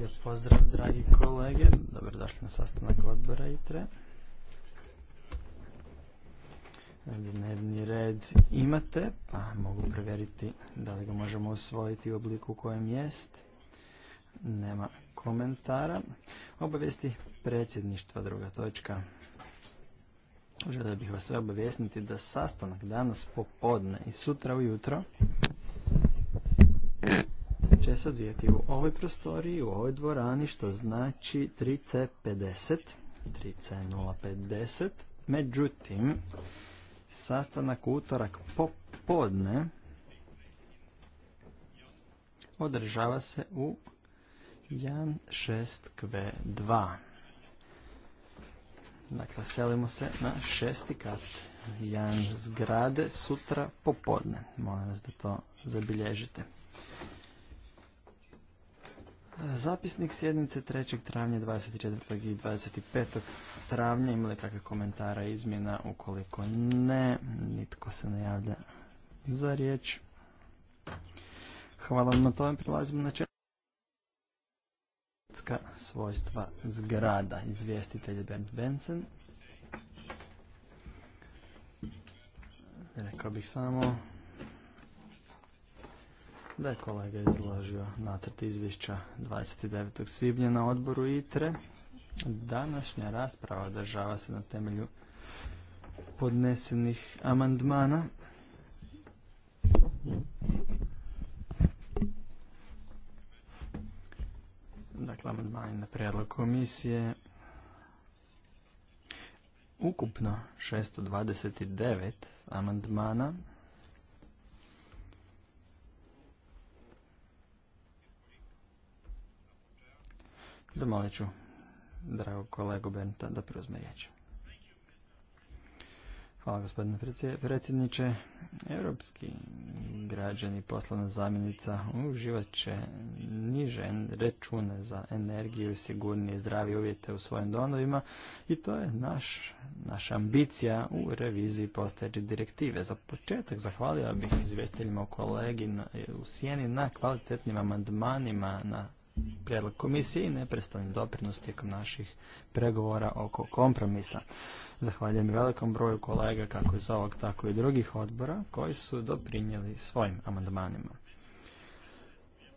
Lijep pozdrav, dragi kolege. Dobrodošli na sastanak odbora ITRE. Dnevni red imate, pa mogu provjeriti da li ga možemo usvojiti u obliku u kojem jest. Nema komentara. Obavijesti predsjedništva, druga točka. Želio bih vas sve obavijestiti da sastanak danas popodne i sutra ujutro će se odvijeti u ovoj prostoriji, u ovoj dvorani, što znači 3C50, 3C050. Međutim, sastanak utorak popodne održava se u 16 q 2 Dakle, selimo se na šesti kat Jan zgrade sutra popodne. Molim vas da to zabilježite. Zapisnik sjednice 3. travnja, 24. i 25. travnja. Imali kakve komentara izmjena? Ukoliko ne, nitko se ne javlja za riječ. Hvala vam na tome. Prilazimo na četvrtska svojstva zgrada. Izvjestitelj Bernd Benson. Rekao bih samo da je kolega izložio nacrt izvješća 29. svibnja na odboru ITRE. Današnja rasprava održava se na temelju podnesenih amandmana. Dakle, amandmani na prijedlog komisije. Ukupno 629 amandmana Zamolit ću dragog kolegu Benta da preuzme riječ. Hvala gospodine predsjedniče. Europski građani poslovna zamjenica uživat će niže račune za energiju, sigurnije i zdravije uvjete u svojim donovima i to je naš, naša ambicija u reviziji postojeće direktive. Za početak zahvalio bih izvjestiteljima u kolegi u Sjeni na kvalitetnim amandmanima na prijedlog komisije i neprestani doprinos tijekom naših pregovora oko kompromisa. Zahvaljujem velikom broju kolega kako iz ovog tako i drugih odbora koji su doprinijeli svojim amandmanima.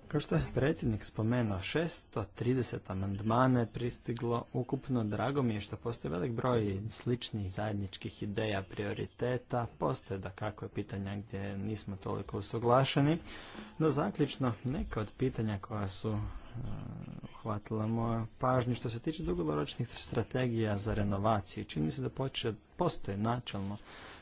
Kao što je predsjednik spomenuo, 630 amandmana pristiglo ukupno. Drago mi je što postoji velik broj sličnih zajedničkih ideja, prioriteta. Postoje da kako je pitanja gdje nismo toliko usuglašeni. No zaključno, neka od pitanja koja su uhvatila moja pažnju što se tiče dugoročnih strategija za renovacije, Čini se da poče, postoje načelno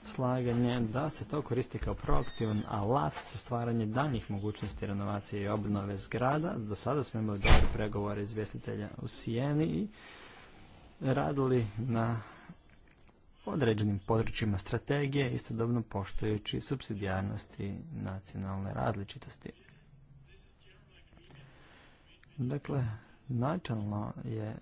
slaganje da se to koristi kao proaktivan alat za stvaranje danjih mogućnosti renovacije i obnove zgrada. Do sada smo imali dobre pregovore izvjestitelja u Sijeni i radili na određenim područjima strategije, istodobno poštujući subsidijarnosti nacionalne različitosti. Dakle, načelno je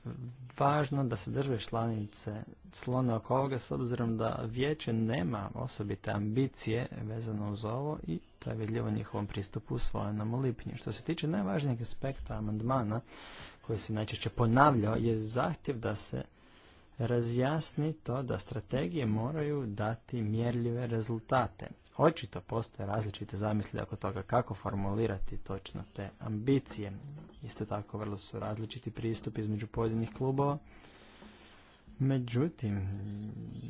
važno da se države članice slone oko ovoga s obzirom da vijeće nema osobite ambicije vezano uz ovo i to je vidljivo njihovom pristupu usvojenom u lipnju. Što se tiče najvažnijeg aspekta amandmana koji se najčešće ponavljao je zahtjev da se razjasni to da strategije moraju dati mjerljive rezultate. Očito postoje različite zamisli oko toga kako formulirati točno te ambicije. Isto tako vrlo su različiti pristup između pojedinih klubova. Međutim,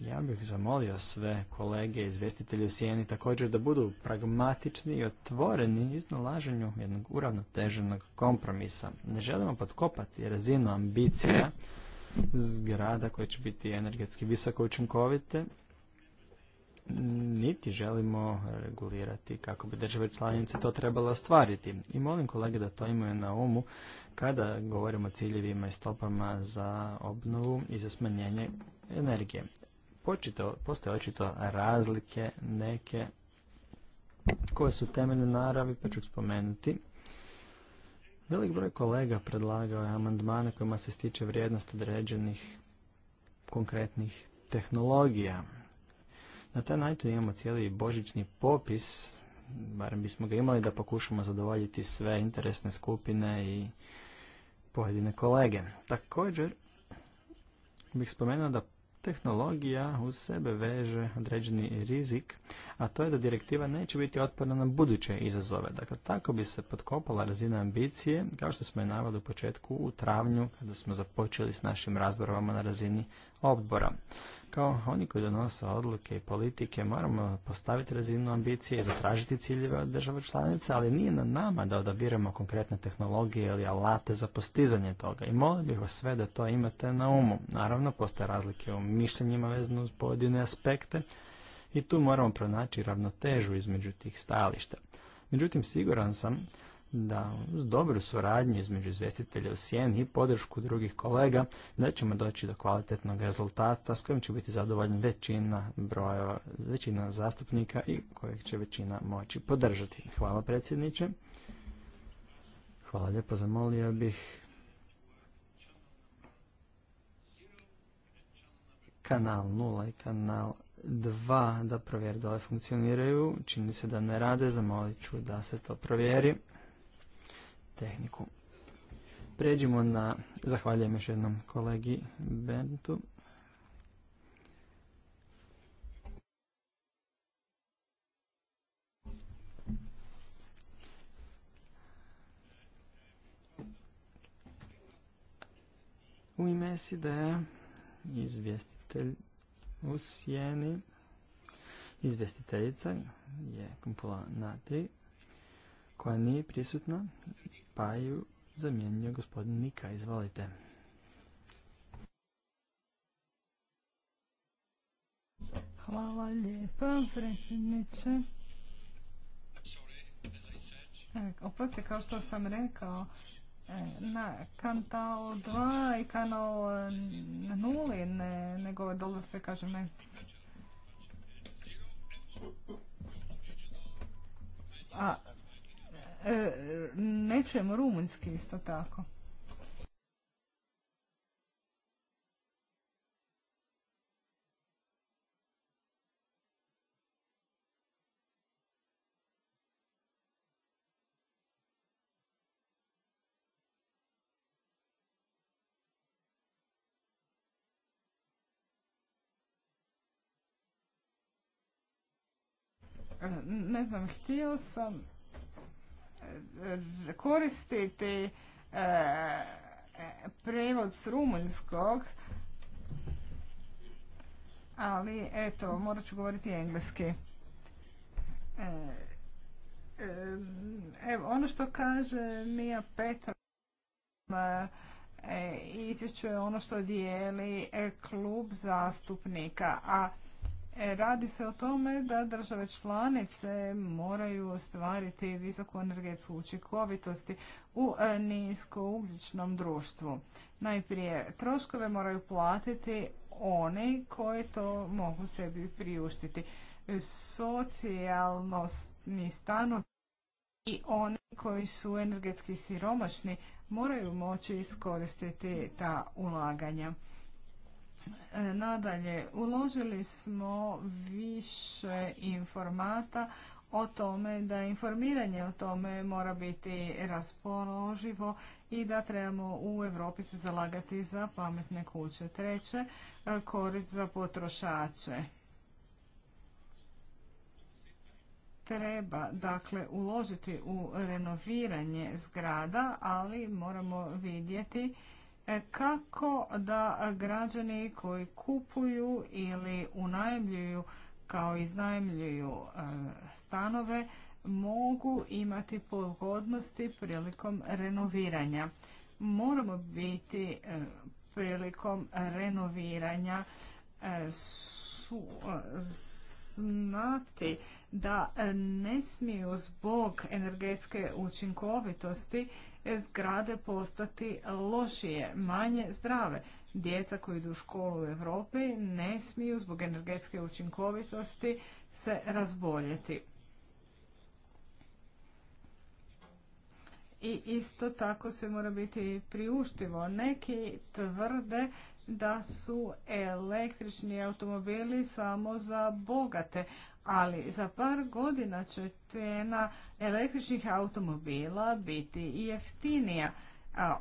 ja bih zamolio sve kolege, izvjestitelje u Sijeni također da budu pragmatični i otvoreni iznalaženju jednog uravnoteženog kompromisa. Ne želimo potkopati razinu ambicija zgrada koje će biti energetski visoko učinkovite, niti želimo regulirati kako bi države članice to trebalo ostvariti. I molim kolege da to imaju na umu kada govorimo o ciljevima i stopama za obnovu i za smanjenje energije. Počito, postoje očito razlike neke koje su temeljne naravi, pa ću spomenuti. Velik broj kolega predlagao je amandmane kojima se stiče vrijednost određenih konkretnih tehnologija na taj način imamo cijeli božićni popis, barem bismo ga imali da pokušamo zadovoljiti sve interesne skupine i pojedine kolege. Također bih spomenuo da tehnologija u sebe veže određeni rizik, a to je da direktiva neće biti otporna na buduće izazove. Dakle, tako bi se potkopala razina ambicije, kao što smo je navali u početku u travnju, kada smo započeli s našim razborovama na razini odbora. Kao oni koji donose odluke i politike moramo postaviti razinu ambicije i zatražiti ciljeve od država članica, ali nije na nama da odabiramo konkretne tehnologije ili alate za postizanje toga. I molim bih vas sve da to imate na umu. Naravno, postoje razlike u mišljenjima vezano uz pojedine aspekte i tu moramo pronaći ravnotežu između tih stajališta. Međutim, siguran sam da uz dobru suradnju između izvjestitelja u i podršku drugih kolega da ćemo doći do kvalitetnog rezultata s kojim će biti zadovoljna većina broja, većina zastupnika i kojeg će većina moći podržati. Hvala predsjedniče. Hvala lijepo, zamolio bih kanal 0 i kanal 2 da provjeri da li funkcioniraju. Čini se da ne rade, zamolit ću da se to provjeri tehniku. Pređimo na, zahvaljujem još jednom kolegi Bentu. U ime sid izvjestitelj u sjeni, izvjestiteljica je na tri koja nije prisutna Paju zamijenio gospodin Nika. Izvolite. Hvala lijepa, predsjedniče. E, Oprosti, kao što sam rekao, e, na kanal 2 i kanal 0, e, ne, nego dobro se kaže ne. A E, ne čujemo rumunjski isto tako. E, ne znam, htio sam koristiti e, prevod s rumunjskog, ali eto, morat ću govoriti engleski. E, e, evo, ono što kaže Mija Petar izvješćuje ono što dijeli klub zastupnika, a E, radi se o tome da države članice moraju ostvariti visoku energetsku učinkovitosti u e, ugljičnom društvu. Najprije troškove moraju platiti oni koji to mogu sebi priuštiti. Socijalno stanu i oni koji su energetski siromašni moraju moći iskoristiti ta ulaganja. E, nadalje, uložili smo više informata o tome da informiranje o tome mora biti raspoloživo i da trebamo u Europi se zalagati za pametne kuće. Treće, e, korist za potrošače. Treba dakle uložiti u renoviranje zgrada, ali moramo vidjeti E, kako da građani koji kupuju ili unajemljuju kao iznajmljuju e, stanove mogu imati pogodnosti prilikom renoviranja. Moramo biti e, prilikom renoviranja znati da ne smiju zbog energetske učinkovitosti zgrade postati lošije, manje zdrave. Djeca koji idu u školu u Europi ne smiju zbog energetske učinkovitosti se razboljeti. I isto tako sve mora biti priuštivo. Neki tvrde da su električni automobili samo za bogate, ali za par godina će cijena električnih automobila biti i jeftinija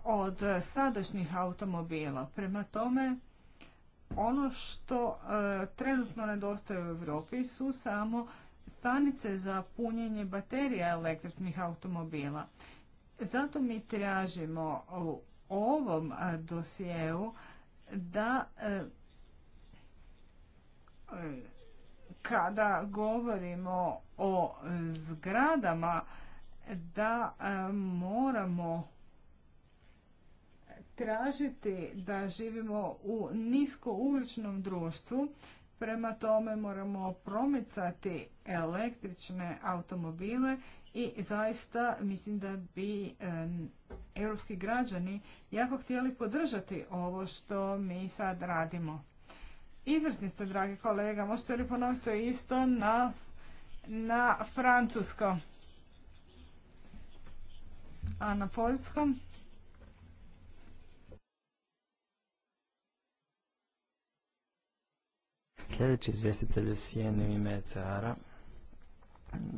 od sadašnjih automobila. Prema tome, ono što e, trenutno nedostaje u Europi su samo stanice za punjenje baterija električnih automobila. Zato mi tražimo u ovom dosjeu da e, e, kada govorimo o zgradama da e, moramo tražiti da živimo u niskouličnom društvu. Prema tome moramo promicati električne automobile i zaista mislim da bi e, europski građani jako htjeli podržati ovo što mi sad radimo. Izvrsni ste, dragi kolega. Možete li ponoviti to isto na, na francusko? A na poljskom? Sljedeći izvjestitelj je Sijeni u ime cr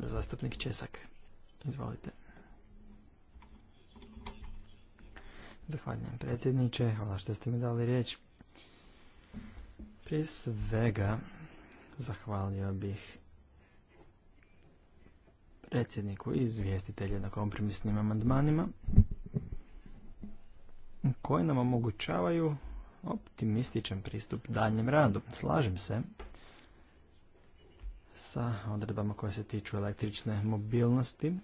zastupnik Česak. Izvolite. Zahvaljujem predsjedniče, hvala što ste mi dali riječ. Prije svega zahvalio bih predsjedniku i izvjestitelju na kompromisnim amandmanima koji nam omogućavaju optimističan pristup daljem radu. Slažem se sa odredbama koje se tiču električne mobilnosti,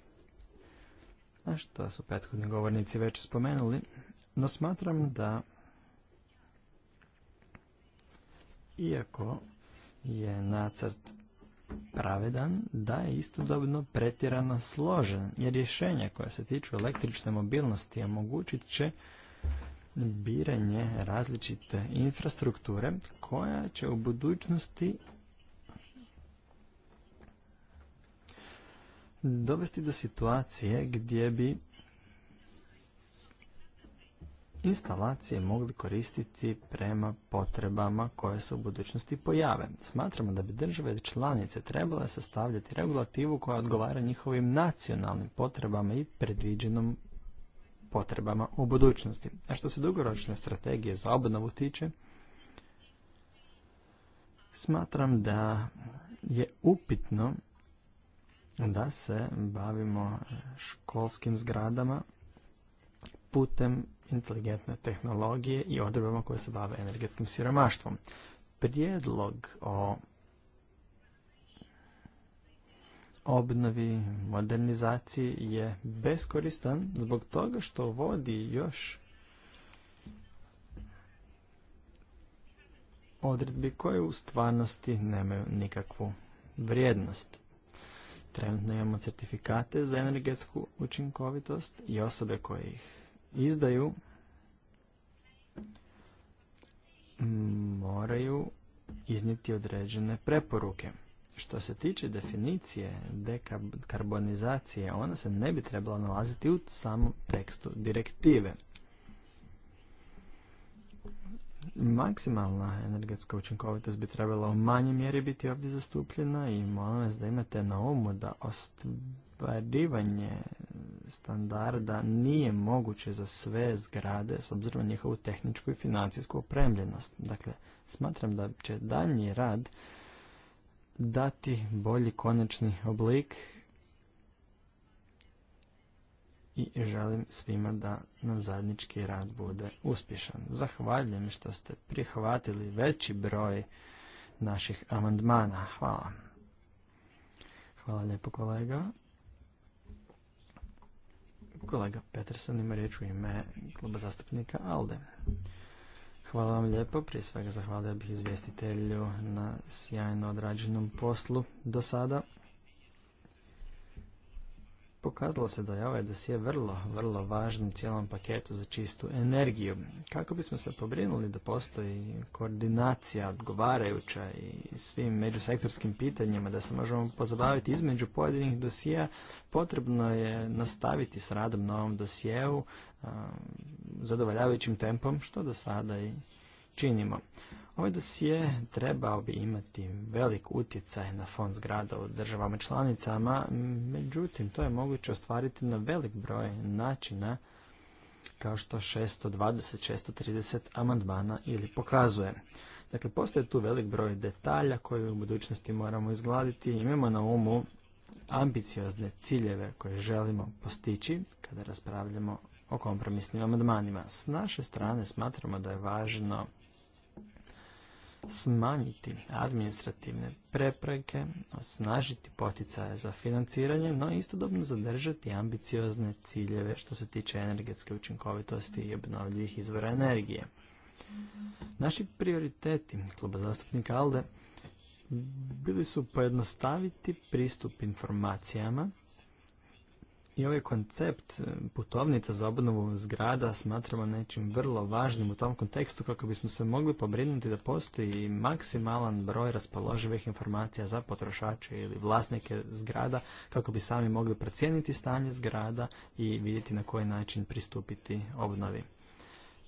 a što su prethodni govornici već spomenuli, no smatram da iako je nacrt pravedan, da je istodobno pretjerano složen, jer rješenja koja se tiču električne mobilnosti omogućit će biranje različite infrastrukture koja će u budućnosti dovesti do situacije gdje bi instalacije mogli koristiti prema potrebama koje se u budućnosti pojave. Smatramo da bi države članice trebale sastavljati regulativu koja odgovara njihovim nacionalnim potrebama i predviđenom potrebama u budućnosti. A što se dugoročne strategije za obnovu tiče, smatram da je upitno da se bavimo školskim zgradama putem inteligentne tehnologije i odredbama koje se bave energetskim siromaštvom. Prijedlog o obnovi, modernizaciji je beskoristan zbog toga što vodi još odredbi koje u stvarnosti nemaju nikakvu vrijednost. Trenutno imamo certifikate za energetsku učinkovitost i osobe koje ih izdaju moraju iznijeti određene preporuke. Što se tiče definicije dekarbonizacije, ona se ne bi trebala nalaziti u samom tekstu direktive. Maksimalna energetska učinkovitost bi trebala u manjoj mjeri biti ovdje zastupljena i molim vas da imate na umu da ostvarivanje standarda nije moguće za sve zgrade s obzirom na njihovu tehničku i financijsku opremljenost. Dakle, smatram da će daljnji rad dati bolji konačni oblik i želim svima da nam zajednički rad bude uspješan. Zahvaljujem što ste prihvatili veći broj naših amandmana. Hvala. Hvala lijepo kolega. Kolega Peterson ima riječ u ime kluba zastupnika ALDE. Hvala vam lijepo. Prije svega zahvaljujem bih izvjestitelju na sjajno odrađenom poslu do sada pokazalo se da je ovaj dosije vrlo, vrlo važan u cijelom paketu za čistu energiju. Kako bismo se pobrinuli da postoji koordinacija odgovarajuća i svim međusektorskim pitanjima da se možemo pozabaviti između pojedinih dosija, potrebno je nastaviti s radom na ovom dosjeu zadovoljavajućim tempom što do sada i činimo. Ovaj dosije trebao bi imati velik utjecaj na fond zgrada u državama članicama, međutim to je moguće ostvariti na velik broj načina kao što 620-630 amandmana ili pokazuje. Dakle, postoje tu velik broj detalja koje u budućnosti moramo izgladiti imamo na umu ambiciozne ciljeve koje želimo postići kada raspravljamo o kompromisnim amandmanima. S naše strane smatramo da je važno smanjiti administrativne prepreke, osnažiti poticaje za financiranje, no istodobno zadržati ambiciozne ciljeve što se tiče energetske učinkovitosti i obnovljivih izvora energije. Naši prioriteti kluba zastupnika ALDE bili su pojednostaviti pristup informacijama, i ovaj koncept e, putovnica za obnovu zgrada smatramo nečim vrlo važnim u tom kontekstu kako bismo se mogli pobrinuti da postoji maksimalan broj raspoloživih informacija za potrošače ili vlasnike zgrada kako bi sami mogli procijeniti stanje zgrada i vidjeti na koji način pristupiti obnovi.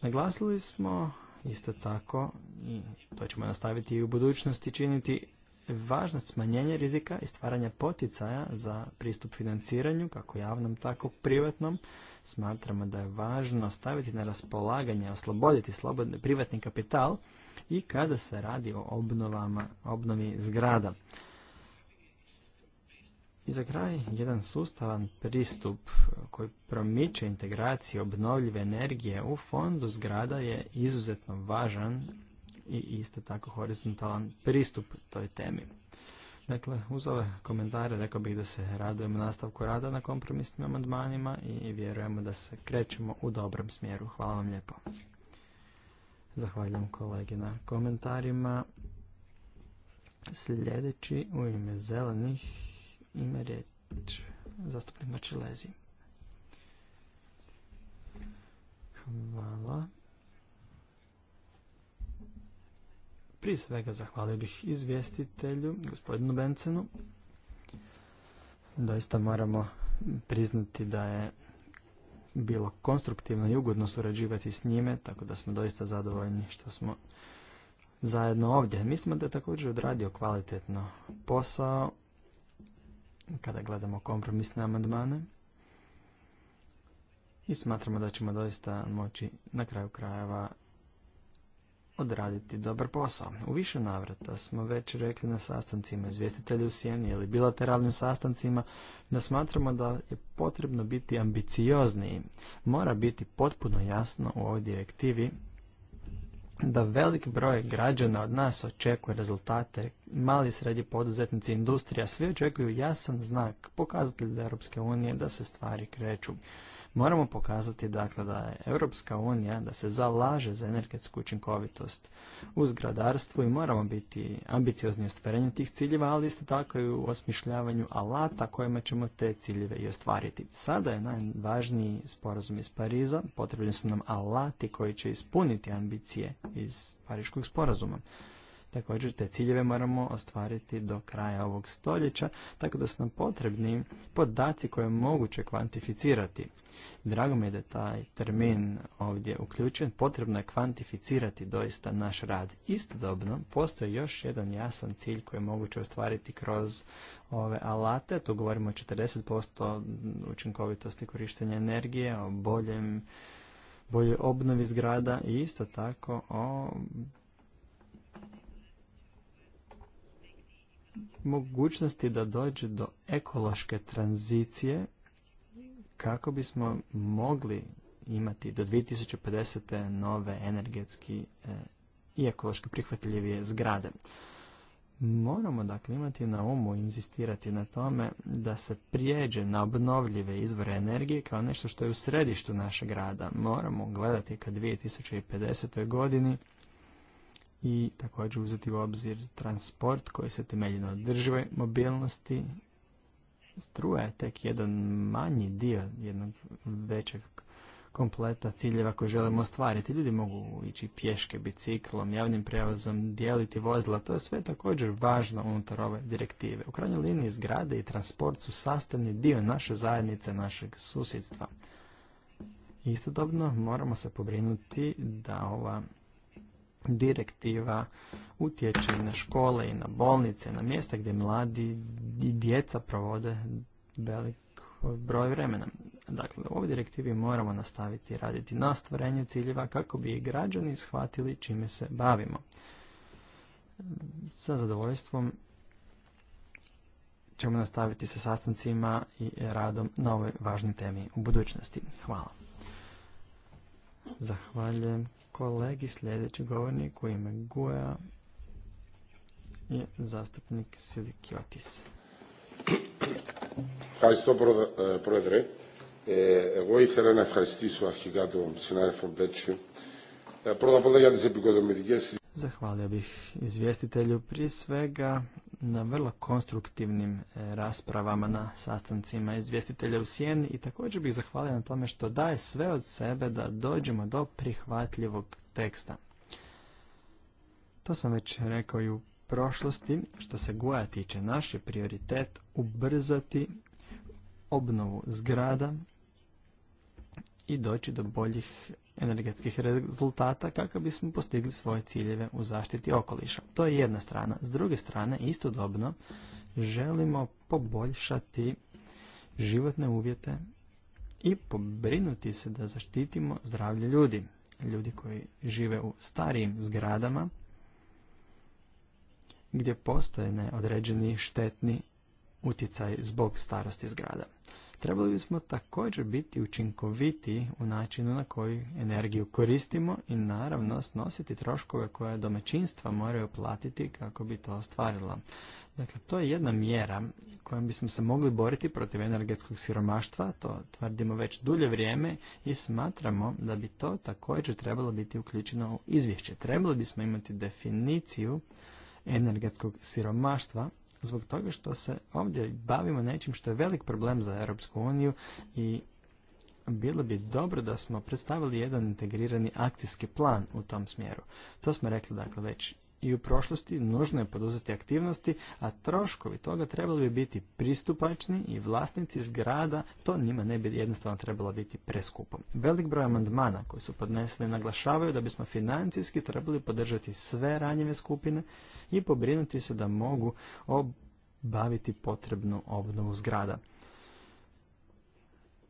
Naglasili smo isto tako i to ćemo nastaviti i u budućnosti činiti Važnost smanjenja rizika i stvaranja poticaja za pristup financiranju, kako javnom, tako privatnom. Smatramo da je važno staviti na raspolaganje, osloboditi privatni kapital i kada se radi o obnovama, obnovi zgrada. I za kraj, jedan sustavan pristup koji promiče integraciju obnovljive energije u fondu zgrada je izuzetno važan i isto tako horizontalan pristup toj temi. Dakle, uz ove komentare rekao bih da se radujemo nastavku rada na kompromisnim amandmanima i vjerujemo da se krećemo u dobrom smjeru. Hvala vam lijepo. Zahvaljujem kolegi na komentarima. Sljedeći u ime zelenih ima riječ zastupnik Mačilezi. Hvala. Prije svega zahvalio bih izvjestitelju, gospodinu Bencenu. Doista moramo priznati da je bilo konstruktivno i ugodno surađivati s njime, tako da smo doista zadovoljni što smo zajedno ovdje. Mislimo da je također odradio kvalitetno posao kada gledamo kompromisne amandmane i smatramo da ćemo doista moći na kraju krajeva odraditi dobar posao. U više navrata smo već rekli na sastancima izvjestitelji u Sjeni ili bilateralnim sastancima da smatramo da je potrebno biti ambiciozniji. Mora biti potpuno jasno u ovoj direktivi da velik broj građana od nas očekuje rezultate, mali srednji poduzetnici, industrija, svi očekuju jasan znak, pokazatelj Europske unije da se stvari kreću. Moramo pokazati dakle da je Europska unija da se zalaže za energetsku učinkovitost u zgradarstvu i moramo biti ambiciozni u ostvarenju tih ciljeva, ali isto tako i u osmišljavanju alata kojima ćemo te ciljeve i ostvariti. Sada je najvažniji sporazum iz Pariza, potrebni su nam alati koji će ispuniti ambicije iz Pariškog sporazuma. Također te ciljeve moramo ostvariti do kraja ovog stoljeća, tako da su nam potrebni podaci koje je moguće kvantificirati. Drago mi je da taj termin ovdje uključen, potrebno je kvantificirati doista naš rad. Istodobno postoji još jedan jasan cilj koji je moguće ostvariti kroz ove alate, tu govorimo o 40% učinkovitosti korištenja energije, o boljem boljoj obnovi zgrada i isto tako o mogućnosti da dođe do ekološke tranzicije kako bismo mogli imati do 2050. nove energetski eh, i ekološki prihvatljivije zgrade. Moramo dakle imati na umu inzistirati na tome da se prijeđe na obnovljive izvore energije kao nešto što je u središtu našeg grada. Moramo gledati ka 2050. godini i također uzeti u obzir transport koji se temelji na održivoj mobilnosti. Struja je tek jedan manji dio jednog većeg kompleta ciljeva koje želimo ostvariti. Ljudi mogu ići pješke, biciklom, javnim prevozom, dijeliti vozila. To je sve također važno unutar ove direktive. U krajnjoj liniji zgrade i transport su sastavni dio naše zajednice, našeg susjedstva. Istodobno moramo se pobrinuti da ova direktiva utječe i na škole i na bolnice, na mjesta gdje mladi i djeca provode velik broj vremena. Dakle, u ovoj direktivi moramo nastaviti raditi na stvorenju ciljeva kako bi i građani shvatili čime se bavimo. Sa zadovoljstvom ćemo nastaviti sa sastancima i radom na ovoj važnoj temi u budućnosti. Hvala. Zahvaljujem kolegi. Sljedeći govornik u ime Guja je zastupnik Silikiotis. Ευχαριστώ Πρόεδρε. Εγώ ήθελα να ευχαριστήσω αρχικά τον συνάδελφο Μπέτσιο. Πρώτα Zahvalio bih izvjestitelju prije svega na vrlo konstruktivnim e, raspravama na sastancima izvjestitelja u Sijeni i također bih zahvalio na tome što daje sve od sebe da dođemo do prihvatljivog teksta. To sam već rekao i u prošlosti, što se Goja tiče, naš je prioritet ubrzati obnovu zgrada i doći do boljih energetskih rezultata kako bismo postigli svoje ciljeve u zaštiti okoliša. To je jedna strana. S druge strane, istodobno, želimo poboljšati životne uvjete i pobrinuti se da zaštitimo zdravlje ljudi. Ljudi koji žive u starijim zgradama, gdje postoje neodređeni štetni utjecaj zbog starosti zgrada. Trebali bismo također biti učinkoviti u načinu na koji energiju koristimo i naravno snositi troškove koje domaćinstva moraju platiti kako bi to ostvarila. Dakle, to je jedna mjera kojom bismo se mogli boriti protiv energetskog siromaštva, to tvrdimo već dulje vrijeme i smatramo da bi to također trebalo biti uključeno u izvješće. Trebali bismo imati definiciju energetskog siromaštva zbog toga što se ovdje bavimo nečim što je velik problem za Europsku uniju i bilo bi dobro da smo predstavili jedan integrirani akcijski plan u tom smjeru. To smo rekli dakle već i u prošlosti nužno je poduzeti aktivnosti, a troškovi toga trebali bi biti pristupačni i vlasnici zgrada, to njima ne bi jednostavno trebalo biti preskupo. Velik broj amandmana koji su podneseni naglašavaju da bismo financijski trebali podržati sve ranjive skupine, i pobrinuti se da mogu obaviti potrebnu obnovu zgrada.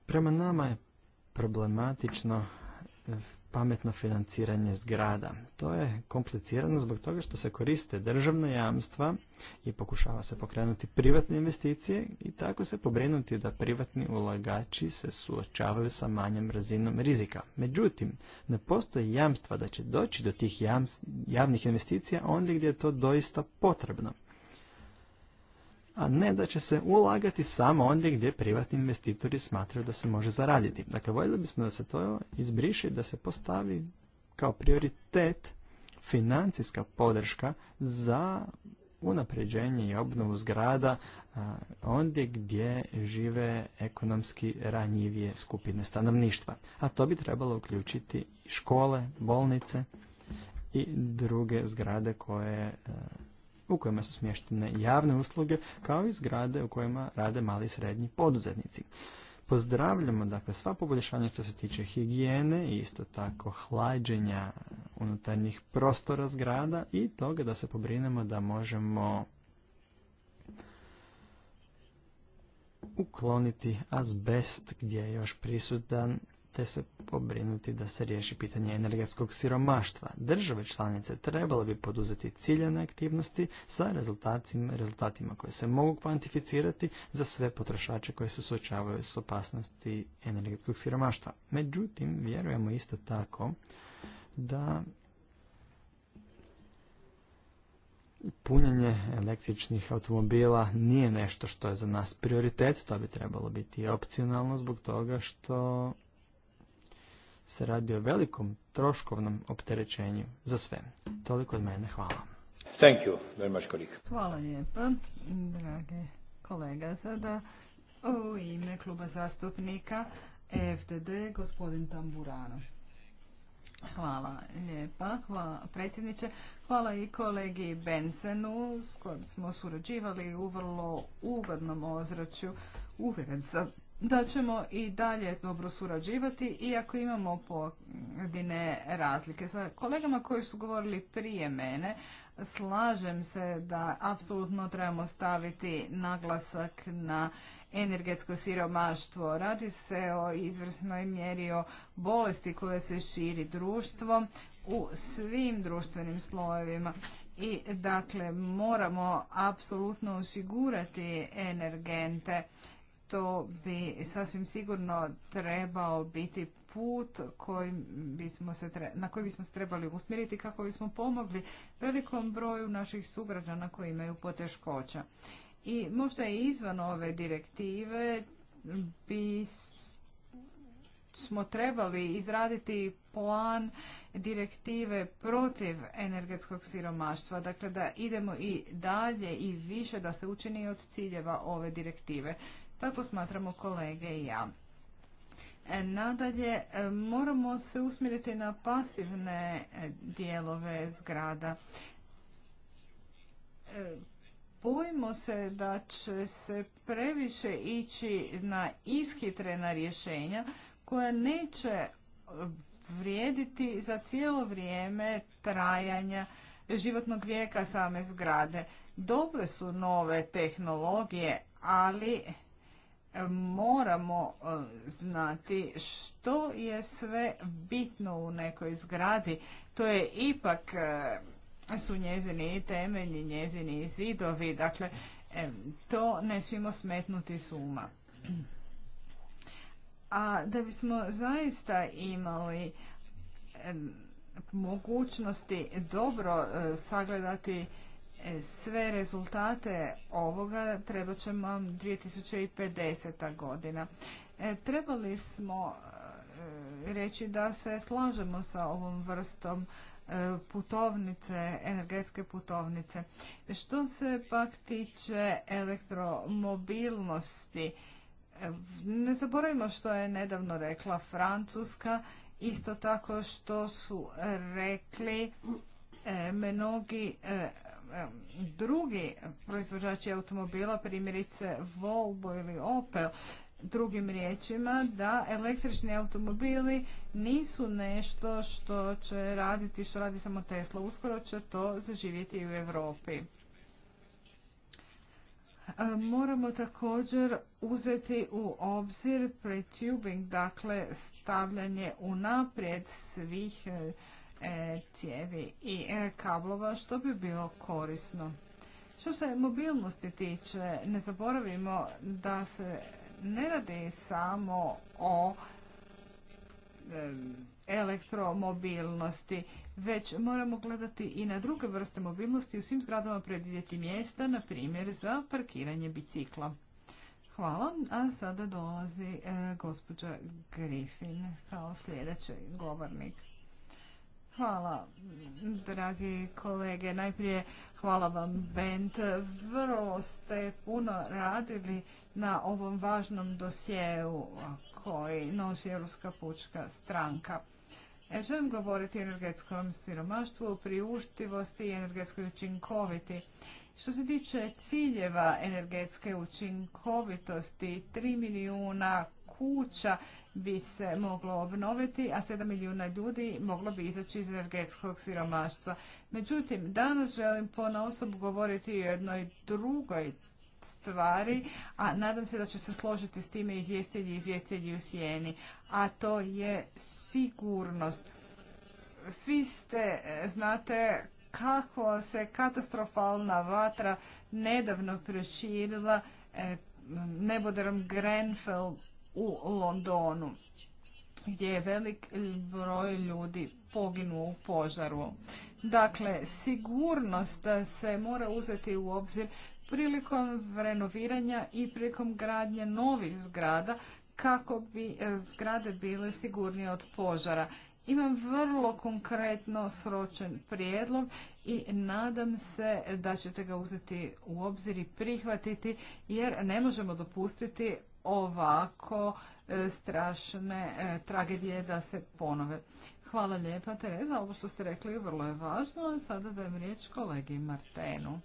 Prema nama je problematično eh, pametno financiranje zgrada. To je komplicirano zbog toga što se koriste državna jamstva i pokušava se pokrenuti privatne investicije i tako se pobrinuti da privatni ulagači se suočavaju sa manjom razinom rizika. Međutim, ne postoji jamstva da će doći do tih javnih investicija ondje gdje je to doista potrebno a ne da će se ulagati samo ondje gdje privatni investitori smatraju da se može zaraditi. Dakle, voljeli bismo da se to izbriši, da se postavi kao prioritet financijska podrška za unapređenje i obnovu zgrada ondje gdje žive ekonomski ranjivije skupine stanovništva. A to bi trebalo uključiti škole, bolnice i druge zgrade koje u kojima su smještene javne usluge, kao i zgrade u kojima rade mali i srednji poduzetnici. Pozdravljamo dakle sva poboljšanja što se tiče higijene i isto tako hlađenja unutarnjih prostora zgrada i toga da se pobrinemo da možemo ukloniti azbest gdje je još prisutan te se pobrinuti da se riješi pitanje energetskog siromaštva. Države članice trebale bi poduzeti ciljane aktivnosti sa rezultatima, rezultatima koje se mogu kvantificirati za sve potrošače koje se suočavaju s opasnosti energetskog siromaštva. Međutim, vjerujemo isto tako da punjenje električnih automobila nije nešto što je za nas prioritet, to bi trebalo biti opcionalno zbog toga što se radi o velikom troškovnom opterećenju za sve. Toliko od mene, hvala. Thank you very much, kolega. Hvala lijepa, drage kolega. Sada u ime kluba zastupnika FDD, gospodin Tamburano. Hvala lijepa, hvala predsjedniče. Hvala i kolegi Bensenu s kojim smo surađivali u vrlo ugodnom ozračju. Uvjeren sam da ćemo i dalje dobro surađivati, iako imamo pojedine razlike. Sa kolegama koji su govorili prije mene, slažem se da apsolutno trebamo staviti naglasak na energetsko siromaštvo. Radi se o izvrsnoj mjeri o bolesti koje se širi društvom u svim društvenim slojevima. I dakle moramo apsolutno osigurati energente to bi sasvim sigurno trebao biti put kojim bismo se na koji bismo se trebali usmjeriti kako bismo pomogli velikom broju naših sugrađana koji imaju poteškoća. I možda i izvan ove direktive bi smo trebali izraditi plan direktive protiv energetskog siromaštva. Dakle, da idemo i dalje i više da se učini od ciljeva ove direktive. Tako smatramo kolege i ja. E, nadalje, e, moramo se usmjeriti na pasivne e, dijelove zgrada. Bojimo se da će se previše ići na ishitrena rješenja koja neće vrijediti za cijelo vrijeme trajanja životnog vijeka same zgrade. Dobre su nove tehnologije, ali moramo e, znati što je sve bitno u nekoj zgradi. To je ipak e, su njezini temelji, njezini zidovi, dakle e, to ne smijemo smetnuti s uma. A da bismo zaista imali mogućnosti dobro sagledati E, sve rezultate ovoga treba ćemo 2050. godina. E, trebali smo e, reći da se slažemo sa ovom vrstom putovnice, energetske putovnice. Što se pak tiče elektromobilnosti, ne zaboravimo što je nedavno rekla Francuska, isto tako što su rekli mnogi drugi proizvođači automobila, primjerice Volvo ili Opel, drugim riječima da električni automobili nisu nešto što će raditi što radi samo Tesla. Uskoro će to zaživjeti i u Europi. E, moramo također uzeti u obzir pretubing, dakle stavljanje u naprijed svih e, E, cijevi i e, kablova, što bi bilo korisno. Što se mobilnosti tiče, ne zaboravimo da se ne radi samo o e, elektromobilnosti, već moramo gledati i na druge vrste mobilnosti u svim zgradama predvidjeti mjesta, na primjer za parkiranje bicikla. Hvala, a sada dolazi gospođa Griffin kao sljedeći govornik. Hvala, dragi kolege. Najprije hvala vam, Bent. Vrlo ste puno radili na ovom važnom dosjeu koji nosi Europska pučka stranka. E, želim govoriti o energetskom siromaštvu, priuštivosti i energetskoj učinkoviti. Što se tiče ciljeva energetske učinkovitosti, 3 milijuna kuća bi se moglo obnoviti, a 7 milijuna ljudi moglo bi izaći iz energetskog siromaštva. Međutim, danas želim pona osobu govoriti o jednoj drugoj stvari, a nadam se da će se složiti s time izvjestelji i izvjestelji u sjeni, a to je sigurnost. Svi ste, e, znate, kako se katastrofalna vatra nedavno preširila e, neboderom Grenfell u Londonu gdje je velik broj ljudi poginuo u požaru. Dakle, sigurnost se mora uzeti u obzir prilikom renoviranja i prilikom gradnje novih zgrada kako bi e, zgrade bile sigurnije od požara. Imam vrlo konkretno sročen prijedlog i nadam se da ćete ga uzeti u obzir i prihvatiti jer ne možemo dopustiti ovako e, strašne e, tragedije da se ponove. Hvala lijepa Tereza, ovo što ste rekli vrlo je važno, a sada dajem riječ kolegi Martenu.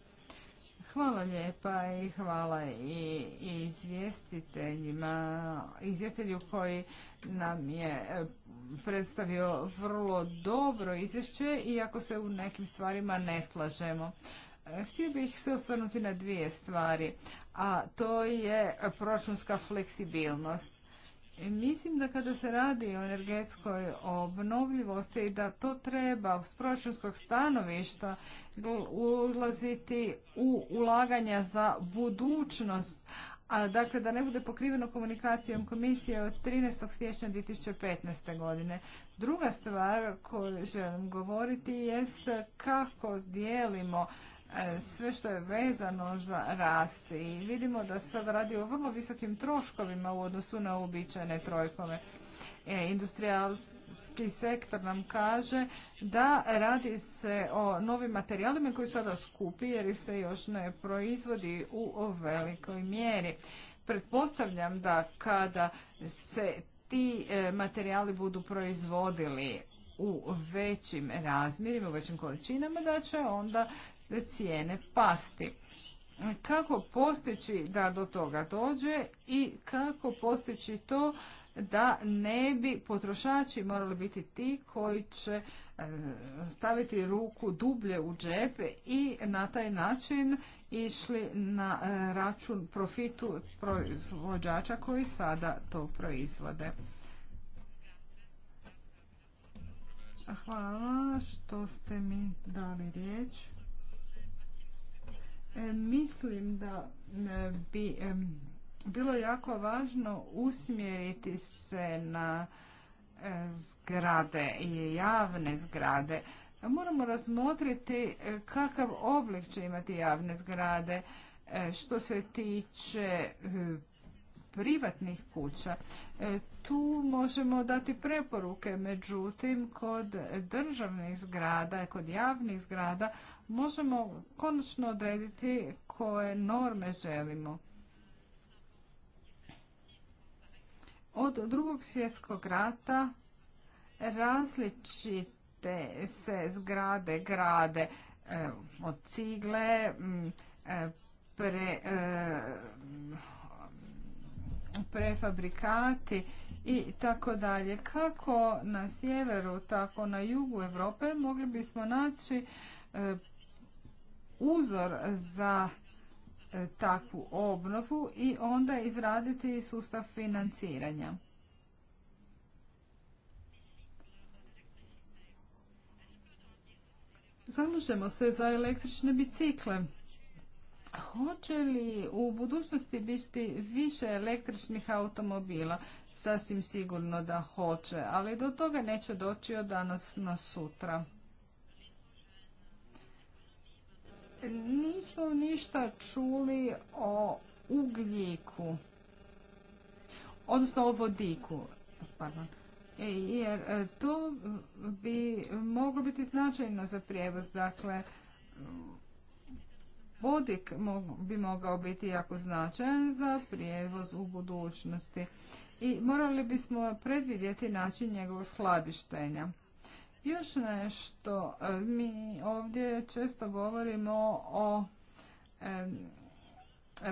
Hvala lijepa i hvala i izvjestiteljima, izvjestitelju koji nam je e, predstavio vrlo dobro izvješće, iako se u nekim stvarima ne slažemo. Htio bih se osvrnuti na dvije stvari a to je proračunska fleksibilnost. Mislim da kada se radi o energetskoj obnovljivosti i da to treba s proračunskog stanovišta ulaziti u ulaganja za budućnost, a dakle da ne bude pokriveno komunikacijom komisije od 13. siječnja 2015. godine. Druga stvar koju želim govoriti jest kako dijelimo E, sve što je vezano za rasti. i vidimo da se radi o vrlo visokim troškovima u odnosu na uobičajene trojkove. E, industrijalski sektor nam kaže da radi se o novim materijalima koji su sada skupi jer se još ne proizvodi u velikoj mjeri. Pretpostavljam da kada se ti e, materijali budu proizvodili u većim razmjerima, u većim količinama, da će onda cijene pasti. Kako postići da do toga dođe i kako postići to da ne bi potrošači morali biti ti koji će e, staviti ruku dublje u džep i na taj način išli na e, račun profitu proizvođača koji sada to proizvode. Hvala što ste mi dali riječ. E, mislim da e, bi e, bilo jako važno usmjeriti se na zgrade i javne zgrade. Moramo razmotriti kakav oblik će imati javne zgrade što se tiče privatnih kuća. Tu možemo dati preporuke, međutim, kod državnih zgrada, kod javnih zgrada, možemo konačno odrediti koje norme želimo. Od drugog svjetskog rata različite se zgrade grade e, od cigle, e, pre, e, prefabrikati i tako dalje. Kako na sjeveru, tako na jugu Europe mogli bismo naći uzor za e, takvu obnovu i onda izraditi sustav financiranja. Zalažemo se za električne bicikle. Hoće li u budućnosti biti više električnih automobila? Sasvim sigurno da hoće, ali do toga neće doći od danas na sutra. Dakle, nismo ništa čuli o ugljiku, odnosno o vodiku, pardon. E, jer e, to bi moglo biti značajno za prijevoz. Dakle, vodik bi mogao biti jako značajan za prijevoz u budućnosti i morali bismo predvidjeti način njegovog skladištenja. Još nešto, e, mi ovdje često govorimo o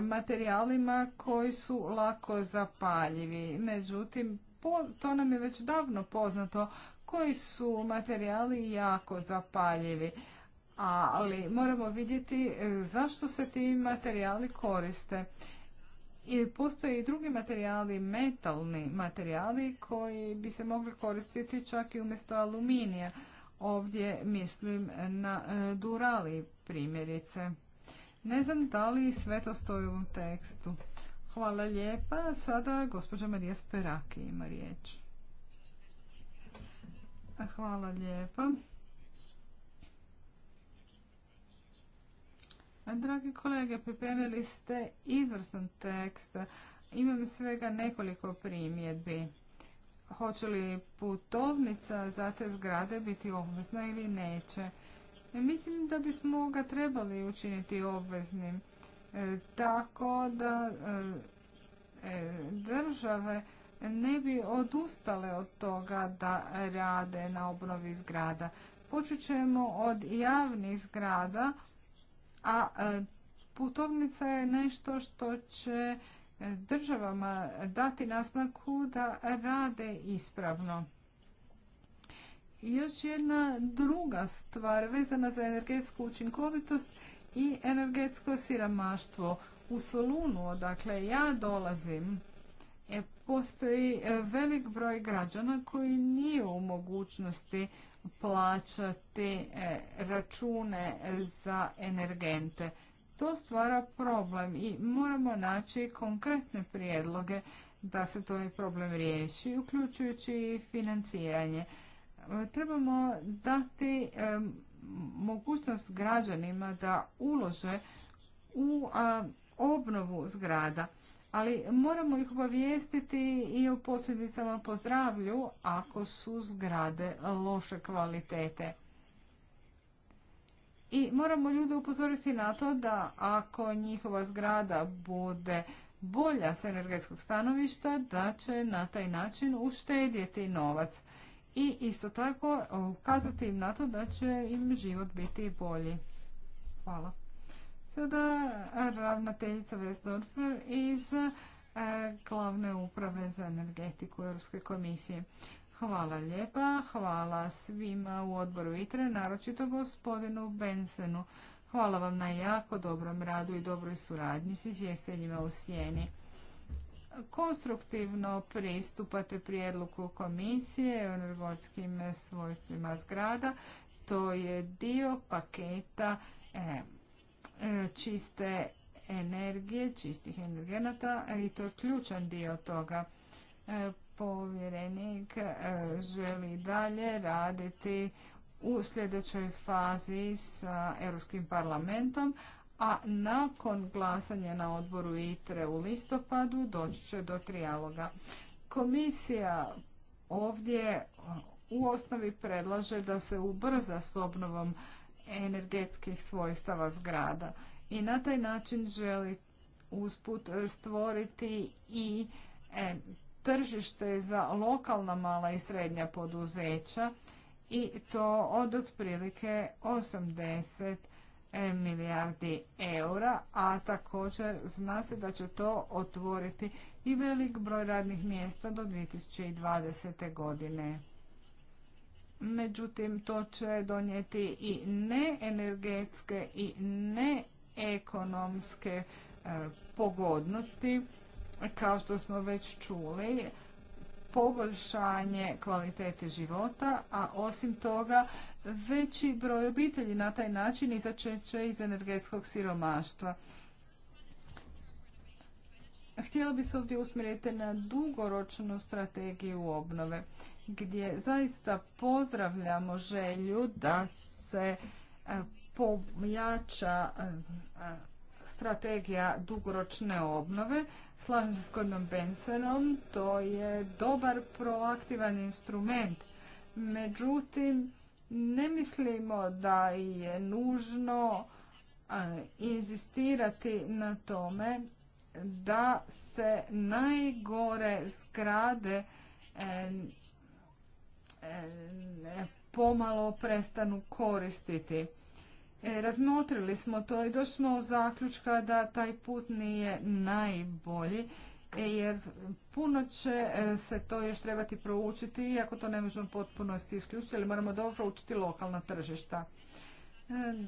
materijalima koji su lako zapaljivi. Međutim, to nam je već davno poznato koji su materijali jako zapaljivi. Ali moramo vidjeti e, zašto se ti materijali koriste. I postoje i drugi materijali, metalni materijali koji bi se mogli koristiti čak i umjesto aluminija. Ovdje mislim na e, durali primjerice. Ne znam da li sve to stoji u ovom tekstu. Hvala lijepa. Sada gospođa Marija Speraki ima riječ. Hvala lijepa. Dragi kolege, pripremili ste izvrstan tekst. Imam svega nekoliko primjedbi. Hoće li putovnica za te zgrade biti obvezna ili neće? Mislim da bismo ga trebali učiniti obveznim. E, tako da e, e, države ne bi odustale od toga da rade na obnovi zgrada. Počet ćemo od javnih zgrada a e, putovnica je nešto što će državama dati naznaku da rade ispravno. još jedna druga stvar vezana za energetsku učinkovitost i energetsko siromaštvo. U Solunu, odakle ja dolazim, e, postoji velik broj građana koji nije u mogućnosti plaćati e, račune za energente. To stvara problem i moramo naći konkretne prijedloge da se to problem riješi, uključujući i financiranje. E, trebamo dati e, mogućnost građanima da ulože u obnovu zgrada ali moramo ih obavijestiti i o posljedicama po zdravlju ako su zgrade loše kvalitete. I moramo ljude upozoriti na to da ako njihova zgrada bude bolja s energetskog stanovišta, da će na taj način uštedjeti novac. I isto tako e, ukazati im na to da će im život biti bolji. Hvala. Sada ravnateljica Westdorfer iz e, glavne uprave za energetiku Europske komisije. Hvala lijepa, hvala svima u odboru ITRE, naročito gospodinu Bensenu. Hvala vam na jako dobrom radu i dobroj suradnji s izvjestenjima u Sjeni. Konstruktivno pristupate prijedluku komisije o energotskim svojstvima zgrada. To je dio paketa e, E, čiste energije, čistih energenata i to je ključan dio toga. E, povjerenik e, želi dalje raditi u sljedećoj fazi sa Europskim parlamentom, a nakon glasanja na odboru ITRE u listopadu doći će do trijaloga. Komisija ovdje u osnovi predlaže da se ubrza s obnovom energetskih svojstava zgrada. I na taj način želi usput e, stvoriti i e, tržište za lokalna mala i srednja poduzeća i to od otprilike 80 e, milijardi eura, a također zna se da će to otvoriti i velik broj radnih mjesta do 2020. godine međutim to će donijeti i neenergetske i neekonomske e, pogodnosti, kao što smo već čuli, poboljšanje kvalitete života, a osim toga veći broj obitelji na taj način izaće iz energetskog siromaštva. Htjela bi se ovdje usmjeriti na dugoročnu strategiju obnove gdje zaista pozdravljamo želju da se e, pojača e, e, strategija dugoročne obnove. Slažem se s Bensonom, to je dobar proaktivan instrument. Međutim, ne mislimo da je nužno inzistirati na tome da se najgore zgrade pomalo prestanu koristiti. E, razmotrili smo to i došli smo u zaključka da taj put nije najbolji e, jer puno će e, se to još trebati proučiti iako to ne možemo potpunosti isključiti ali moramo dobro proučiti lokalna tržišta.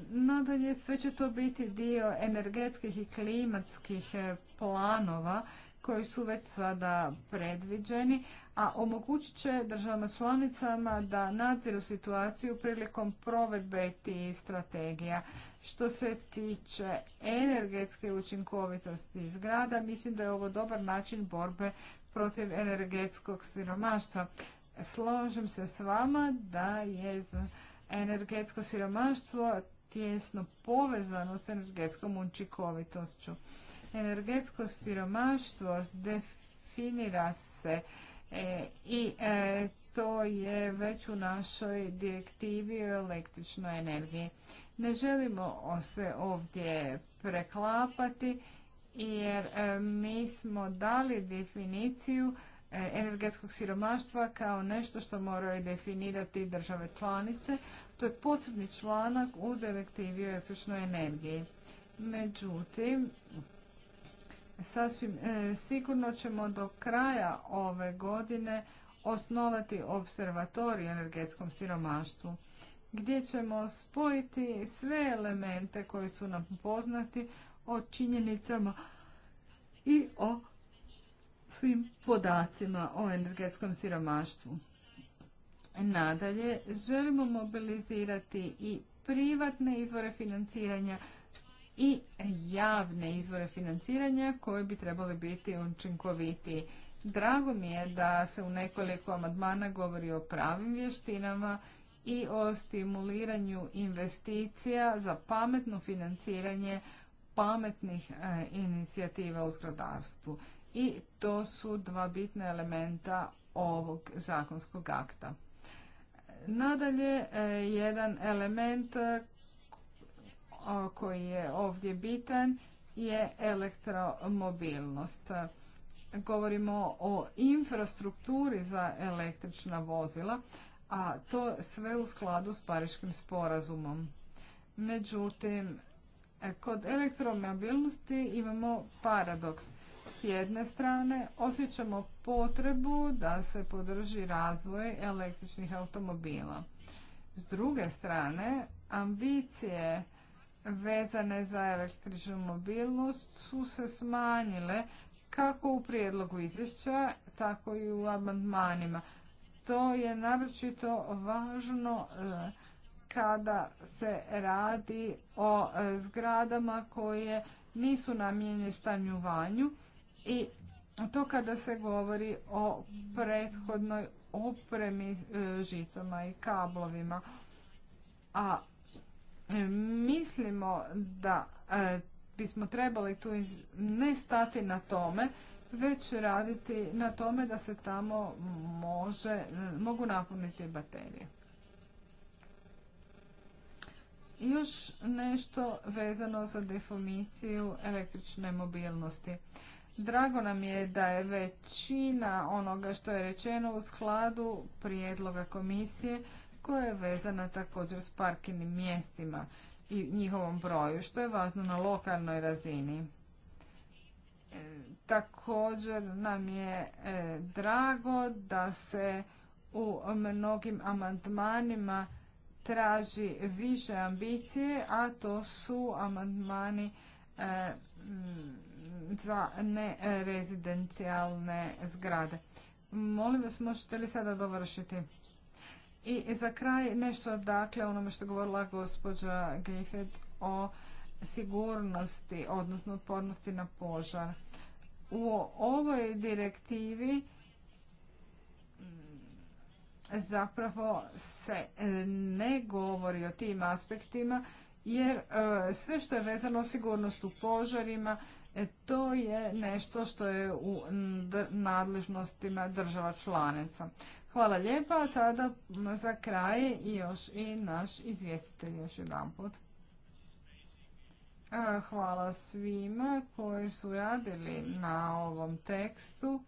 nadalje sve će to biti dio energetskih i klimatskih planova koji su već sada predviđeni, a omogućit će državama članicama da nadziru situaciju prilikom provedbe tih strategija. Što se tiče energetske učinkovitosti zgrada, mislim da je ovo dobar način borbe protiv energetskog siromaštva. Složim se s vama da je energetsko siromaštvo tjesno povezano s energetskom učinkovitošću. Energetsko siromaštvo definira se E, i e, to je već u našoj direktivi o električnoj energiji. Ne želimo se ovdje preklapati jer e, mi smo dali definiciju energetskog siromaštva kao nešto što moraju definirati države članice. To je posebni članak u direktivi o električnoj energiji. Međutim, Sasvim e, sigurno ćemo do kraja ove godine osnovati observatorij energetskom siromaštvu gdje ćemo spojiti sve elemente koji su nam poznati o činjenicama i o svim podacima o energetskom siromaštvu. Nadalje, želimo mobilizirati i privatne izvore financiranja i javne izvore financiranja koji bi trebali biti učinkoviti. Drago mi je da se u nekoliko amandmana govori o pravim vještinama i o stimuliranju investicija za pametno financiranje pametnih e, inicijativa u zgradarstvu. I to su dva bitna elementa ovog zakonskog akta. Nadalje, e, jedan element koji je ovdje bitan je elektromobilnost. Govorimo o infrastrukturi za električna vozila, a to sve u skladu s Pariškim sporazumom. Međutim, kod elektromobilnosti imamo paradoks. S jedne strane osjećamo potrebu da se podrži razvoj električnih automobila. S druge strane, ambicije vezane za električnu mobilnost su se smanjile kako u prijedlogu izvješća, tako i u amandmanima. To je naročito važno e, kada se radi o e, zgradama koje nisu namijenjene vanju i to kada se govori o prethodnoj opremi e, žitama i kablovima. A E, mislimo da e, bismo trebali tu ne stati na tome, već raditi na tome da se tamo može, e, mogu napuniti baterije. još nešto vezano za definiciju električne mobilnosti. Drago nam je da je većina onoga što je rečeno u skladu prijedloga komisije koja je vezana također s parkirnim mjestima i njihovom broju, što je važno na lokalnoj razini. E, također nam je e, drago da se u mnogim amandmanima traži više ambicije, a to su amandmani e, za nerezidencijalne zgrade. Molim vas, možete li sada dovršiti? I za kraj nešto dakle onome što je govorila gospođa Griffith o sigurnosti, odnosno otpornosti na požar. U ovoj direktivi mm, zapravo se e, ne govori o tim aspektima jer e, sve što je vezano o sigurnost u požarima e, to je nešto što je u nadležnostima država članica. Hvala lijepa. Sada za kraj još i naš izvjestitelj još jedan put. Hvala svima koji su radili na ovom tekstu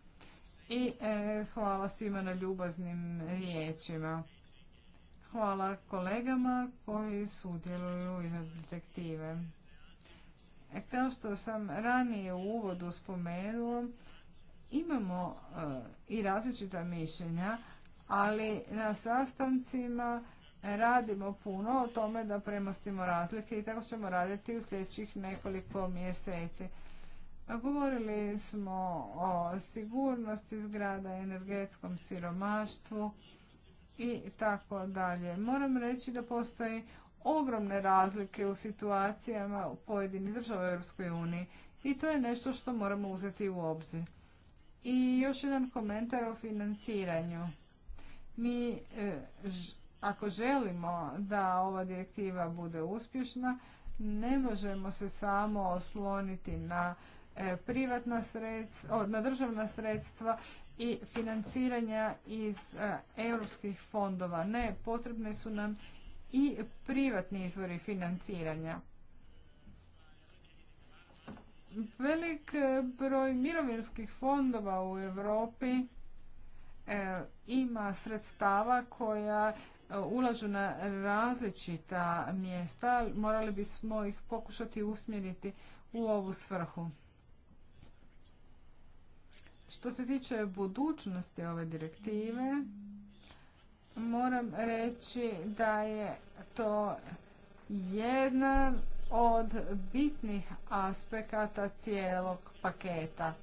i e, hvala svima na ljubaznim riječima. Hvala kolegama koji sudjeluju iz detektive. E, kao što sam ranije u uvodu spomenuo, imamo e, i različita mišljenja, ali na sastancima radimo puno o tome da premostimo razlike i tako ćemo raditi u sljedećih nekoliko mjeseci. Govorili smo o sigurnosti zgrada, energetskom siromaštvu i tako dalje. Moram reći da postoji ogromne razlike u situacijama u pojedinih država u EU i to je nešto što moramo uzeti u obzir. I još jedan komentar o financiranju. Mi, e, ako želimo da ova direktiva bude uspješna, ne možemo se samo osloniti na e, privatna sredstva, na državna sredstva i financiranja iz e, europskih fondova. Ne, potrebne su nam i privatni izvori financiranja. Velik broj mirovinskih fondova u Europi E, ima sredstava koja e, ulažu na različita mjesta, morali bismo ih pokušati usmjeriti u ovu svrhu. Što se tiče budućnosti ove direktive, moram reći da je to jedan od bitnih aspekata cijelog paketa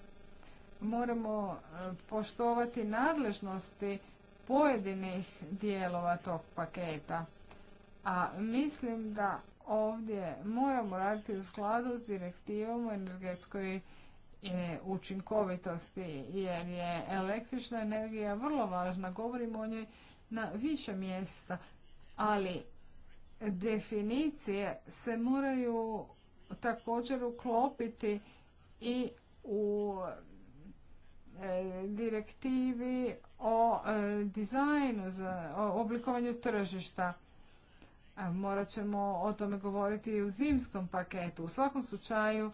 moramo e, poštovati nadležnosti pojedinih dijelova tog paketa. A mislim da ovdje moramo raditi u skladu s direktivom o energetskoj e, učinkovitosti, jer je električna energija vrlo važna. Govorimo o njoj na više mjesta, ali definicije se moraju također uklopiti i u E, direktivi o e, dizajnu, za, o oblikovanju tržišta. E, morat ćemo o tome govoriti i u zimskom paketu. U svakom slučaju,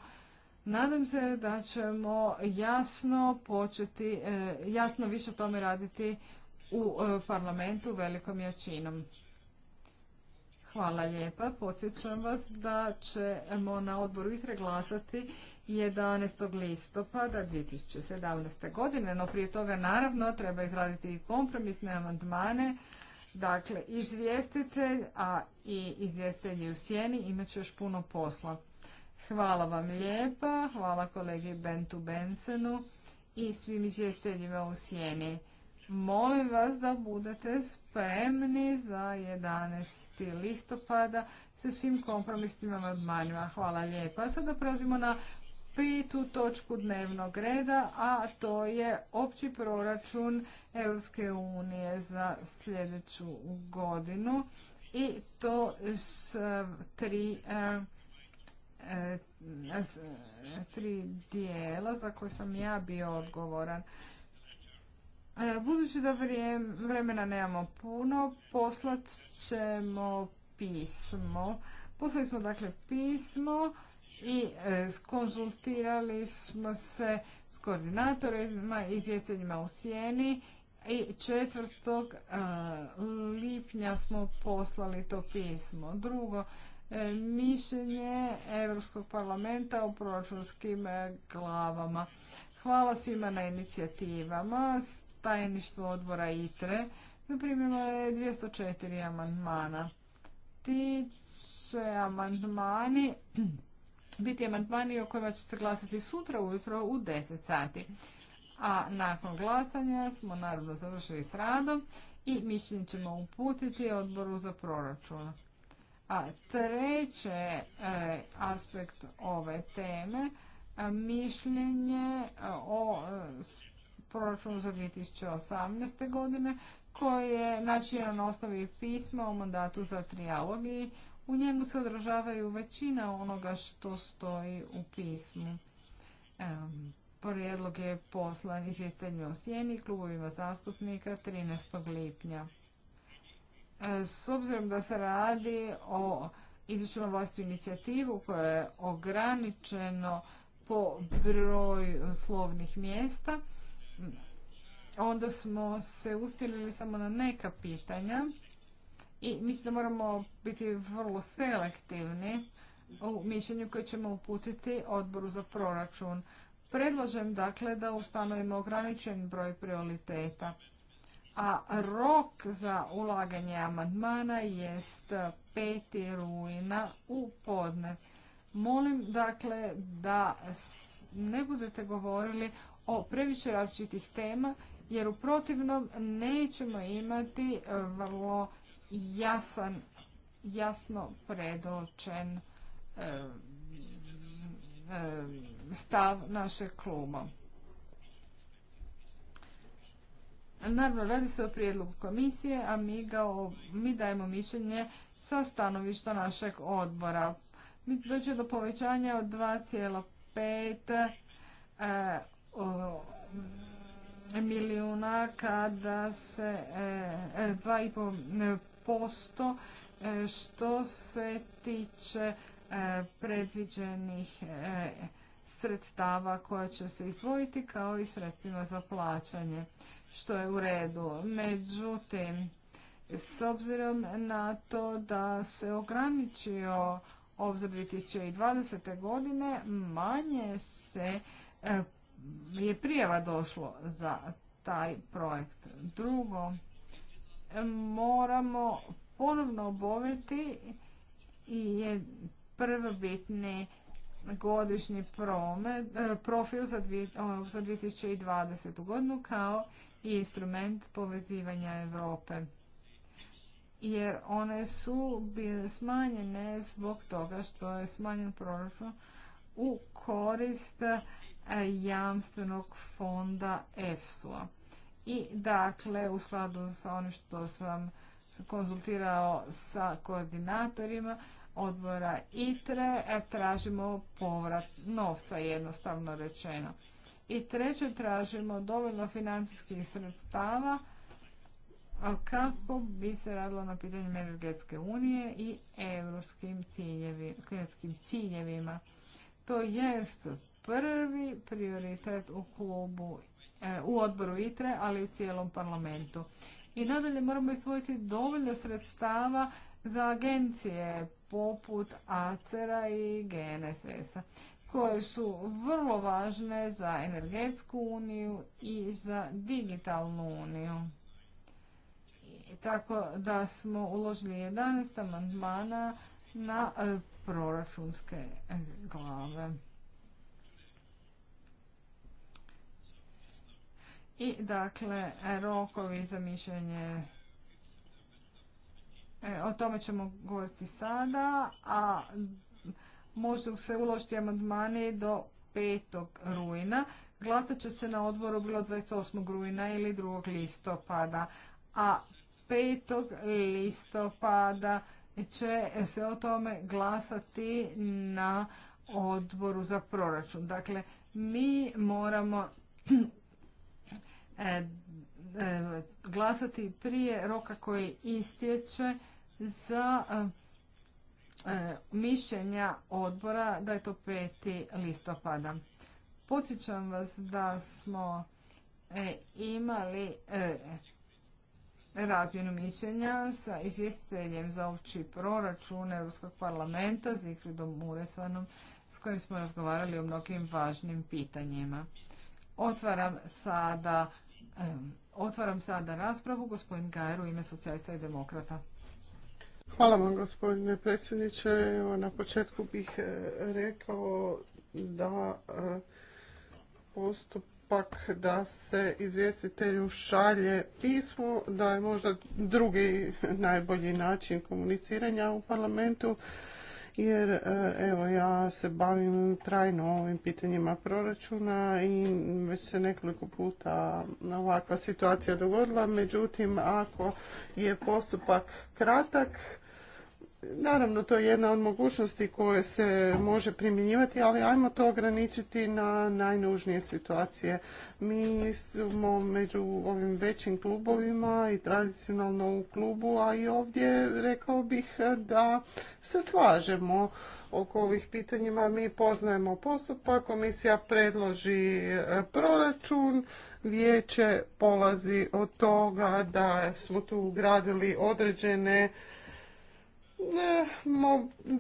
nadam se da ćemo jasno početi, jasno više o tome raditi u parlamentu velikom jačinom. Hvala lijepa. Podsjećam vas da ćemo na odboru ITRE glasati 11. listopada 2017. godine, no prije toga naravno treba izraditi i kompromisne amandmane. Dakle, izvjestitelj, a i izvjestitelji u sjeni imat će još puno posla. Hvala vam lijepa, hvala kolegi Bentu Bensenu i svim izvjestiteljima u sjeni. Molim vas da budete spremni za 11. listopada sa svim kompromisnim amandmanima. Hvala lijepa. Sada prelazimo na tu točku dnevnog reda, a to je opći proračun Europske unije za sljedeću godinu i to s tri e, s tri dijela za koje sam ja bio odgovoran. E, budući da vremena nemamo puno, poslat ćemo pismo. Poslali smo dakle pismo i e, konzultirali smo se s koordinatorima i u sjeni i 4. E, lipnja smo poslali to pismo. Drugo, e, mišljenje Europskog parlamenta o proračunskim glavama. Hvala svima na inicijativama. Tajništvo odbora ITRE zaprimilo je 204 amandmana. Ti će amandmani biti amandmani o kojima ćete glasati sutra ujutro u 10 sati. A nakon glasanja smo naravno završili s radom i mišljenje ćemo uputiti odboru za proračun. A treće e, aspekt ove teme, e, mišljenje e, o proračunu za 2018. godine koje je načinjeno na osnovi pisma o mandatu za trijalog u njemu se odražavaju većina onoga što stoji u pismu. Prijedlog je poslan izvjestanju o sjeni klubovima zastupnika 13. lipnja. E, s obzirom da se radi o izvršeno vlastitu inicijativu koja je ograničeno po broju slovnih mjesta, onda smo se uspjeli samo na neka pitanja i mislim da moramo biti vrlo selektivni u mišljenju koje ćemo uputiti odboru za proračun. Predlažem dakle da ustanovimo ograničen broj prioriteta. A rok za ulaganje amandmana jest 5. rujna u podne. Molim dakle da ne budete govorili o previše različitih tema jer u protivnom nećemo imati vrlo jasan, jasno predočen eh, eh, stav našeg kluba. Naravno, radi se o prijedlogu komisije, a mi, ga mi dajemo mišljenje sa stanovišta našeg odbora. Mi dođe do povećanja od 2,5 eh, milijuna kada se 2,5 posto e, što se tiče e, predviđenih e, sredstava koja će se izdvojiti kao i sredstvima za plaćanje, što je u redu. Međutim, s obzirom na to da se ograničio obzor 2020. godine, manje se je prijava došlo za taj projekt. Drugo, moramo ponovno obaviti i prvobitni godišnji promet, e, profil za 2020. godinu kao i instrument povezivanja Europe. Jer one su bile smanjene zbog toga što je smanjen proračun u korist e, jamstvenog fonda EFSU-a. I dakle, u skladu sa onim što sam konzultirao sa koordinatorima odbora ITRE, e, tražimo povrat novca, jednostavno rečeno. I treće, tražimo dovoljno financijskih sredstava kako bi se radilo na pitanju energetske unije i europskim ciljevima, ciljevima. To jest prvi prioritet u klubu E, u odboru ITRE, ali i u cijelom parlamentu. I nadalje moramo izvojiti dovoljno sredstava za agencije poput ACER-a i GNSS-a koje su vrlo važne za energetsku uniju i za digitalnu uniju. Tako da smo uložili 11 amandmana na e, proračunske glave. I dakle, rokovi za mišljenje, e, o tome ćemo govoriti sada, a možda se uložiti amandmani do 5. rujna. Glasat će se na odboru bilo 28. rujna ili 2. listopada, a 5. listopada će se o tome glasati na odboru za proračun. Dakle, mi moramo E, e, glasati prije roka koji istječe za e, mišljenja odbora da je to 5. listopada. Podsjećam vas da smo imali razmjenu mišljenja sa izvjestiteljem za opći proračun Europskog parlamenta Zikridom Muresanom s kojim smo razgovarali o mnogim važnim pitanjima. Otvaram sada Otvaram sada raspravu. Gospodin Gajer u ime socijalista i demokrata. Hvala vam gospodine predsjedniče. Evo, na početku bih e, rekao da e, postupak da se izvjestitelju šalje pismo, da je možda drugi najbolji način komuniciranja u parlamentu jer e, evo ja se bavim trajno ovim pitanjima proračuna i već se nekoliko puta ovakva situacija dogodila. Međutim, ako je postupak kratak, Naravno, to je jedna od mogućnosti koje se može primjenjivati, ali ajmo to ograničiti na najnužnije situacije. Mi smo među ovim većim klubovima i tradicionalno u klubu, a i ovdje rekao bih da se slažemo oko ovih pitanjima. Mi poznajemo postupak, komisija predloži e, proračun, vijeće polazi od toga da smo tu ugradili određene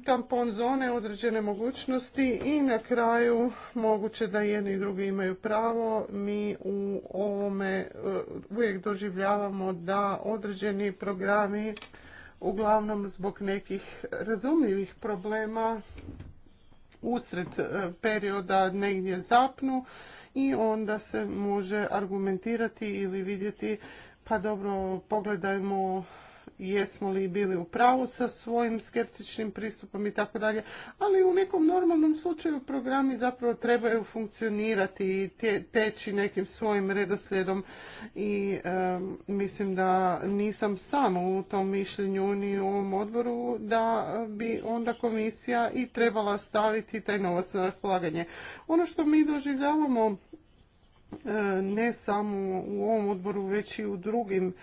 tampon zone, određene mogućnosti i na kraju moguće da jedni i drugi imaju pravo. Mi u ovome e, uvijek doživljavamo da određeni programi uglavnom zbog nekih razumljivih problema usred e, perioda negdje zapnu i onda se može argumentirati ili vidjeti pa dobro pogledajmo jesmo li bili u pravu sa svojim skeptičnim pristupom i tako dalje, ali u nekom normalnom slučaju programi zapravo trebaju funkcionirati i teći nekim svojim redoslijedom i mislim da nisam samo u tom mišljenju ni u ovom odboru da bi onda komisija i trebala staviti taj novac na raspolaganje. Ono što mi doživljavamo ne samo u ovom odboru već i u drugim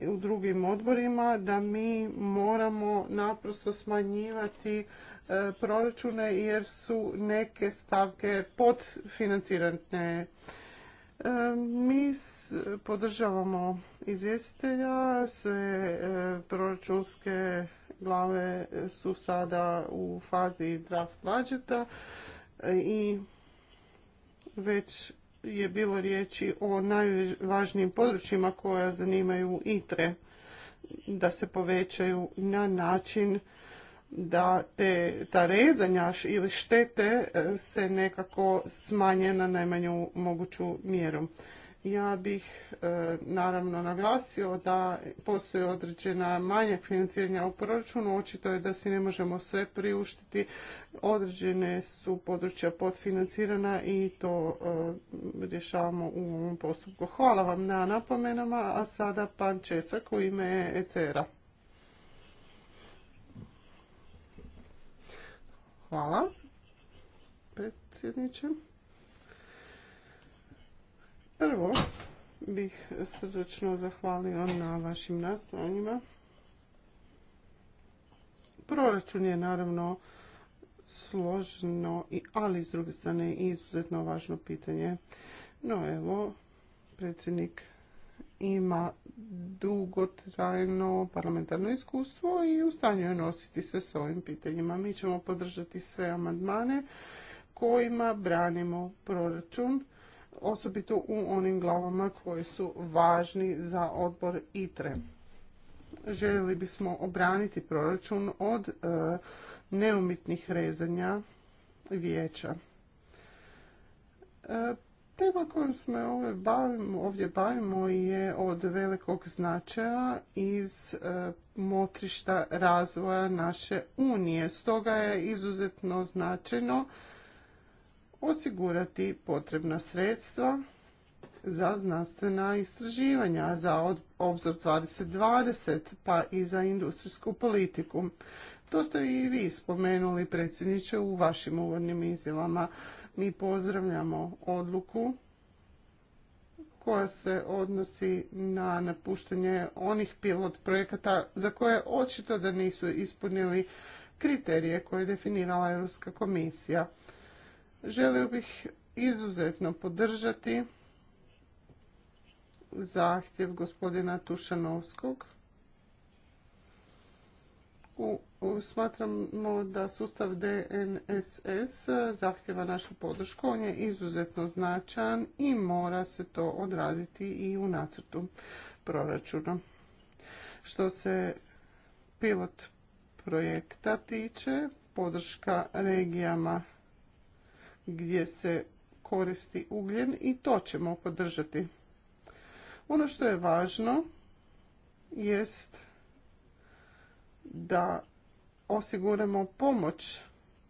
u drugim odborima da mi moramo naprosto smanjivati e, proračune jer su neke stavke podfinancirane. E, mi podržavamo izvjestitelja, sve e, proračunske glave su sada u fazi draft budžeta i već je bilo riječi o najvažnijim područjima koja zanimaju ITRE, da se povećaju na način da te, ta rezanja ili štete e, se nekako smanje na najmanju moguću mjeru. Ja bih e, naravno naglasio da postoje određena manjak financiranja u proračunu. Očito je da si ne možemo sve priuštiti. Određene su područja podfinancirana i to e, rješavamo u ovom postupku. Hvala vam na napomenama, a sada pan Česak u ime ECR-a. Hvala predsjedniče. Prvo bih srdečno zahvalio na vašim nastojanjima. Proračun je naravno složeno, ali s druge strane izuzetno važno pitanje. No evo, predsjednik ima dugotrajno parlamentarno iskustvo i u stanju je nositi se s ovim pitanjima. Mi ćemo podržati sve amandmane kojima branimo proračun osobito u onim glavama koji su važni za odbor ITRE. Željeli bismo obraniti proračun od e, neumitnih rezanja vijeća. E, tema kojom se ovdje bavimo je od velikog značaja iz e, motrišta razvoja naše unije. Stoga je izuzetno značajno osigurati potrebna sredstva za znanstvena istraživanja, za obzor 2020, pa i za industrijsku politiku. To ste i vi spomenuli, predsjedniče, u vašim uvodnim izjavama. Mi pozdravljamo odluku koja se odnosi na napuštanje onih pilot projekata za koje očito da nisu ispunili kriterije koje je definirala Europska komisija. Želio bih izuzetno podržati zahtjev gospodina Tušanovskog. U, smatramo da sustav DNSS zahtjeva našu podršku. On je izuzetno značan i mora se to odraziti i u nacrtu proračuna. Što se pilot projekta tiče, podrška regijama gdje se koristi ugljen i to ćemo podržati. Ono što je važno jest da osiguramo pomoć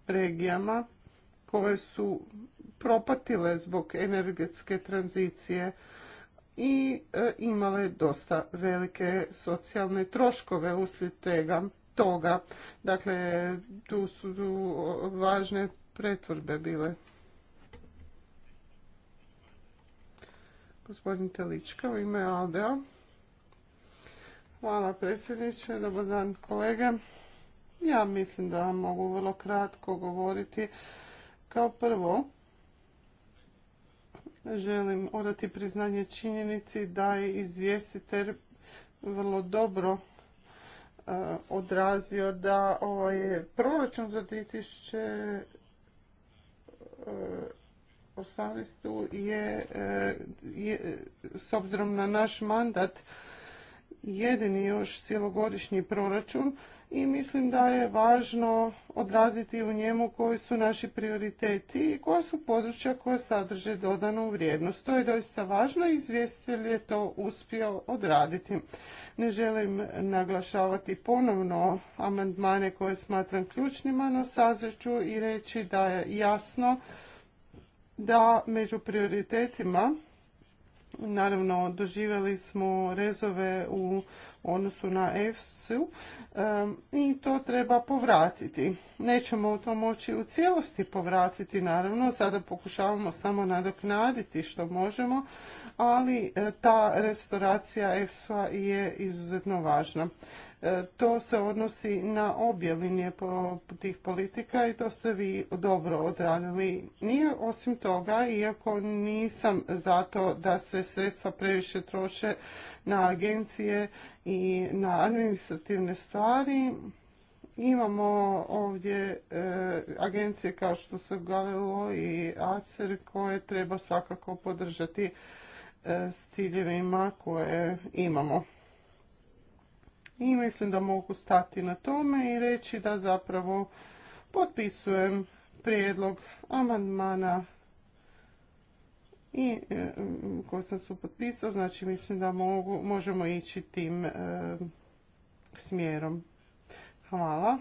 regijama koje su propatile zbog energetske tranzicije i e, imale dosta velike socijalne troškove uslijed toga. Dakle, tu su važne pretvorbe bile. Gospodin Telička u ime Aldeo. Hvala predsjedniče, dobar dan kolege. Ja mislim da mogu vrlo kratko govoriti. Kao prvo, želim odati priznanje činjenici da je izvjestitelj vrlo dobro eh, odrazio da ovaj proračun za 2000 18. je, e, je e, s obzirom na naš mandat jedini još cjelogodišnji proračun i mislim da je važno odraziti u njemu koji su naši prioriteti i koja su područja koja sadrže dodanu vrijednost. To je doista važno i izvjestitelj je to uspio odraditi. Ne želim naglašavati ponovno amandmane koje smatram ključnima, no sazreću i reći da je jasno da među prioritetima Naravno, doživjeli smo rezove u odnosu na EFSU um, i to treba povratiti. Nećemo to moći u cijelosti povratiti, naravno. Sada pokušavamo samo nadoknaditi što možemo, ali e, ta restauracija EFSA je izuzetno važna. E, to se odnosi na obje linije tih politika i to ste vi dobro odradili. Nije osim toga, iako nisam zato da se sredstva previše troše na agencije i na administrativne stvari, Imamo ovdje e, agencije kao što su Galeo i ACER koje treba svakako podržati. E, s ciljevima koje imamo. I mislim da mogu stati na tome i reći da zapravo potpisujem prijedlog amandmana i e, koji sam su potpisao, znači mislim da mogu, možemo ići tim e, smjerom. Hvala.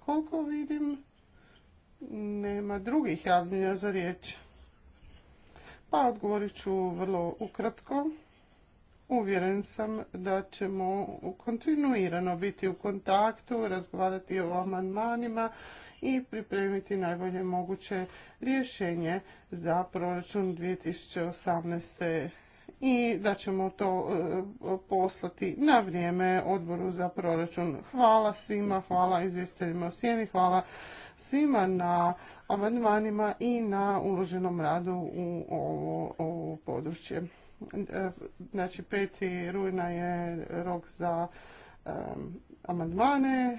koliko vidim, nema drugih javljenja za riječ. Pa odgovorit ću vrlo ukratko. Uvjeren sam da ćemo kontinuirano biti u kontaktu, razgovarati o amandmanima i pripremiti najbolje moguće rješenje za proračun 2018 i da ćemo to e, poslati na vrijeme odboru za proračun. Hvala svima, hvala izvjestiteljima o sjeni, hvala svima na amandmanima i na uloženom radu u ovo, ovo područje. E, znači, 5. rujna je rok za amandmane,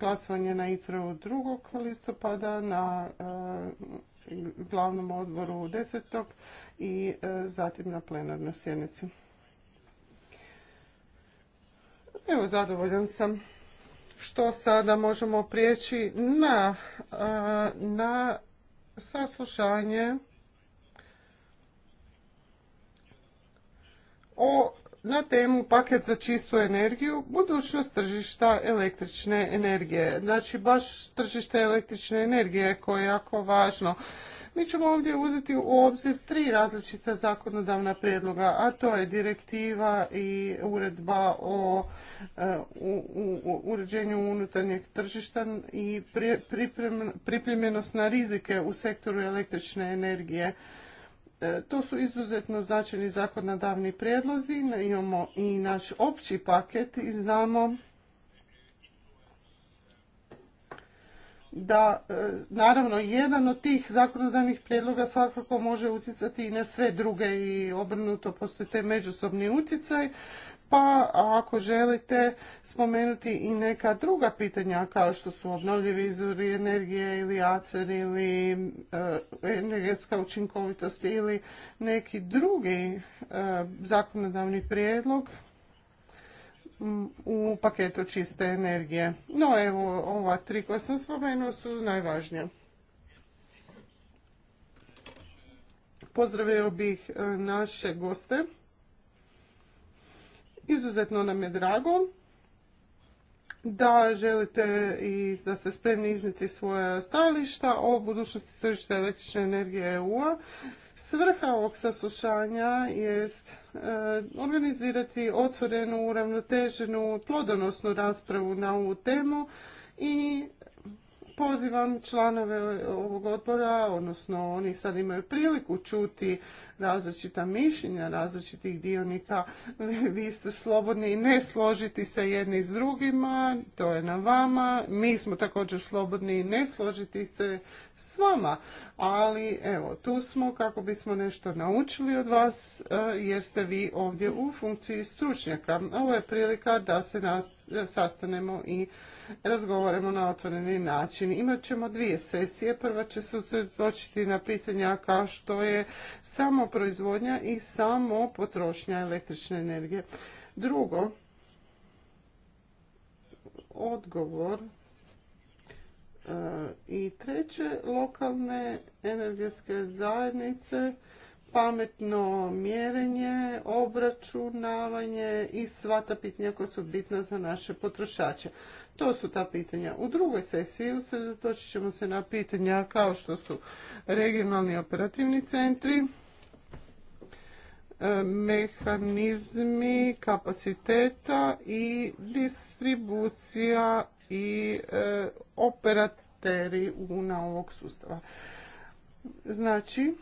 glasovanje na ITRO 2. listopada, na e, glavnom odboru 10. i e, zatim na plenarnoj sjednici. Evo, zadovoljan sam što sada možemo prijeći na, e, na saslušanje o na temu paket za čistu energiju, budućnost tržišta električne energije. Znači baš tržište električne energije koje je jako važno. Mi ćemo ovdje uzeti u obzir tri različita zakonodavna prijedloga, a to je direktiva i uredba o e, u, uređenju unutarnjeg tržišta i pripremljenost na rizike u sektoru električne energije. E, to su izuzetno značajni zakonodavni prijedlozi, imamo i naš opći paket i znamo da e, naravno jedan od tih zakonodavnih prijedloga svakako može utjecati i na sve druge i obrnuto postoji taj međusobni utjecaj pa ako želite spomenuti i neka druga pitanja kao što su obnovljivi izvori energije ili ACER ili e, energetska učinkovitost ili neki drugi e, zakonodavni prijedlog u paketu čiste energije. No evo, ova tri koja sam spomenuo su najvažnije. Pozdravio bih e, naše goste Izuzetno nam je drago da želite i da ste spremni izniti svoja stajališta o budućnosti tržišta električne energije EU-a. Svrha ovog saslušanja jest eh, organizirati otvorenu, uravnoteženu, plodonosnu raspravu na ovu temu i pozivam članove ovog odbora, odnosno oni sad imaju priliku čuti različita mišljenja različitih dionika. Vi ste slobodni ne složiti se jedni s drugima, to je na vama. Mi smo također slobodni ne složiti se s vama. Ali evo, tu smo kako bismo nešto naučili od vas e, jer ste vi ovdje u funkciji stručnjaka. Ovo je prilika da se nas sastanemo i razgovaramo na otvoreni način. Imat ćemo dvije sesije. Prva će se usredotočiti na pitanja kao što je samo proizvodnja i samo potrošnja električne energije. Drugo, odgovor e, i treće, lokalne energetske zajednice, pametno mjerenje, obračunavanje i sva ta pitanja koja su bitna za naše potrošače. To su ta pitanja. U drugoj sesiji usredotočit ćemo se na pitanja kao što su regionalni operativni centri, E, mehanizmi kapaciteta i distribucija i e, operateri ovog sustava. Znači,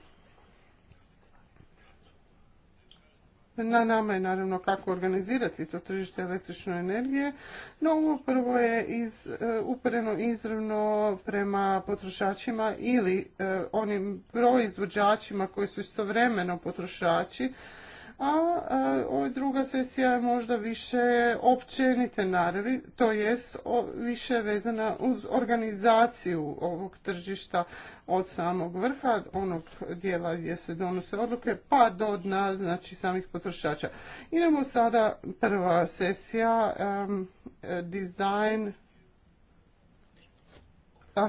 Na nama je naravno kako organizirati to tržište električne energije, no ovo prvo je iz, e, upereno izravno prema potrošačima ili e, onim proizvođačima koji su istovremeno potrošači, a e, ova druga sesija je možda više općenite naravi, to jest više vezana uz organizaciju ovog tržišta od samog vrha, onog dijela gdje se donose odluke, pa do dna, znači samih potrošača. Idemo sada prva sesija,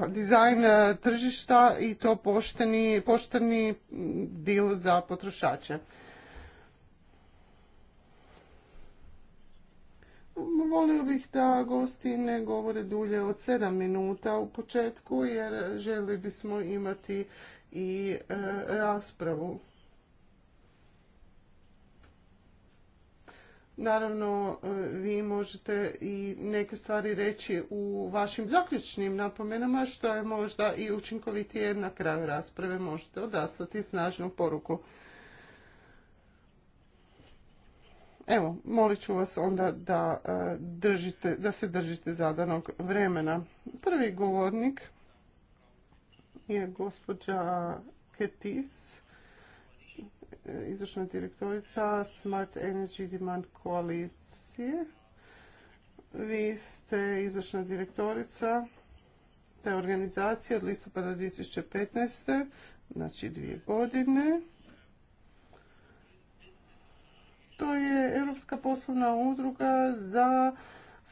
dizajn e, tržišta i to pošteni, pošteni dil za potrošače. Volio bih da gosti ne govore dulje od 7 minuta u početku jer želi bismo imati i e, raspravu. Naravno, e, vi možete i neke stvari reći u vašim zaključnim napomenama, što je možda i učinkovitije na kraju rasprave možete odaslati snažnu poruku. Evo, molit ću vas onda da, e, držite, da se držite zadanog vremena. Prvi govornik je gospođa Ketis, e, izvršna direktorica Smart Energy Demand koalicije. Vi ste izvršna direktorica te organizacije od listopada 2015. znači dvije godine to je Europska poslovna udruga za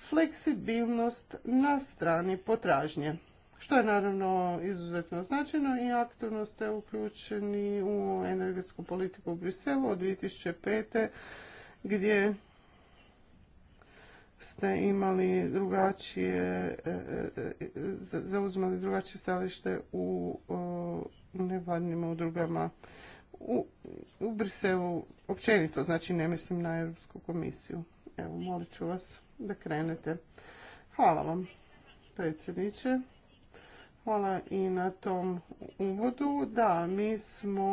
fleksibilnost na strani potražnje. Što je naravno izuzetno značajno i aktivno ste uključeni u energetsku politiku u Briselu od 2005. gdje ste imali drugačije, e, e, e, zauzimali drugačije stajalište u nevladnim udrugama u, u Briselu općenito, znači ne mislim na Europsku komisiju. Evo, molit ću vas da krenete. Hvala vam, predsjedniče. Hvala i na tom uvodu. Da, mi smo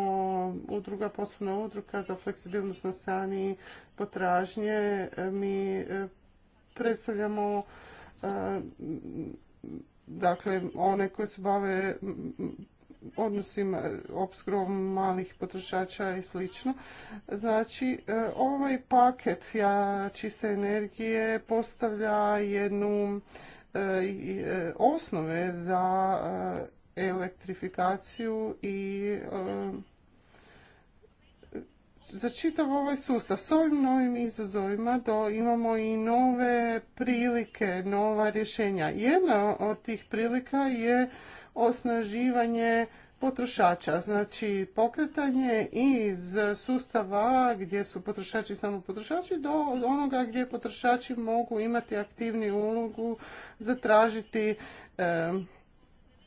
udruga, poslovna udruga za fleksibilnost na strani potražnje. Mi e, predstavljamo e, dakle one koje se bave odnosima obskrom malih potrošača i sl. Znači, e, ovaj paket ja čiste energije postavlja jednu e, e, osnove za elektrifikaciju i za čitav ovaj sustav. S ovim novim izazovima do, imamo i nove prilike, nova rješenja. Jedna od tih prilika je osnaživanje potrošača, znači pokretanje iz sustava gdje su potrošači samo potrošači do onoga gdje potrošači mogu imati aktivniju ulogu, zatražiti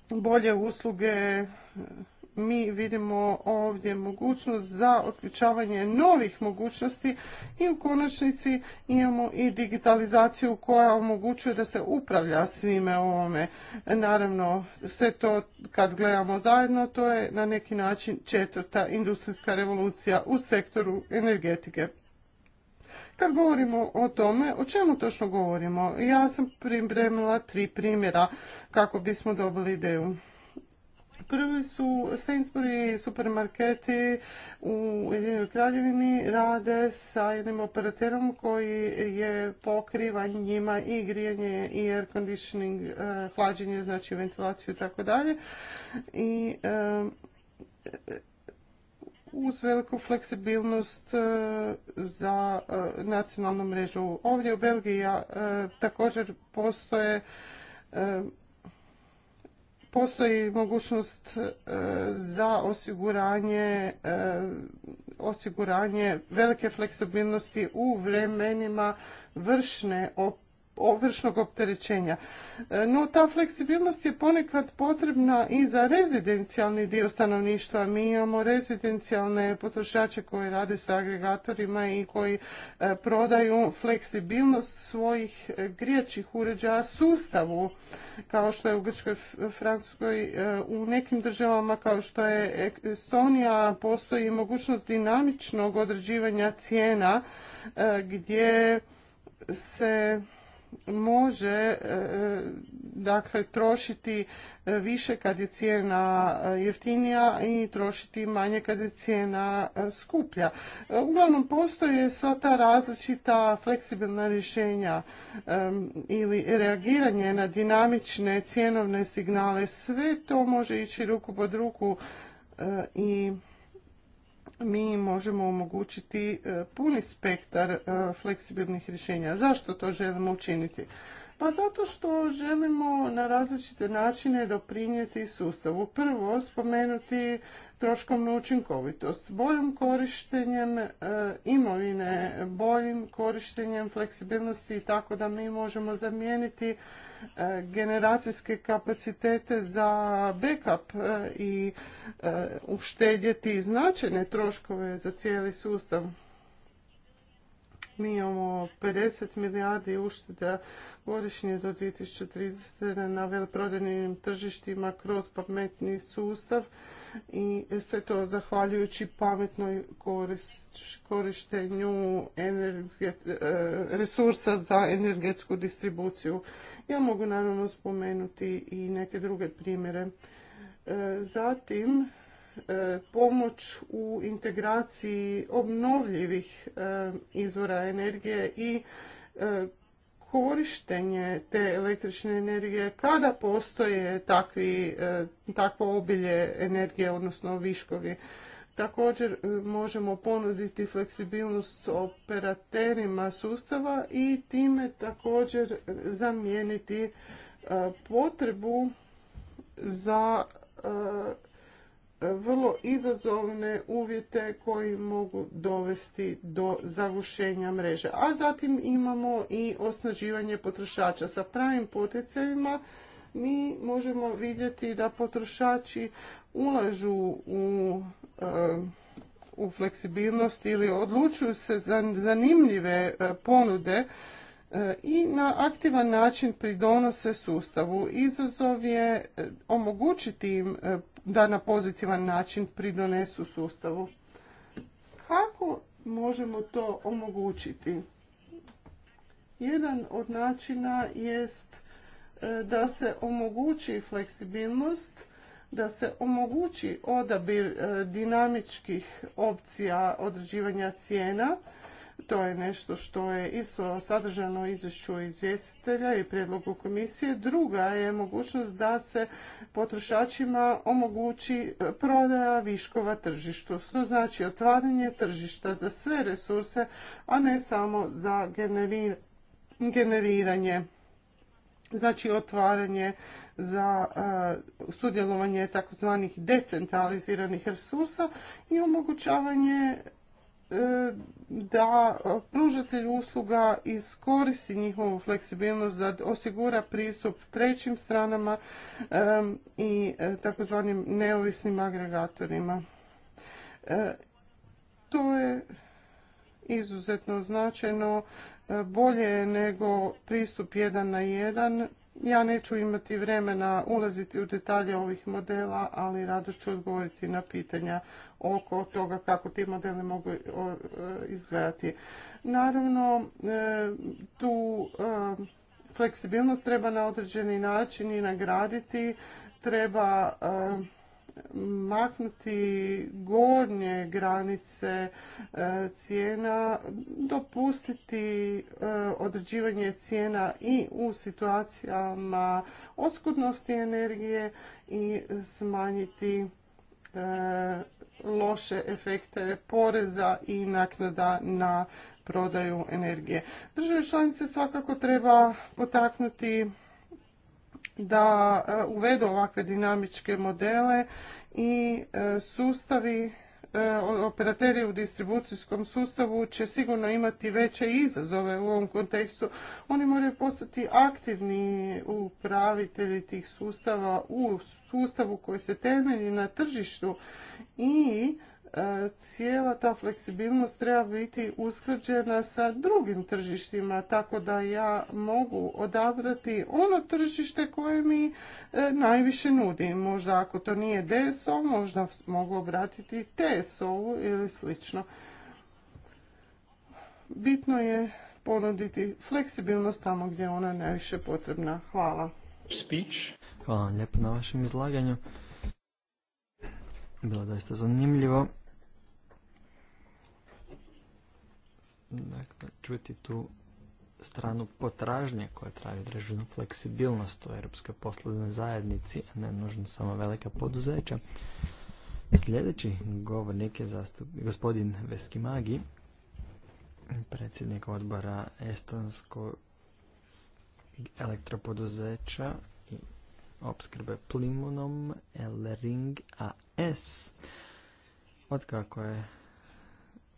bolje usluge, mi vidimo ovdje mogućnost za otključavanje novih mogućnosti i u konačnici imamo i digitalizaciju koja omogućuje da se upravlja svime ovome. Naravno, sve to kad gledamo zajedno, to je na neki način četvrta industrijska revolucija u sektoru energetike. Kad govorimo o tome, o čemu točno govorimo? Ja sam pripremila tri primjera kako bismo dobili ideju. Prvi su Sainsbury supermarketi u Kraljevini rade sa jednim operaterom koji je pokriva njima i grijanje i air conditioning, e, hlađenje, znači ventilaciju i tako dalje. I e, uz veliku fleksibilnost e, za nacionalnu mrežu. Ovdje u Belgiji također postoje postoji mogućnost e, za osiguranje, e, osiguranje velike fleksibilnosti u vremenima vršne ovršnog opterećenja. E, no, ta fleksibilnost je ponekad potrebna i za rezidencijalni dio stanovništva. Mi imamo rezidencijalne potrošače koji rade sa agregatorima i koji e, prodaju fleksibilnost svojih e, grijačih uređaja sustavu, kao što je u Grčkoj, Francuskoj, u nekim državama kao što je Estonija, postoji mogućnost dinamičnog određivanja cijena gdje se može e, e, dakle trošiti e, više kad je cijena jeftinija i trošiti manje kad je cijena skuplja. Uglavnom postoje sva ta različita fleksibilna rješenja ili reagiranje na dinamične cjenovne signale. Sve to može ići ruku pod ruku i mi možemo omogućiti e, puni spektar e, fleksibilnih rješenja. Zašto to želimo učiniti? Pa zato što želimo na različite načine doprinijeti sustavu. Prvo, spomenuti troškovnu učinkovitost. Boljim korištenjem e, imovine, boljim korištenjem fleksibilnosti tako da mi možemo zamijeniti e, generacijske kapacitete za backup e, i uštedjeti značajne troškove za cijeli sustav. Mi imamo 50 milijardi ušteda godišnje do 2030. na veleprodajnim tržištima kroz pametni sustav i sve to zahvaljujući pametnoj korištenju eh, resursa za energetsku distribuciju. Ja mogu naravno spomenuti i neke druge primjere. Eh, zatim, E, pomoć u integraciji obnovljivih e, izvora energije i e, korištenje te električne energije kada postoje takvi, takvo obilje energije, odnosno viškovi. Također možemo ponuditi fleksibilnost operaterima sustava i time također zamijeniti potrebu za vrlo izazovne uvjete koji mogu dovesti do zagušenja mreže. A zatim imamo i osnaživanje potrošača. Sa pravim poticajima mi možemo vidjeti da potrošači ulažu u, e, u fleksibilnost ili odlučuju se za zanimljive e, ponude E, i na aktivan način pridonose sustavu. Izazov je e, omogućiti im e, da na pozitivan način pridonesu sustavu. Kako možemo to omogućiti? Jedan od načina jest da se omogući fleksibilnost, da se omogući odabir dinamičkih opcija određivanja cijena to je nešto što je isto sadržano u izvješću izvjestitelja i prijedlogu komisije. Druga je mogućnost da se potrošačima omogući e, prodaja viškova tržištu. To znači otvaranje tržišta za sve resurse, a ne samo za generiranje znači otvaranje za e, sudjelovanje takozvanih decentraliziranih resursa i omogućavanje E, da pružatelj usluga iskoristi njihovu fleksibilnost da osigura pristup trećim stranama e, i e, takozvanim neovisnim agregatorima. To je izuzetno značajno, bolje nego pristup jedan na jedan ja neću imati vremena ulaziti u detalje ovih modela, ali rado ću odgovoriti na pitanja oko toga kako ti modeli mogu e, izgledati. Naravno, e, tu e, fleksibilnost treba na određeni način i nagraditi, treba maknuti gornje granice e, cijena, dopustiti e, određivanje cijena i u situacijama oskudnosti energije i smanjiti e, loše efekte poreza i naknada na prodaju energije. Države članice svakako treba potaknuti da e, uvedu ovakve dinamičke modele i e, sustavi e, operateri u distribucijskom sustavu će sigurno imati veće izazove u ovom kontekstu. Oni moraju postati aktivni upravitelji tih sustava u sustavu koji se temelji na tržištu i E, cijela ta fleksibilnost treba biti usklađena sa drugim tržištima, tako da ja mogu odabrati ono tržište koje mi e, najviše nudi. Možda ako to nije DSO, možda mogu obratiti TSO ili slično. Bitno je ponuditi fleksibilnost tamo gdje ona je najviše potrebna. Hvala. Speech. Hvala vam lijepo na vašem izlaganju. Bilo da ste zanimljivo. dakle, čuti tu stranu potražnje koja traži određenu fleksibilnost u Europskoj poslovnoj zajednici, a ne nužno samo velika poduzeća. Sljedeći govornik je zastup, gospodin Magi predsjednik odbora Estonskog elektropoduzeća i opskrbe plimunom Elring AS. kako je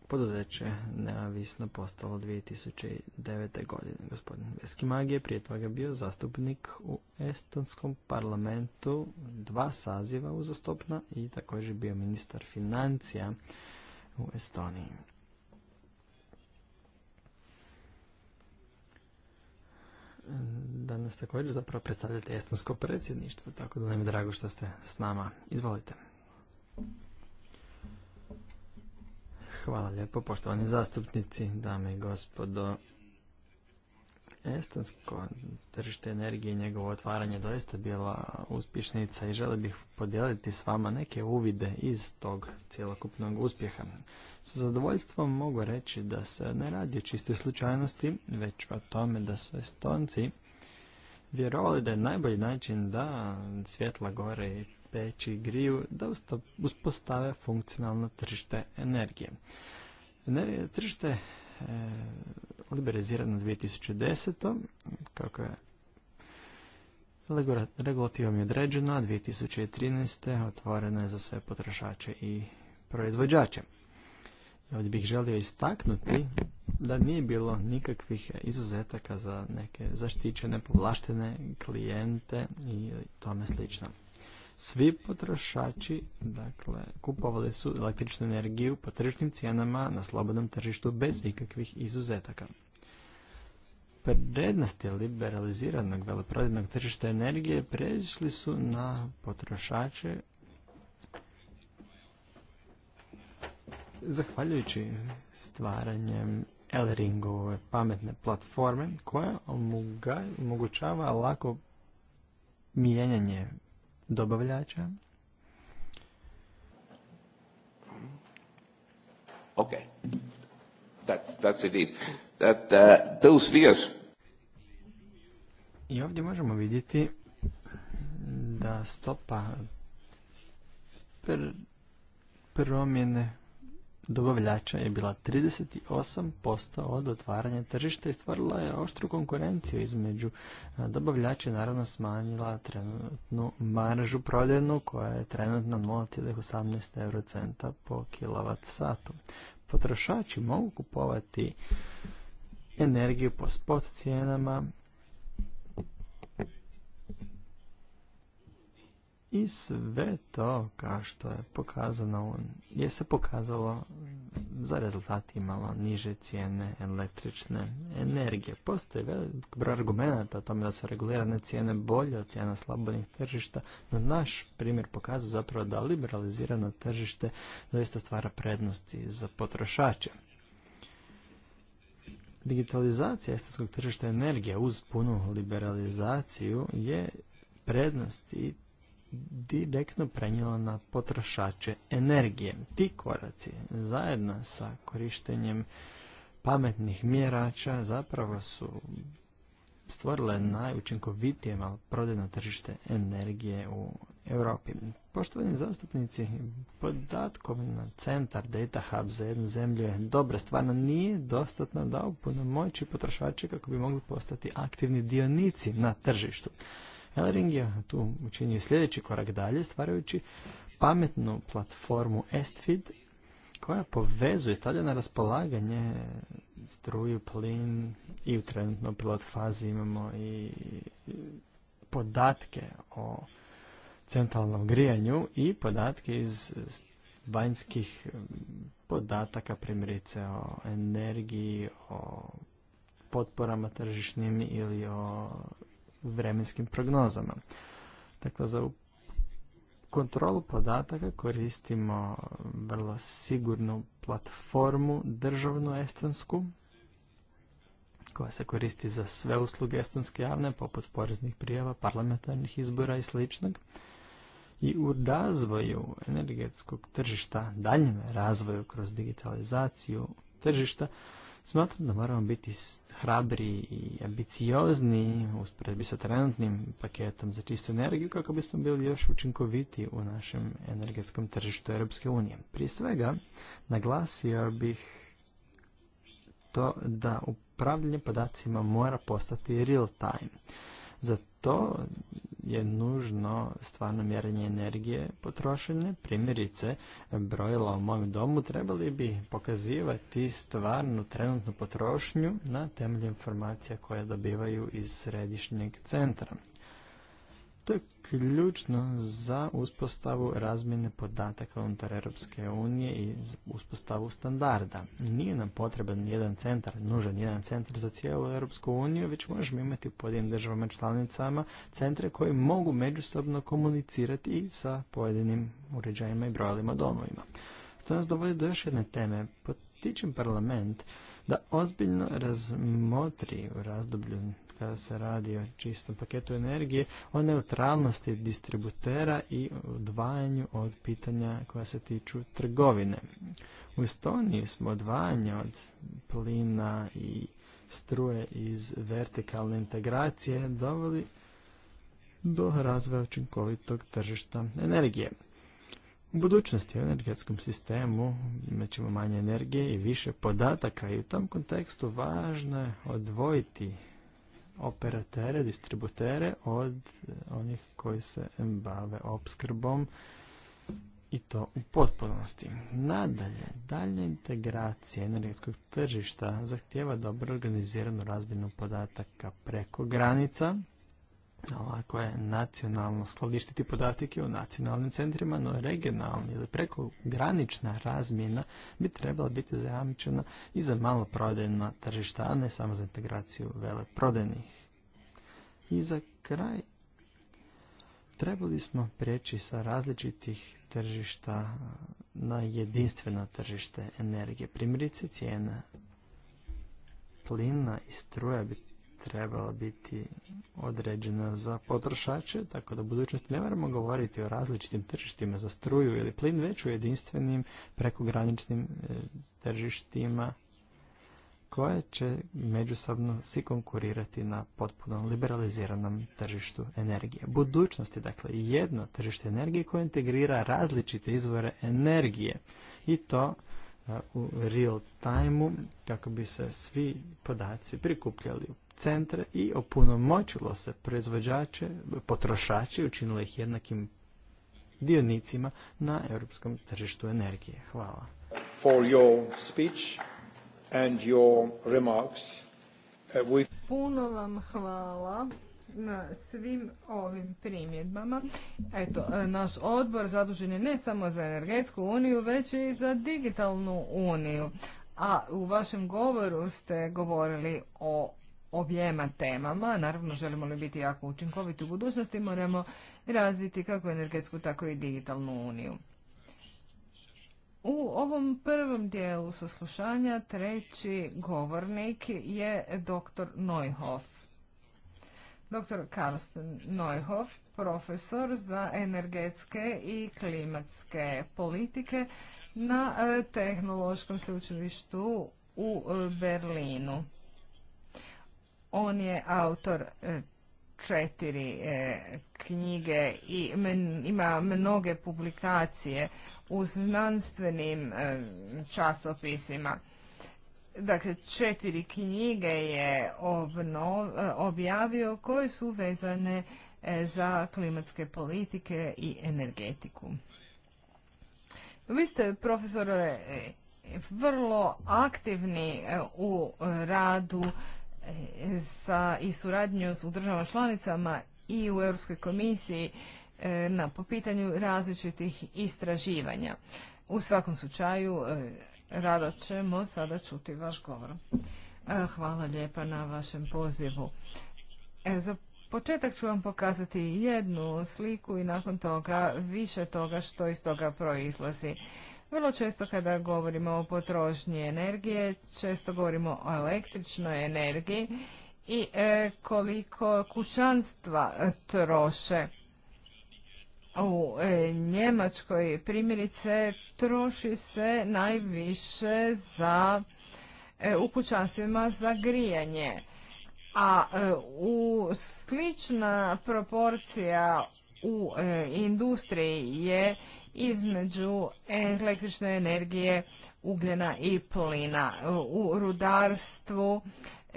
poduzeće neavisno postalo 2009. godine. Gospodin Veski je prije toga bio zastupnik u Estonskom parlamentu dva saziva uzastopna i također bio ministar financija u Estoniji. Danas također zapravo predstavljate Estonsko predsjedništvo, tako da nam je drago što ste s nama. Izvolite. Hvala lijepo, poštovani zastupnici, dame i gospodo. Estonsko tržište energije i njegovo otvaranje doista bila uspješnica i želio bih podijeliti s vama neke uvide iz tog cjelokupnog uspjeha. Sa zadovoljstvom mogu reći da se ne radi o čistoj slučajnosti, već o tome da su Estonci vjerovali da je najbolji način da svjetla gore i peći i griju da uspostave funkcionalno tržište energije. Energije tržište e, liberalizirano 2010. kako je Regulativom je određena, 2013. otvorena je za sve potrošače i proizvođače. Ovdje bih želio istaknuti da nije bilo nikakvih izuzetaka za neke zaštićene, povlaštene klijente i tome slično. Svi potrošači dakle, kupovali su električnu energiju po tržišnim cijenama na slobodnom tržištu bez ikakvih izuzetaka. Prednosti liberaliziranog veleprodajnog tržišta energije prešli su na potrošače zahvaljujući stvaranjem Elringove pametne platforme koja omogućava lako mijenjanje dobavljača. Ok. That's, that's it is. That, uh, those I ovdje možemo vidjeti da stopa promjene dobavljača je bila 38% od otvaranja tržišta i stvorila je oštru konkurenciju između dobavljača i naravno smanjila trenutnu maržu prodajnu koja je trenutno 0,18 eurocenta po kilovat satu. Potrošači mogu kupovati energiju po spot cijenama I sve to, kao što je pokazano, je se pokazalo za rezultat imalo ono, niže cijene električne energije. Postoji velik broj argumenta o tome da su regulirane cijene bolje od cijena slabodnih tržišta, no naš primjer pokazuje zapravo da liberalizirano tržište doista stvara prednosti za potrošače. Digitalizacija estetskog tržišta energije uz punu liberalizaciju je prednost i direktno prenijela na potrošače energije. Ti koraci zajedno sa korištenjem pametnih mjerača zapravo su stvorile najučinkovitije maloprodajno tržište energije u Europi. Poštovani zastupnici, na centar Data Hub za jednu zemlju je dobra stvarno nije dostatna da moći potrošače kako bi mogli postati aktivni dionici na tržištu. Elring je tu učinio sljedeći korak dalje stvarajući pametnu platformu EstFeed koja povezuje i stavlja na raspolaganje struju, plin i u trenutno pilot fazi imamo i podatke o centralnom grijanju i podatke iz vanjskih podataka, primjerice o energiji, o potporama tržišnim ili o vremenskim prognozama. Dakle, za kontrolu podataka koristimo vrlo sigurnu platformu državnu estonsku koja se koristi za sve usluge estonske javne poput poreznih prijava, parlamentarnih izbora i sl. I u razvoju energetskog tržišta, daljem razvoju kroz digitalizaciju tržišta, Smatram da moramo biti hrabri i ambiciozni usporedbi sa trenutnim paketom za čistu energiju kako bismo bili još učinkoviti u našem energetskom tržištu Europske unije. Prije svega, naglasio bih to da upravljanje podacima mora postati real time. Za to je nužno stvarno mjerenje energije potrošene. Primjerice, brojila u mom domu trebali bi pokazivati stvarnu trenutnu potrošnju na temelju informacija koje dobivaju iz središnjeg centra. To je ključno za uspostavu razmjene podataka unutar Europske unije i uspostavu standarda. Nije nam potreban jedan centar, nužan jedan centar za cijelu Europsku uniju, već možemo imati u pojedinim državama članicama centre koji mogu međusobno komunicirati i sa pojedinim uređajima i brojalima domovima. To nas dovodi do još jedne teme. Potičem parlament da ozbiljno razmotri u razdoblju kada se radi o čistom paketu energije, o neutralnosti distributera i odvajanju od pitanja koja se tiču trgovine. U Estoniji smo odvajanje od plina i struje iz vertikalne integracije doveli do razvoja učinkovitog tržišta energije. U budućnosti u energetskom sistemu imat ćemo manje energije i više podataka i u tom kontekstu važno je odvojiti operatere, distributere od onih koji se bave opskrbom i to u potpunosti. Nadalje, dalje integracija energetskog tržišta zahtjeva dobro organiziranu razmjenu podataka preko granica, ovako je nacionalno skladištiti podatke u nacionalnim centrima, no regionalni ili granična razmjena bi trebala biti zajamčena i za malo prodajna tržišta, a ne samo za integraciju veleprodajnih. I za kraj trebali smo prijeći sa različitih tržišta na jedinstveno tržište energije. Primjerice cijena plina i struja bi trebala biti određena za potrošače, tako da u budućnosti ne moramo govoriti o različitim tržištima za struju ili plin, već u jedinstvenim prekograničnim e, tržištima koje će međusobno si konkurirati na potpuno liberaliziranom tržištu energije. je dakle, jedno tržište energije koje integrira različite izvore energije i to e, u real time kako bi se svi podaci prikupljali u centre i opunomoćilo se proizvođače, potrošače i učinilo ih jednakim dionicima na europskom tržištu energije. Hvala. For your speech and your remarks. Uh, Puno vam hvala na svim ovim primjedbama. Eto, e, naš odbor zadužen je ne samo za energetsku uniju, već i za digitalnu uniju. A u vašem govoru ste govorili o objema temama. Naravno, želimo li biti jako učinkoviti u budućnosti, moramo razviti kako energetsku, tako i digitalnu uniju. U ovom prvom dijelu saslušanja treći govornik je dr. Neuhoff. Dr. Karsten Neuhoff, profesor za energetske i klimatske politike na eh, Tehnološkom sveučilištu u eh, Berlinu. On je autor e, četiri e, knjige i ima mnoge publikacije u znanstvenim e, časopisima. Dakle, četiri knjige je objavio koje su vezane za klimatske politike i energetiku. Vi ste, profesore, vrlo aktivni u radu E, sa i suradnju u državama članicama i u Europskoj komisiji e, na po pitanju različitih istraživanja. U svakom slučaju e, rado ćemo sada čuti vaš govor. hvala lijepa na vašem pozivu. Za početak ću vam pokazati jednu sliku i nakon toga više toga što iz toga proizlazi. Vrlo često kada govorimo o potrošnji energije, često govorimo o električnoj energiji i e, koliko kućanstva troše. U e, Njemačkoj primjerice troši se najviše za e, u kućanstvima za grijanje, a u slična proporcija u industriji je između električne energije, ugljena i plina. U rudarstvu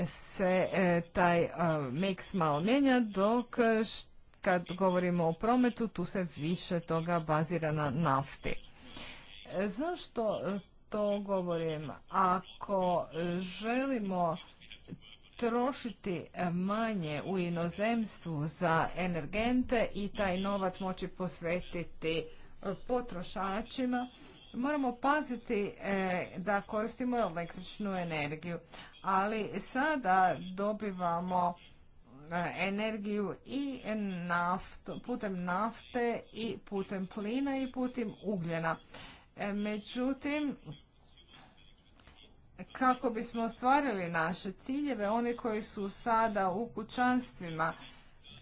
se e, taj e, miks malo mijenja, dok kad govorimo o prometu, tu se više toga bazira na nafti. E, zašto to govorim? Ako želimo trošiti manje u inozemstvu za energente i taj novac moći posvetiti potrošačima, moramo paziti e, da koristimo električnu energiju. Ali sada dobivamo e, energiju i putem nafte i putem plina i putem ugljena. E, međutim, kako bismo ostvarili naše ciljeve, oni koji su sada u kućanstvima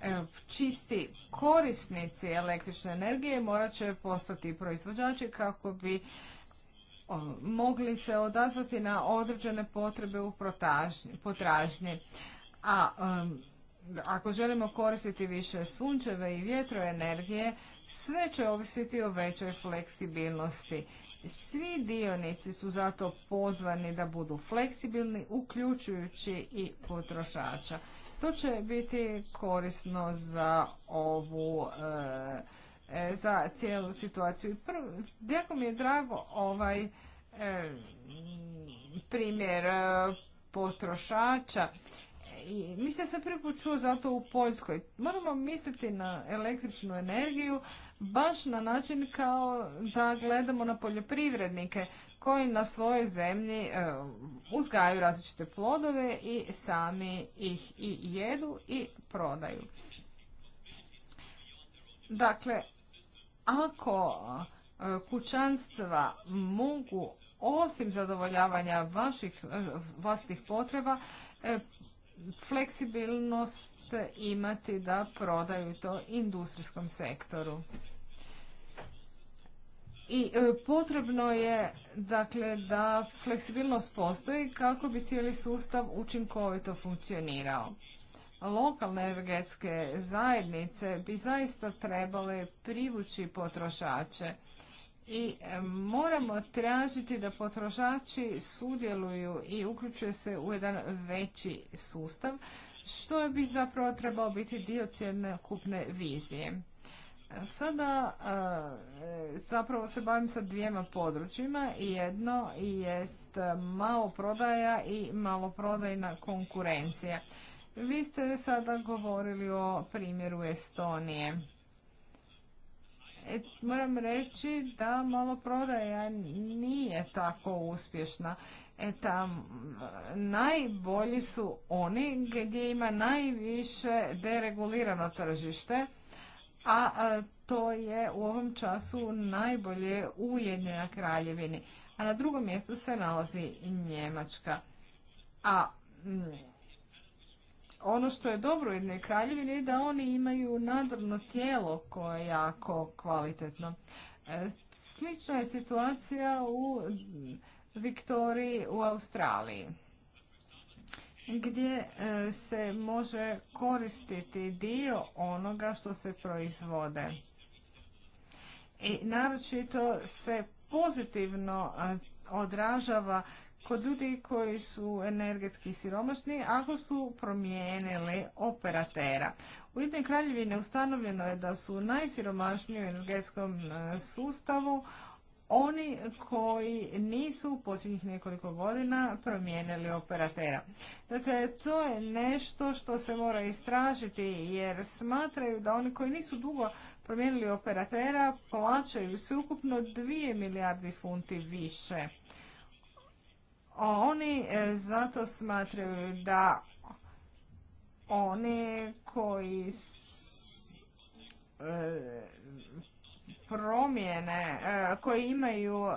E, čisti korisnici električne energije morat će postati proizvođači kako bi mogli se odazvati na određene potrebe u potražnji. A ako želimo koristiti više sunčeve i vjetroenergije, sve će ovisiti o većoj fleksibilnosti. Svi dionici su zato pozvani da budu fleksibilni, uključujući i potrošača. To će biti korisno za ovu e, e, za cijelu situaciju. I jako mi je drago ovaj e, primjer potrošača. I mislim da sam prvi put čuo zato u Poljskoj. Moramo misliti na električnu energiju baš na način kao da gledamo na poljoprivrednike koji na svojoj zemlji e, uzgajaju različite plodove i sami ih i jedu i prodaju. Dakle, ako e, kućanstva mogu osim zadovoljavanja vaših e, vlastnih potreba fleksibilnost imati da prodaju to industrijskom sektoru. I e, potrebno je dakle da fleksibilnost postoji kako bi cijeli sustav učinkovito funkcionirao. Lokalne energetske zajednice bi zaista trebale privući potrošače i e, moramo tražiti da potrošači sudjeluju i uključuje se u jedan veći sustav što bi zapravo trebao biti dio kupne vizije. Sada e, zapravo se bavim sa dvijema područjima. Jedno jest malo prodaja i maloprodajna konkurencija. Vi ste sada govorili o primjeru Estonije. E, moram reći da malo prodaja nije tako uspješna Eta, najbolji su oni gdje ima najviše deregulirano tržište, a to je u ovom času najbolje u kraljevini. A na drugom mjestu se nalazi Njemačka. A ono što je dobro u Jednoj kraljevini je da oni imaju nadzorno tijelo koje je jako kvalitetno. E, slična je situacija u Viktoriji u Australiji gdje e, se može koristiti dio onoga što se proizvode. I naročito se pozitivno odražava kod ljudi koji su energetski siromašni ako su promijenili operatera. U jednoj kraljevini ustanovljeno je da su najsiromašniji u energetskom e, sustavu oni koji nisu u posljednjih nekoliko godina promijenili operatera. Dakle, to je nešto što se mora istražiti jer smatraju da oni koji nisu dugo promijenili operatera plaćaju se ukupno 2 milijardi funti više. A oni e, zato smatraju da oni koji e, promjene e, koje imaju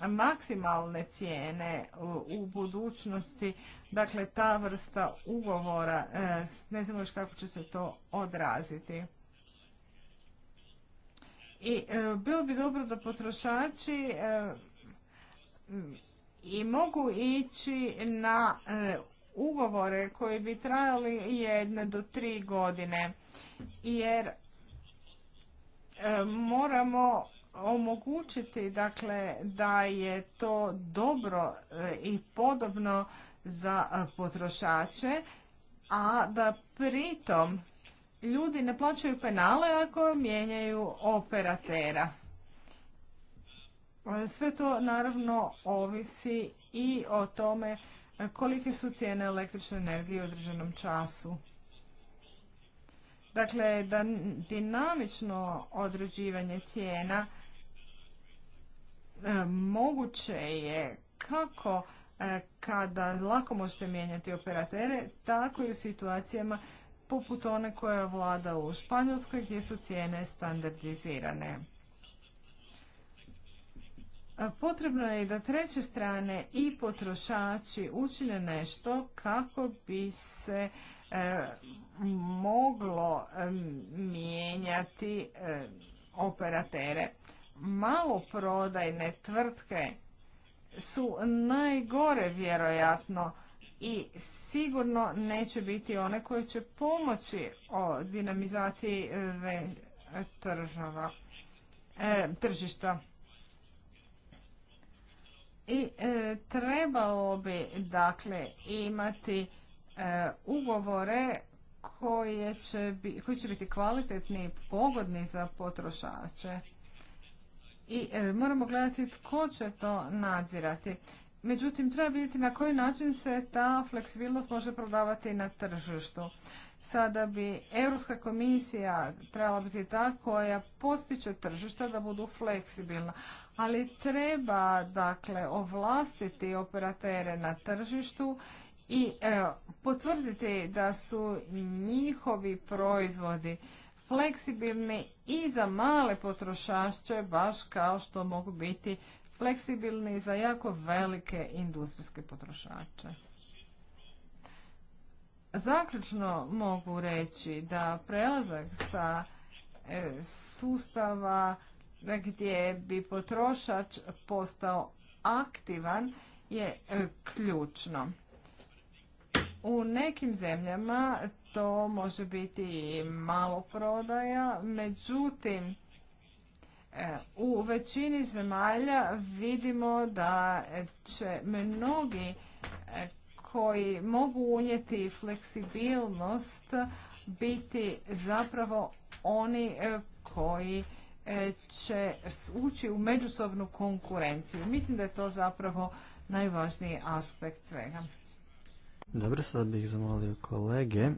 e, maksimalne cijene u budućnosti, dakle ta vrsta ugovora, e, ne znamo još kako će se to odraziti. I bilo bi dobro da potrošači i mogu ići na ugovore koji bi trajali jedne do tri godine jer E, moramo omogućiti dakle da je to dobro e, i podobno za e, potrošače, a da pritom ljudi ne plaćaju penale ako mijenjaju operatera. Sve to naravno ovisi i o tome kolike su cijene električne energije u određenom času. Dakle, da dinamično određivanje cijena e, moguće je kako e, kada lako možete mijenjati operatere, tako i u situacijama poput one koja vlada u Španjolskoj gdje su cijene standardizirane. E, potrebno je da treće strane i potrošači učine nešto kako bi se E, moglo mijenjati e, operatere. Maloprodajne tvrtke su najgore vjerojatno i sigurno neće biti one koje će pomoći o dinamizaciji e, tržišta. I trebalo bi dakle imati E, ugovore koje će koji će biti kvalitetni i pogodni za potrošače. I e, moramo gledati tko će to nadzirati. Međutim, treba vidjeti na koji način se ta fleksibilnost može prodavati na tržištu. Sada bi Europska komisija trebala biti ta koja postiče tržišta da budu fleksibilna, ali treba dakle ovlastiti operatere na tržištu i potvrditi da su njihovi proizvodi fleksibilni i za male potrošače, baš kao što mogu biti fleksibilni za jako velike industrijske potrošače. Zaključno mogu reći da prelazak sa e, sustava gdje bi potrošač postao aktivan je e, ključno. U nekim zemljama to može biti malo prodaja, međutim e, u većini zemalja vidimo da će mnogi e, koji mogu unijeti fleksibilnost biti zapravo oni e, koji će ući u međusobnu konkurenciju. Mislim da je to zapravo najvažniji aspekt svega. Dobro, sad bih zamolio kolege,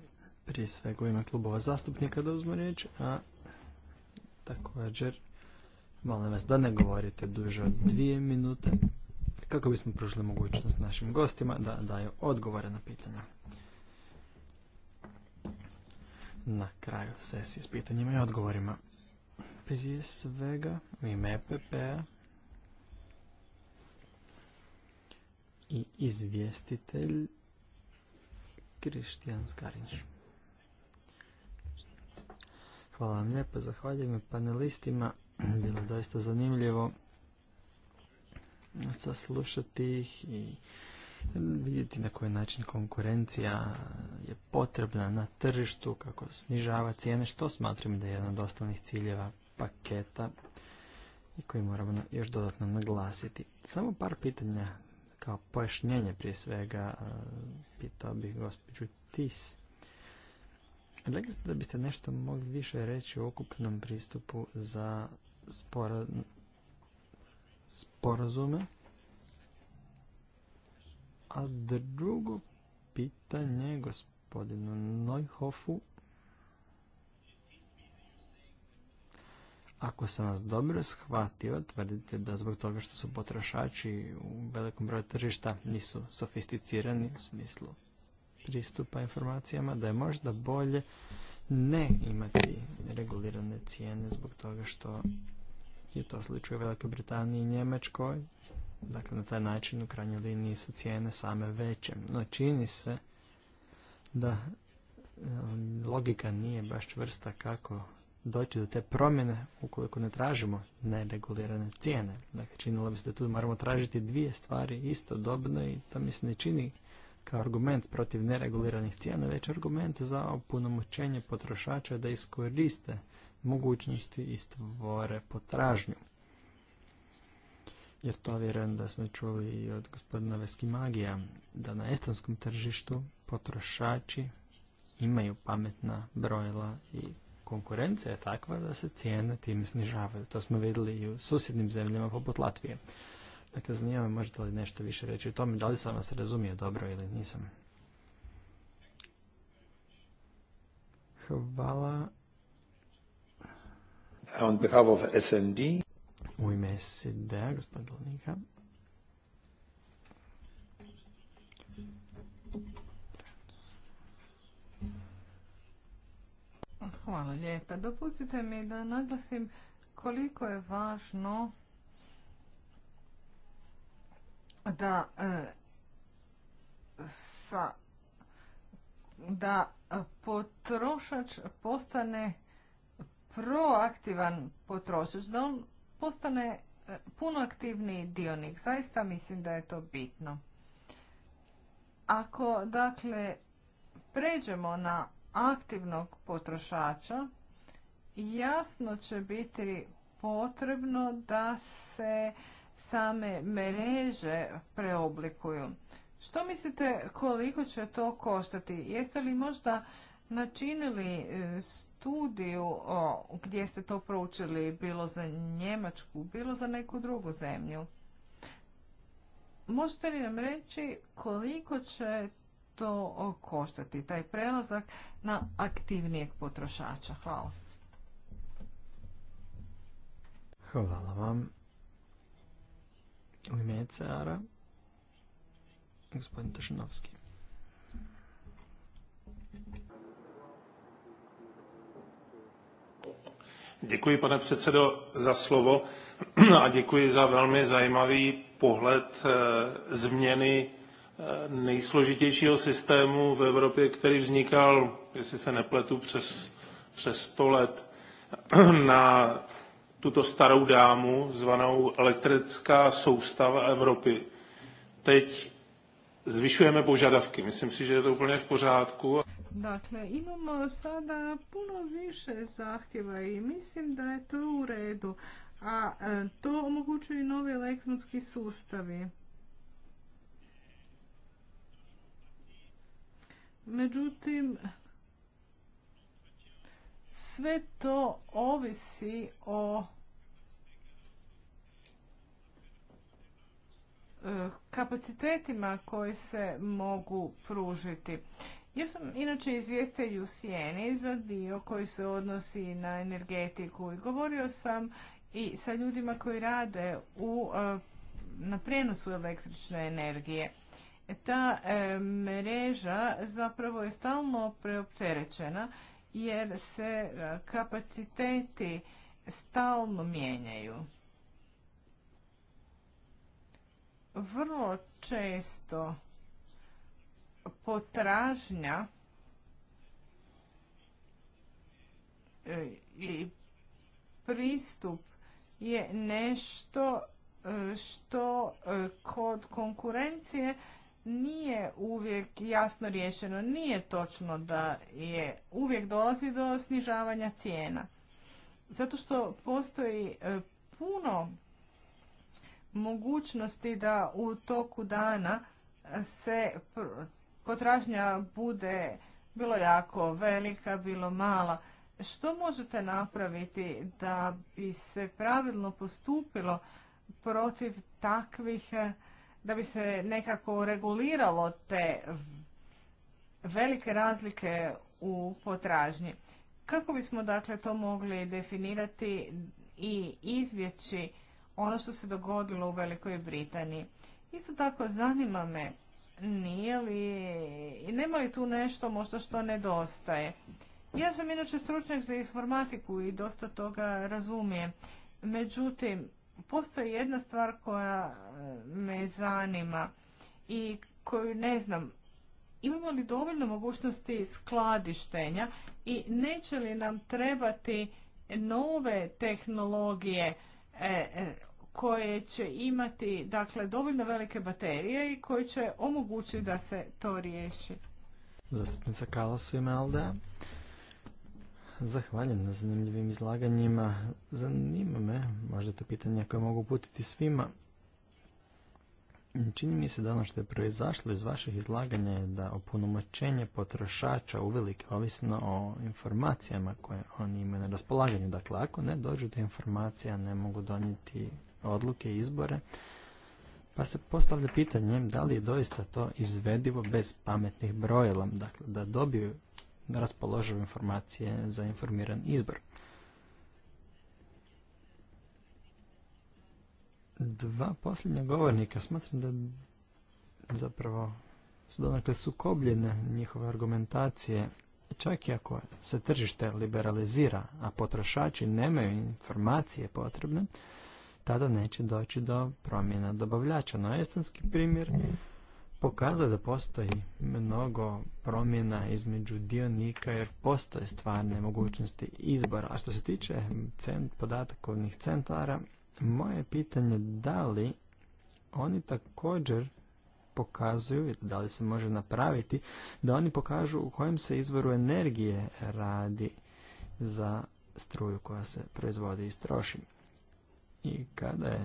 prije svega u ime klubova zastupnika da uzmu riječ, a također molim vas da ne govorite duže od dvije minute kako bismo pružili mogućnost našim gostima da daju odgovore na pitanja. Na kraju sesije s pitanjima i odgovorima. Prije svega u ime EPP-a i izvjestitelj Krištijan Zgarinš. Hvala vam lijepo, zahvaljujem panelistima, bilo doista zanimljivo saslušati ih i vidjeti na koji način konkurencija je potrebna na tržištu, kako snižava cijene, što smatram da je jedan od osnovnih ciljeva paketa i koji moramo još dodatno naglasiti. Samo par pitanja kao pojašnjenje prije svega e, pitao bih gospođu Tis. Rekli ste da biste nešto mogli više reći o ukupnom pristupu za sporazume. A drugo pitanje gospodinu Neuhofu Ako sam vas dobro shvatio, tvrdite da zbog toga što su potrošači u velikom broju tržišta nisu sofisticirani u smislu pristupa informacijama, da je možda bolje ne imati regulirane cijene zbog toga što je to slučaj u Velikoj Britaniji i Njemačkoj. Dakle, na taj način u krajnjoj liniji su cijene same veće. No, čini se da e, logika nije baš čvrsta kako doći do te promjene ukoliko ne tražimo neregulirane cijene. Dakle, činilo bi se da tu moramo tražiti dvije stvari istodobno i to mi se ne čini kao argument protiv nereguliranih cijena, već argument za opunomoćenje potrošača da iskoriste mogućnosti i stvore potražnju. Jer to vjerujem da smo čuli i od gospodina Veski Magija, da na estonskom tržištu potrošači imaju pametna brojila i konkurencija je takva da se cijene time snižavaju. To smo vidjeli i u susjednim zemljama poput Latvije. Dakle, zanima me možete li nešto više reći o tome, da li sam vas razumio dobro ili nisam. Hvala. On behalf of SND. U ime SD, gospodin Hvala lijepa. Dopustite mi da naglasim koliko je važno da e, sa da potrošač postane proaktivan potrošač, da on postane e, puno aktivniji dionik. Zaista mislim da je to bitno. Ako dakle pređemo na aktivnog potrošača jasno će biti potrebno da se same mreže preoblikuju. Što mislite koliko će to koštati? Jeste li možda načinili e, studiju gdje ste to proučili bilo za Njemačku, bilo za neku drugu zemlju? Možete li nam reći koliko će to koštati, taj prelazak na aktivnijeg potrošača? Hvala. Hvala vam. U ime e CR-a, gospodin Tošinovski. Děkuji, pane předsedo, za slovo a děkuji za velmi zajímavý pohled eh, změny nejsložitějšího systému v Evropě, který vznikal, jestli se nepletu, přes, přes 100 let na tuto starou dámu, zvanou elektrická soustava Evropy. Teď zvyšujeme požadavky. Myslím si, že je to úplně v pořádku. Dakle, imamo sada puno više zahtjeva i mislim da je to u redu. A e, to omogućuje i novi elektronski sustavi. Međutim, sve to ovisi o e, kapacitetima koji se mogu pružiti. Ja sam inače izvjestitelj u Sijeni za dio koji se odnosi na energetiku i govorio sam i sa ljudima koji rade u, e, na prenosu električne energije ta e, mreža zapravo je stalno preopterećena jer se e, kapaciteti stalno mijenjaju. Vrlo često potražnja e, i pristup je nešto što kod konkurencije nije uvijek jasno riješeno. Nije točno da je uvijek dolazi do snižavanja cijena. Zato što postoji e, puno mogućnosti da u toku dana se potražnja bude bilo jako velika, bilo mala. Što možete napraviti da bi se pravilno postupilo protiv takvih e, da bi se nekako reguliralo te velike razlike u potražnji. Kako bismo dakle to mogli definirati i izbjeći ono što se dogodilo u Velikoj Britaniji? Isto tako zanima me nije li, nema li tu nešto možda što nedostaje? Ja sam inače stručnjak za informatiku i dosta toga razumijem. Međutim, Postoji jedna stvar koja e, me zanima i koju ne znam. Imamo li dovoljno mogućnosti skladištenja i neće li nam trebati nove tehnologije e, e, koje će imati dakle dovoljno velike baterije i koje će omogućiti da se to riješi. Zastupnica Zahvaljujem na zanimljivim izlaganjima. Zanima me, možda to pitanje koje mogu putiti svima. Čini mi se da ono što je proizašlo iz vaših izlaganja je da opunomoćenje potrošača uvelike ovisno o informacijama koje oni imaju na raspolaganju. Dakle, ako ne dođu do informacija, ne mogu donijeti odluke i izbore. Pa se postavlja pitanje da li je doista to izvedivo bez pametnih brojila. Dakle, da dobiju raspoložive informacije za informiran izbor. Dva posljednja govornika smatram da zapravo su donakle sukobljene njihove argumentacije. Čak i ako se tržište liberalizira, a potrošači nemaju informacije potrebne, tada neće doći do promjena dobavljača. No, estanski primjer pokazuje da postoji mnogo promjena između dionika jer postoje stvarne mogućnosti izbora. A što se tiče cent, podatkovnih centara, moje pitanje da li oni također pokazuju, da li se može napraviti, da oni pokažu u kojem se izvoru energije radi za struju koja se proizvodi i stroši. I kada je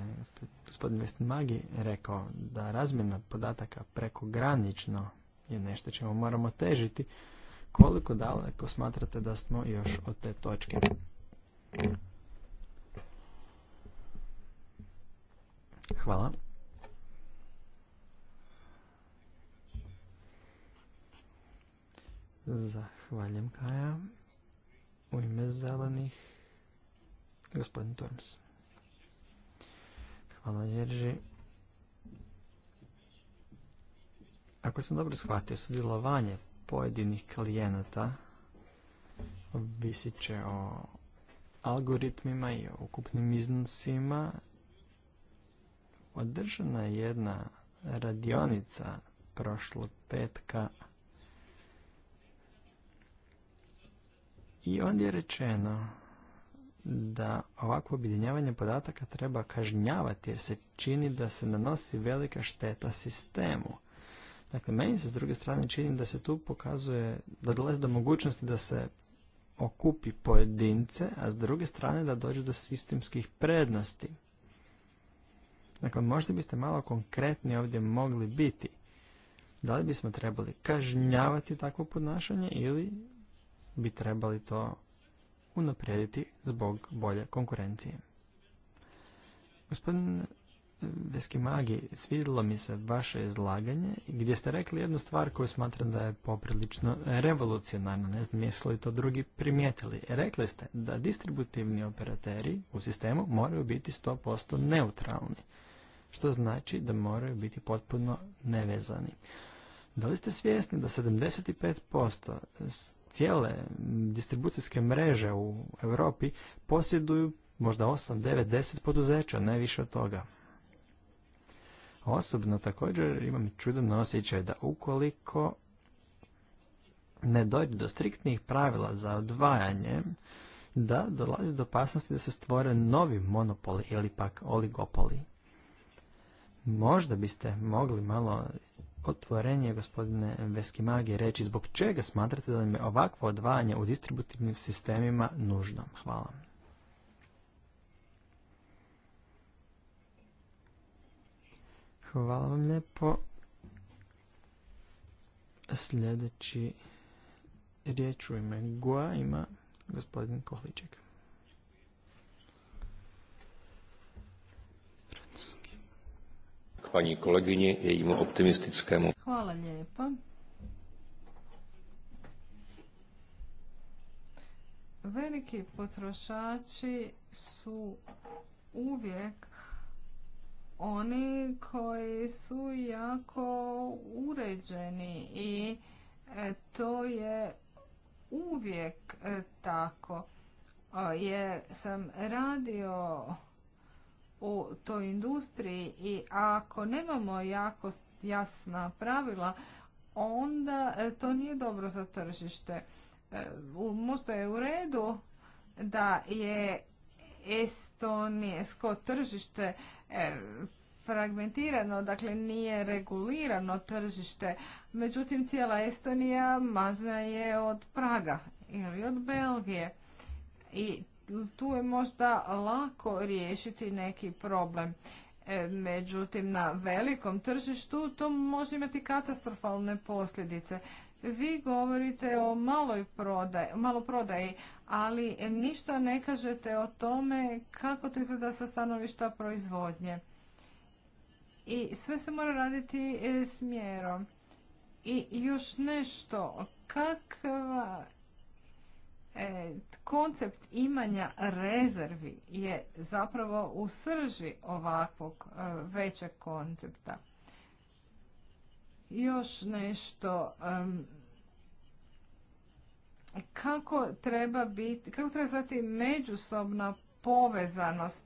gospodin Magi rekao da razmjena podataka prekogranično je nešto čemu moramo težiti, koliko daleko smatrate da smo još od te točke? Hvala. Zahvaljujem Kaja. U ime zelenih, gospodin Turms. Hvala Ako sam dobro shvatio, sudjelovanje pojedinih klijenata visit će o algoritmima i o ukupnim iznosima. Održana je jedna radionica prošlog petka i onda je rečeno da ovako objedinjavanje podataka treba kažnjavati jer se čini da se nanosi velika šteta sistemu. Dakle, meni se s druge strane čini da se tu pokazuje, da dolazi do mogućnosti da se okupi pojedince, a s druge strane da dođe do sistemskih prednosti. Dakle, možda biste malo konkretni ovdje mogli biti. Da li bismo trebali kažnjavati takvo podnašanje ili bi trebali to unaprijediti zbog bolje konkurencije. Gospodin Veski Magi, svidjelo mi se vaše izlaganje gdje ste rekli jednu stvar koju smatram da je poprilično revolucionarna, ne znam jesu li to drugi primijetili. Rekli ste da distributivni operateri u sistemu moraju biti 100% neutralni, što znači da moraju biti potpuno nevezani. Da li ste svjesni da 75% cijele distribucijske mreže u Europi posjeduju možda 8, 9, 10 poduzeća, ne više od toga. Osobno također imam čudan osjećaj da ukoliko ne dođe do striktnih pravila za odvajanje, da dolazi do opasnosti da se stvore novi monopoli ili pak oligopoli. Možda biste mogli malo otvorenije gospodine Magije, reći zbog čega smatrate da im je ovakvo odvajanje u distributivnim sistemima nužno. Hvala. Hvala vam lijepo. Sljedeći riječ u ime Gua ima gospodin Kohliček. paní kolegyni, jejímu optimistickému. Hvala lijepa. Veliki potrošači su uvijek oni koji su jako uređeni i e, to je uvijek e, tako. Jer sam radio u toj industriji i ako nemamo jako jasna pravila, onda e, to nije dobro za tržište. E, možda je u redu da je estonijesko tržište e, fragmentirano, dakle nije regulirano tržište. Međutim, cijela Estonija mažna je od Praga ili od Belgije. I tu je možda lako riješiti neki problem. E, međutim, na velikom tržištu to može imati katastrofalne posljedice. Vi govorite o maloj prodaji, maloprodaji, ali ništa ne kažete o tome kako to izgleda sa stanovišta proizvodnje. I sve se mora raditi e, smjerom. I još nešto, kakva E, koncept imanja rezervi je zapravo u srži ovakvog e, većeg koncepta. Još nešto kako treba biti, kako treba zvati međusobna povezanost.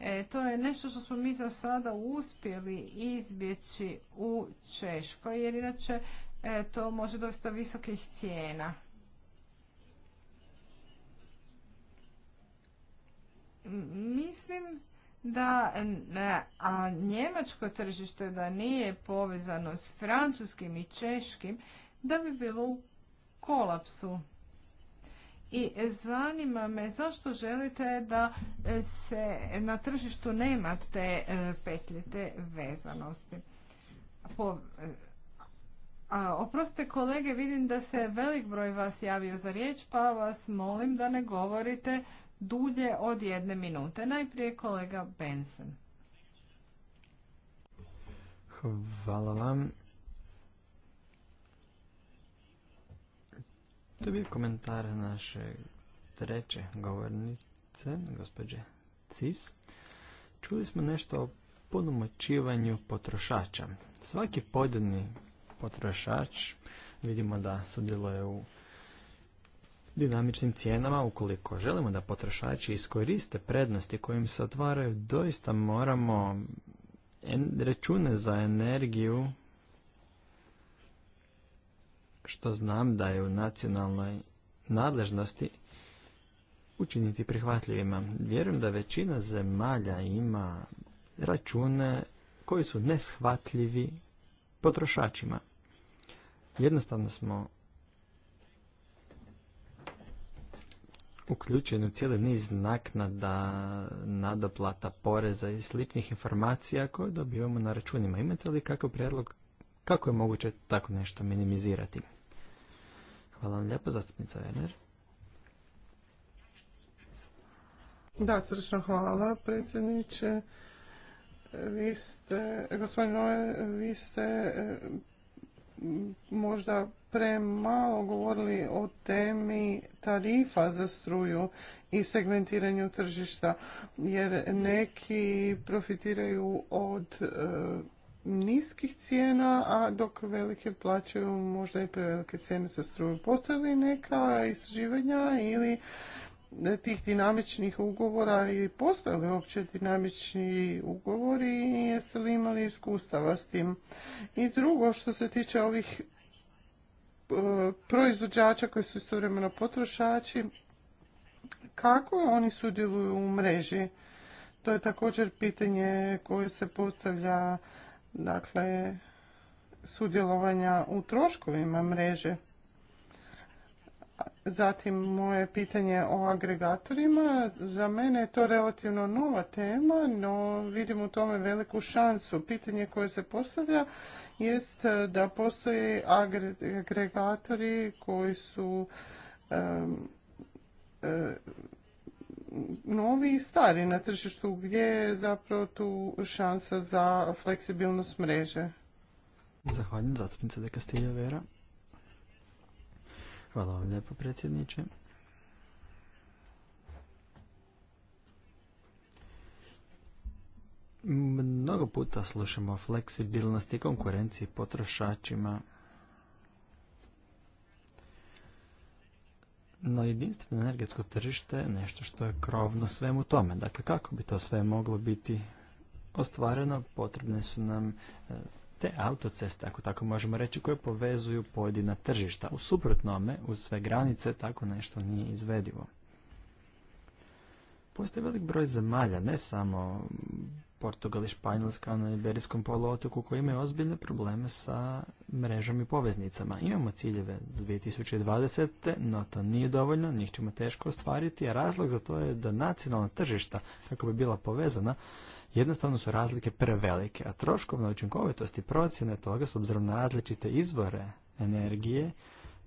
E, to je nešto što smo mi za sada uspjeli izbjeći u Češkoj, jer inače to može dosta visokih cijena. Mislim da a njemačko tržište da nije povezano s francuskim i češkim, da bi bilo u kolapsu. I zanima me zašto želite da e, se na tržištu nema te e, petlje, te vezanosti. Po, e, a, oprostite kolege, vidim da se velik broj vas javio za riječ, pa vas molim da ne govorite dulje od jedne minute. Najprije kolega Benson. Hvala vam. To je bio komentar naše treće govornice, gospođe Cis. Čuli smo nešto o ponumoćivanju potrošača. Svaki pojedini potrošač vidimo da sudjeluje u dinamičnim cijenama, ukoliko želimo da potrošači iskoriste prednosti kojim se otvaraju, doista moramo račune za energiju, što znam da je u nacionalnoj nadležnosti, učiniti prihvatljivima. Vjerujem da većina zemalja ima račune koji su neshvatljivi potrošačima. Jednostavno smo uključeno cijeli niz naknada, nadoplata, poreza i sličnih informacija koje dobivamo na računima. Imate li kakav prijedlog kako je moguće tako nešto minimizirati? Hvala vam lijepo, zastupnica Werner. Da, srčno hvala, predsjedniče. Vi ste, gospodin vi ste možda premalo govorili o temi tarifa za struju i segmentiranju tržišta jer neki profitiraju od e, niskih cijena, a dok velike plaćaju možda i prevelike cijene za struju. Postoje li neka istraživanja ili tih dinamičnih ugovora i postoje li uopće dinamični ugovori i jeste li imali iskustava s tim. I drugo, što se tiče ovih e, proizvođača koji su istovremeno potrošači, kako oni sudjeluju u mreži? To je također pitanje koje se postavlja dakle, sudjelovanja u troškovima mreže. Zatim moje pitanje o agregatorima. Za mene je to relativno nova tema, no vidim u tome veliku šansu. Pitanje koje se postavlja jest da postoje agregatori koji su novi i stari na tržištu. Gdje je zapravo tu šansa za fleksibilnost mreže? Zahvaljujem zastupnica Vera. Hvala vam lijepo, predsjedniče. Mnogo puta slušamo o fleksibilnosti i konkurenciji potrošačima. No jedinstveno energetsko tržište je nešto što je krovno svemu tome. Dakle, kako bi to sve moglo biti ostvareno, potrebne su nam e, te autoceste, ako tako možemo reći, koje povezuju pojedina tržišta. U suprotnome, uz sve granice, tako nešto nije izvedivo. Postoji velik broj zemalja, ne samo Portugal i Španjolska ono, na Iberijskom poluotoku koji imaju ozbiljne probleme sa mrežom i poveznicama. Imamo ciljeve 2020. no to nije dovoljno, njih ćemo teško ostvariti, a razlog za to je da nacionalna tržišta, kako bi bila povezana, Jednostavno su razlike prevelike, a troškovna učinkovitost i procjene toga s obzirom na različite izvore energije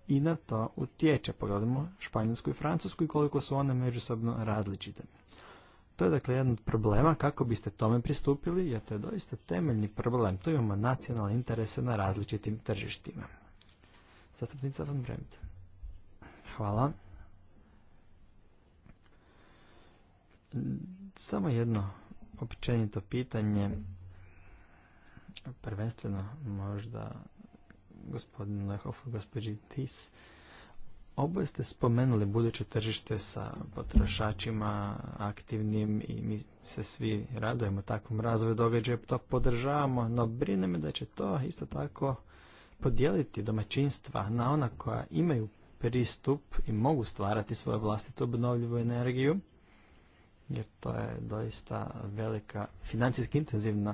i na to utječe. Pogledamo Španjolsku i Francusku i koliko su one međusobno različite. To je dakle jedan od problema kako biste tome pristupili, jer to je doista temeljni problem. Tu imamo nacionalne interese na različitim tržištima. Zastupnica Van Bremt. Hvala. Samo jedno općenito pitanje, prvenstveno možda gospodin Lehov i gospođi Tis, oboje ste spomenuli buduće tržište sa potrošačima aktivnim i mi se svi radujemo takvom razvoju događaja, to podržavamo, no brine me da će to isto tako podijeliti domaćinstva na ona koja imaju pristup i mogu stvarati svoju vlastitu obnovljivu energiju, jer to je doista velika financijski intenzivna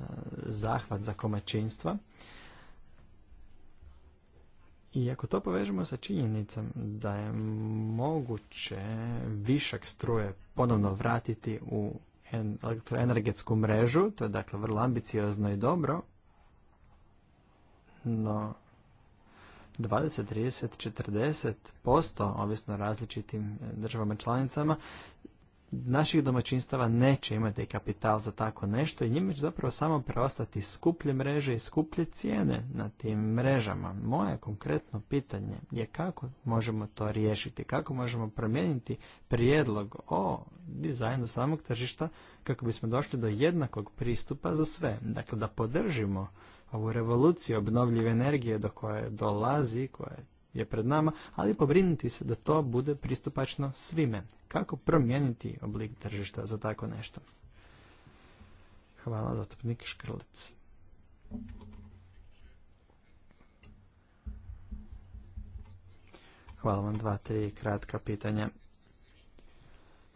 e, zahvat za komačinstva. I ako to povežemo sa činjenicom da je moguće višak struje ponovno vratiti u elektroenergetsku mrežu, to je dakle vrlo ambiciozno i dobro, no 20, 30, 40 posto, ovisno različitim državama članicama, naših domaćinstava neće imati kapital za tako nešto i njima će zapravo samo preostati skuplje mreže i skuplje cijene na tim mrežama. Moje konkretno pitanje je kako možemo to riješiti, kako možemo promijeniti prijedlog o dizajnu samog tržišta kako bismo došli do jednakog pristupa za sve. Dakle, da podržimo ovu revoluciju obnovljive energije do koje dolazi, koja je je pred nama, ali pobrinuti se da to bude pristupačno svime. Kako promijeniti oblik tržišta za tako nešto? Hvala, zastupnik Škrlic. Hvala vam, dva, tri kratka pitanja.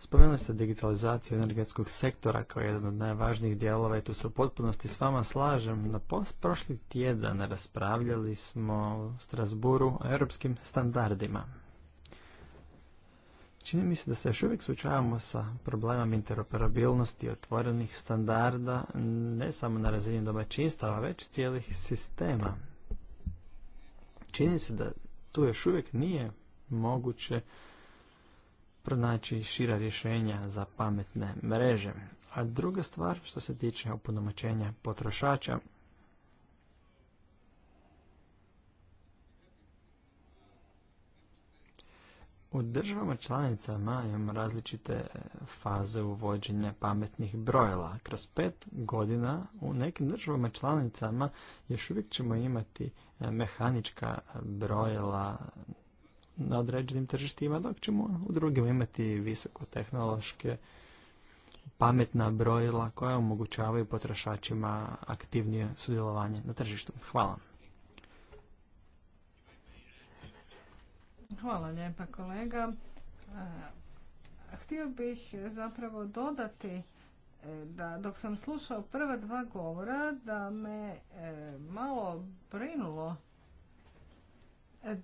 Spomenuli ste digitalizaciju energetskog sektora kao jedan od najvažnijih dijelova i tu se u potpunosti s vama slažem. Na prošli tjedan raspravljali smo u Strasburu o europskim standardima. Čini mi se da se još uvijek sučavamo sa problemom interoperabilnosti otvorenih standarda, ne samo na razini domaćinstava, već cijelih sistema. Čini se da tu još uvijek nije moguće pronaći šira rješenja za pametne mreže. A druga stvar što se tiče opunomačenja potrošača, U državama članicama imamo različite faze uvođenja pametnih brojila. Kroz pet godina u nekim državama članicama još uvijek ćemo imati mehanička brojila na određenim tržištima, dok ćemo u drugim imati visoko tehnološke pametna brojila koja omogućavaju potrošačima aktivnije sudjelovanje na tržištu. Hvala. Hvala lijepa kolega. E, htio bih zapravo dodati e, da dok sam slušao prva dva govora da me e, malo brinulo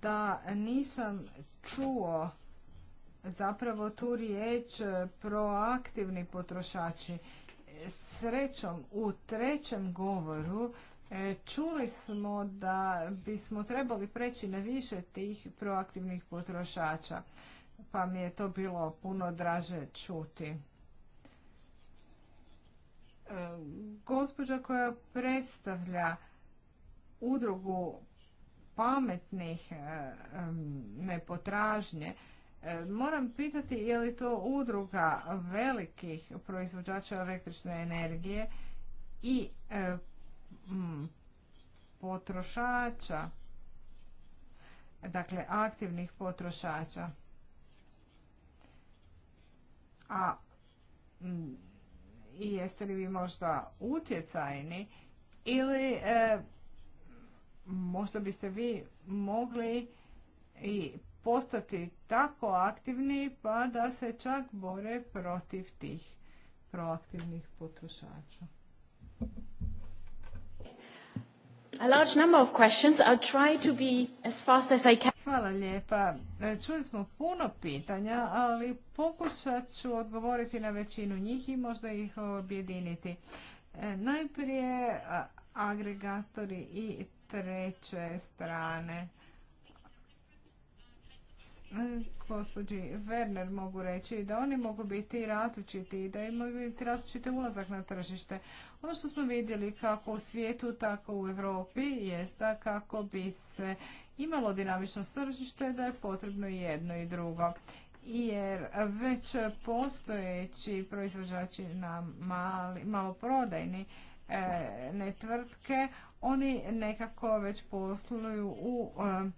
da nisam čuo zapravo tu riječ proaktivni potrošači. Srećom u trećem govoru e, čuli smo da bismo trebali preći na više tih proaktivnih potrošača, pa mi je to bilo puno draže čuti. E, gospođa koja predstavlja udrugu pametnih e, nepotražnje, e, moram pitati je li to udruga velikih proizvođača električne energije i e, potrošača, dakle aktivnih potrošača. A i jeste li vi možda utjecajni ili možda biste vi mogli i postati tako aktivni pa da se čak bore protiv tih proaktivnih potrošača. A large number of questions. I'll try to be as fast as I can. Hvala lijepa. E, čuli smo puno pitanja, ali pokušat ću odgovoriti na većinu njih i možda ih objediniti. E, najprije agregatori i treće strane. E, gospođi Werner mogu reći da oni mogu biti različiti i da imaju biti različiti ulazak na tržište. Ono što smo vidjeli kako u svijetu, tako u Europi jest da kako bi se imalo dinamično tržište da je potrebno jedno i drugo. Jer već postojeći proizvođači na mali, maloprodajni E, ne tvrtke, oni nekako već posluju u, e,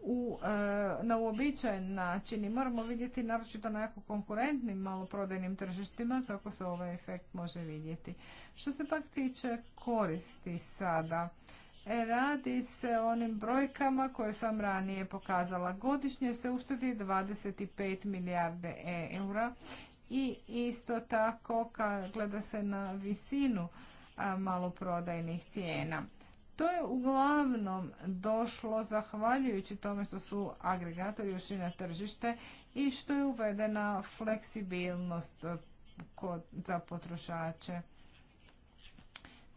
u, e, na uobičajen način i moramo vidjeti naročito na jako konkurentnim maloprodajnim tržištima kako se ovaj efekt može vidjeti. Što se pak tiče koristi sada, Radi se o onim brojkama koje sam ranije pokazala. Godišnje se uštedi 25 milijarde eura i isto tako gleda se na visinu maloprodajnih cijena. To je uglavnom došlo zahvaljujući tome što su agregatori ušli na tržište i što je uvedena fleksibilnost e, za potrošače.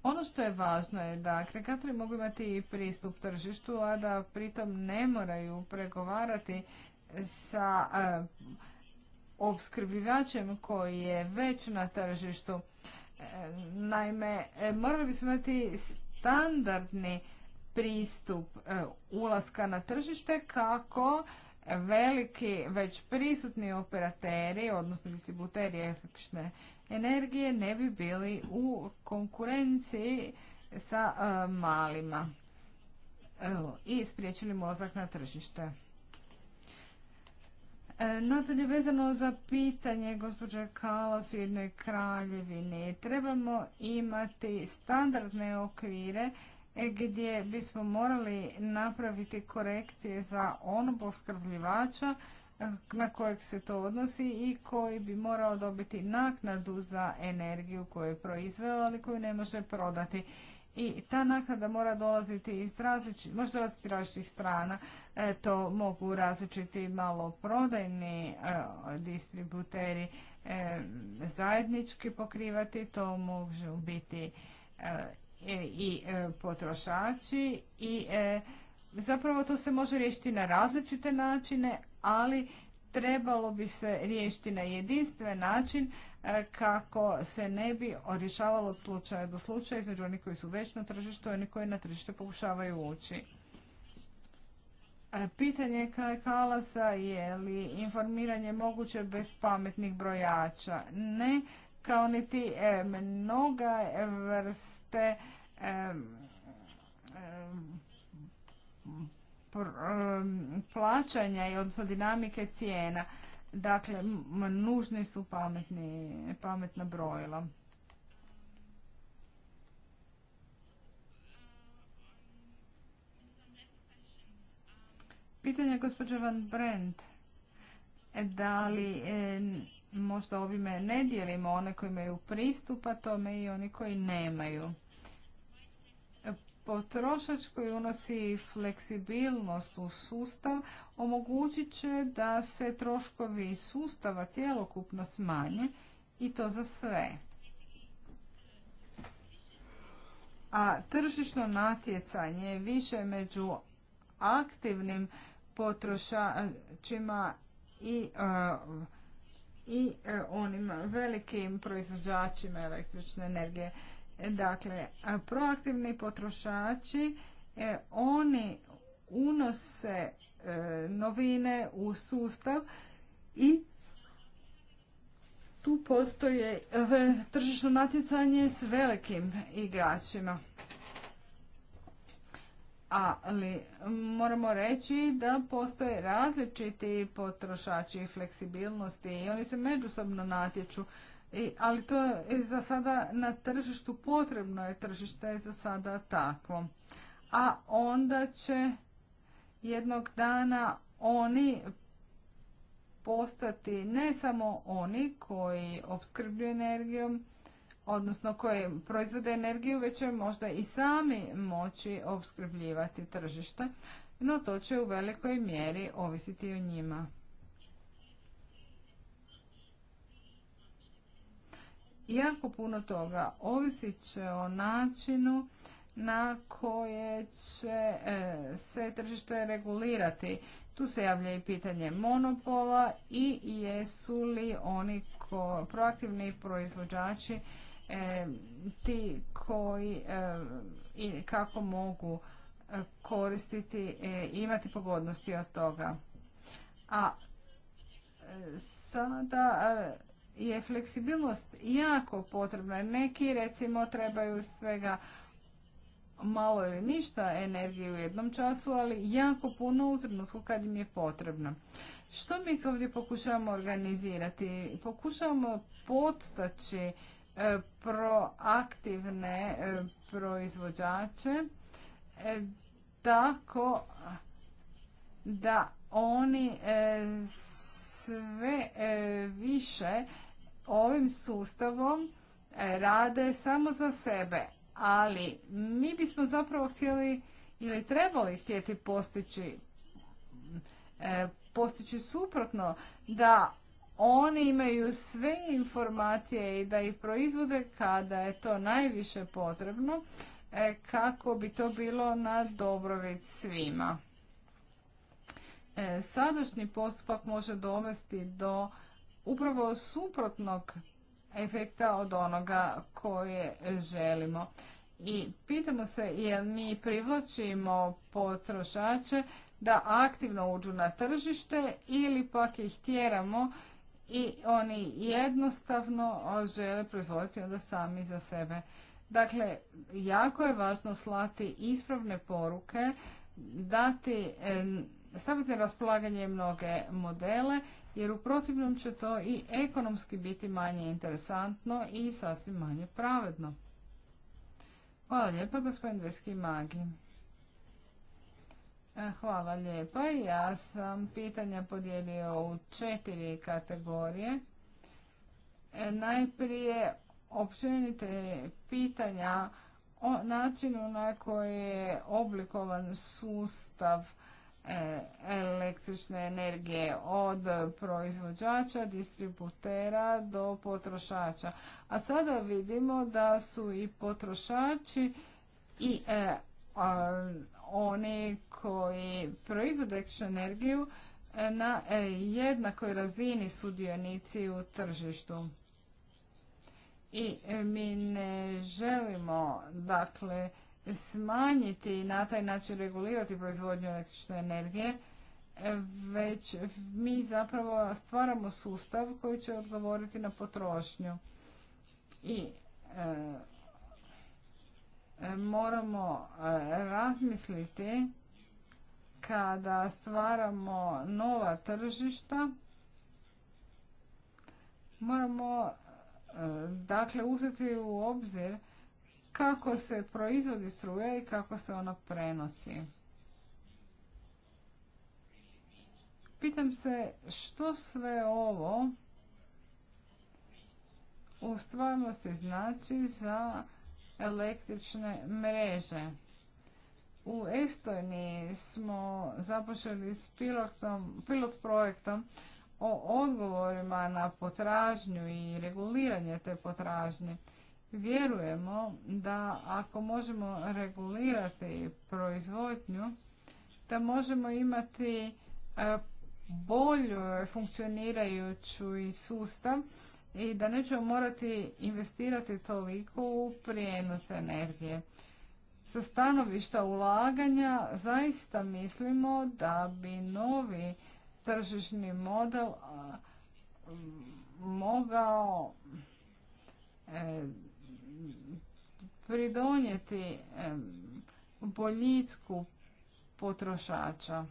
Ono što je važno je da agregatori mogu imati pristup tržištu, a da pritom ne moraju pregovarati sa e, opskrbljivačem koji je već na tržištu. Naime, morali bismo imati standardni pristup e, ulaska na tržište kako veliki već prisutni operateri, odnosno distributeri električne energije ne bi bili u konkurenciji sa e, malima e, i spriječili mozak na tržište. E, Nadalje, vezano za pitanje gospođe Kalas u jednoj kraljevini, trebamo imati standardne okvire e, gdje bismo morali napraviti korekcije za onog opskrbljivača e, na kojeg se to odnosi i koji bi morao dobiti naknadu za energiju koju je proizveo, ali koju ne može prodati i ta naknada mora dolaziti iz različitih, može dolaziti različitih strana. E, to mogu različiti malo prodajni e, distributeri e, zajednički pokrivati, to mogu biti i potrošači i zapravo to se može riješiti na različite načine, ali trebalo bi se riješiti na jedinstven način, kako se ne bi rješavalo od slučaja do slučaja između onih koji su već na tržištu i onih koji na tržište pokušavaju ući. E, pitanje Kalasa je li informiranje moguće bez pametnih brojača? Ne, kao niti e, mnoga vrste e, plaćanja i odnosno dinamike cijena. Dakle, nužni su pametni, pametna brojila. Pitanje gospođe Van Brent. E, da li e, možda ovime ne dijelimo one koji imaju pristupa tome i oni koji nemaju? potrošač koji unosi fleksibilnost u sustav omogućit će da se troškovi sustava cjelokupno smanje i to za sve. A tržišno natjecanje više među aktivnim potrošačima i, e, i e, onim velikim proizvođačima električne energije. Dakle, proaktivni potrošači, e, oni unose e, novine u sustav i tu postoje e, tržišno natjecanje s velikim igračima. Ali moramo reći da postoje različiti potrošači fleksibilnosti i oni se međusobno natječu. E, ali to je e, za sada na tržištu potrebno je tržište je za sada takvo. A onda će jednog dana oni postati ne samo oni koji opskrbljuju energijom, odnosno koji proizvode energiju, već će možda i sami moći opskrbljivati tržište, no to će u velikoj mjeri ovisiti o njima. jako puno toga. Ovisit će o načinu na koje će e, se tržište regulirati. Tu se javlja i pitanje monopola i jesu li oni proaktivni proizvođači e, ti koji e, i kako mogu koristiti i imati pogodnosti od toga. A sada je fleksibilnost jako potrebna. Neki recimo trebaju svega malo ili ništa energije u jednom času, ali jako puno u trenutku kad im je potrebno. Što mi se ovdje pokušavamo organizirati? Pokušavamo podstaći e, proaktivne e, proizvođače e, tako da oni sve više ovim sustavom e, rade samo za sebe. Ali mi bismo zapravo htjeli ili trebali htjeti postići e, postići suprotno da oni imaju sve informacije i da ih proizvode kada je to najviše potrebno e, kako bi to bilo na dobrobit svima. Sadašnji postupak može dovesti do upravo suprotnog efekta od onoga koje želimo. I pitamo se jel mi privlačimo potrošače da aktivno uđu na tržište ili pak ih tjeramo i oni jednostavno žele proizvoditi onda sami za sebe. Dakle, jako je važno slati ispravne poruke, dati, staviti raspolaganje mnoge modele jer u protivnom će to i ekonomski biti manje interesantno i sasvim manje pravedno. Hvala lijepa, gospodin Veski Magi. E, hvala lijepa. Ja sam pitanja podijelio u četiri kategorije. E, najprije općenite pitanja o načinu na koji je oblikovan sustav E, električne energije od proizvođača, distributera do potrošača. A sada vidimo da su i potrošači i e, oni koji proizvode električnu energiju e, na jednakoj razini sudionici u tržištu. I mi ne želimo, dakle, smanjiti i na taj način regulirati proizvodnju električne energije, već mi zapravo stvaramo sustav koji će odgovoriti na potrošnju. I e, moramo e, razmisliti kada stvaramo nova tržišta, moramo e, dakle uzeti u obzir kako se proizvodi struje i kako se ono prenosi. Pitam se što sve ovo u stvarnosti znači za električne mreže. U Estoniji smo započeli s pilotom, pilot projektom o odgovorima na potražnju i reguliranje te potražnje vjerujemo da ako možemo regulirati proizvodnju, da možemo imati e, bolju funkcionirajuću i sustav i da nećemo morati investirati toliko u prijenos energije. Sa stanovišta ulaganja zaista mislimo da bi novi tržišni model mogao e, pridonijeti boljitku potrošača.